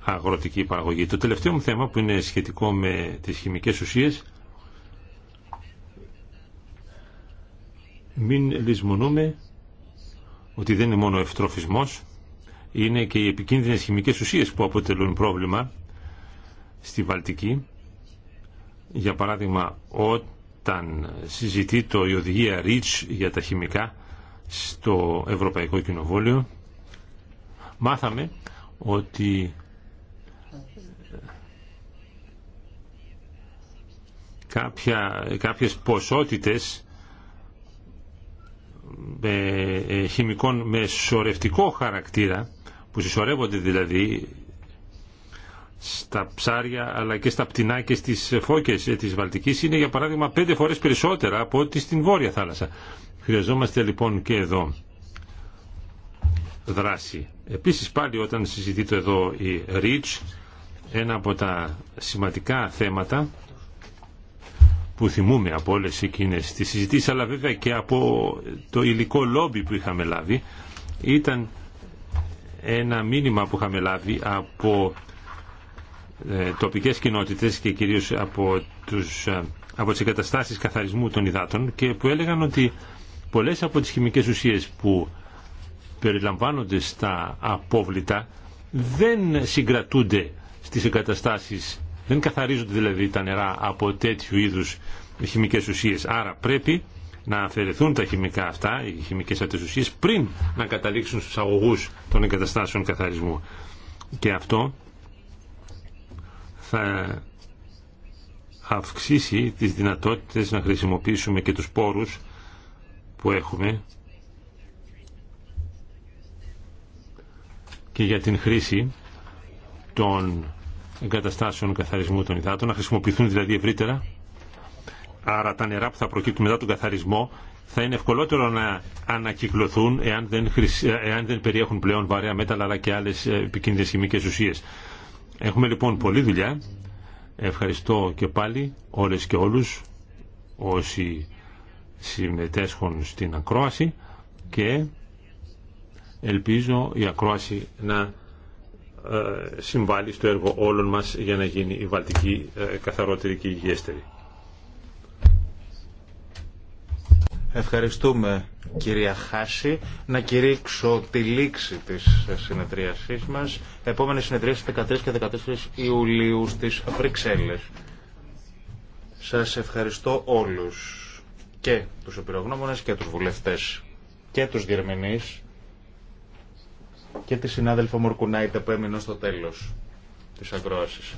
αγροτική παραγωγή. Το τελευταίο μου θέμα που είναι σχετικό με τις χημικές ουσίες μην λησμονούμε ότι δεν είναι μόνο ο ευτροφισμός, είναι και οι επικίνδυνες χημικές ουσίες που αποτελούν πρόβλημα στη Βαλτική. Για παράδειγμα, όταν συζητεί το η οδηγία REACH για τα χημικά στο Ευρωπαϊκό Κοινοβούλιο, μάθαμε ότι κάποια, κάποιες ποσότητες ε, χημικών με σωρευτικό χαρακτήρα που συσσωρεύονται δηλαδή στα ψάρια αλλά και στα πτηνά και στις φώκες ε, της Βαλτικής είναι για παράδειγμα πέντε φορές περισσότερα από ό,τι στην Βόρεια θάλασσα. Χρειαζόμαστε λοιπόν και εδώ δράση. Επίσης πάλι όταν συζητείται εδώ η REACH ένα από τα σημαντικά θέματα που θυμούμε από όλε εκείνε τι συζητήσει, αλλά βέβαια και από το υλικό λόμπι που είχαμε λάβει ήταν ένα μήνυμα που είχαμε λάβει από ε, τοπικές κοινότητες και κυρίως από, τους, ε, από τις εγκαταστάσεις καθαρισμού των υδάτων και που έλεγαν ότι πολλές από τις χημικές ουσίες που περιλαμβάνονται στα απόβλητα δεν συγκρατούνται στις εγκαταστάσεις δεν καθαρίζονται δηλαδή τα νερά από τέτοιου είδου χημικές ουσίες. Άρα πρέπει να αφαιρεθούν τα χημικά αυτά, οι χημικές αυτέ ουσίες, πριν να καταλήξουν στου αγωγούς των εγκαταστάσεων καθαρισμού. Και αυτό θα αυξήσει τις δυνατότητες να χρησιμοποιήσουμε και τους πόρους που έχουμε και για την χρήση των εγκαταστάσεων καθαρισμού των υδάτων, να χρησιμοποιηθούν δηλαδή ευρύτερα. Άρα τα νερά που θα προκύπτουν μετά τον καθαρισμό θα είναι ευκολότερο να ανακυκλωθούν εάν δεν, εάν δεν περιέχουν πλέον βαρέα μέταλλα αλλά και άλλες ε, επικίνδυνες χημικές ουσίες. Έχουμε λοιπόν πολλή δουλειά. Ευχαριστώ και πάλι όλες και όλους όσοι συμμετέσχουν στην ακρόαση και ελπίζω η ακρόαση να ε, συμβάλλει στο έργο όλων μας για να γίνει η Βαλτική ε, καθαρότερη και υγιέστερη. Ευχαριστούμε κυρία Χάση. Να κηρύξω τη λήξη της συνεδρίασής μας. Επόμενη συνεδρίαση 13 και 14 Ιουλίου στις Βρυξέλλες. Σας ευχαριστώ όλους και τους επιρρογνώμονες και τους βουλευτές και τους διερμηνείς και τη συνάδελφο Μορκουνάιτε που έμεινε στο τέλος της ακρόασης.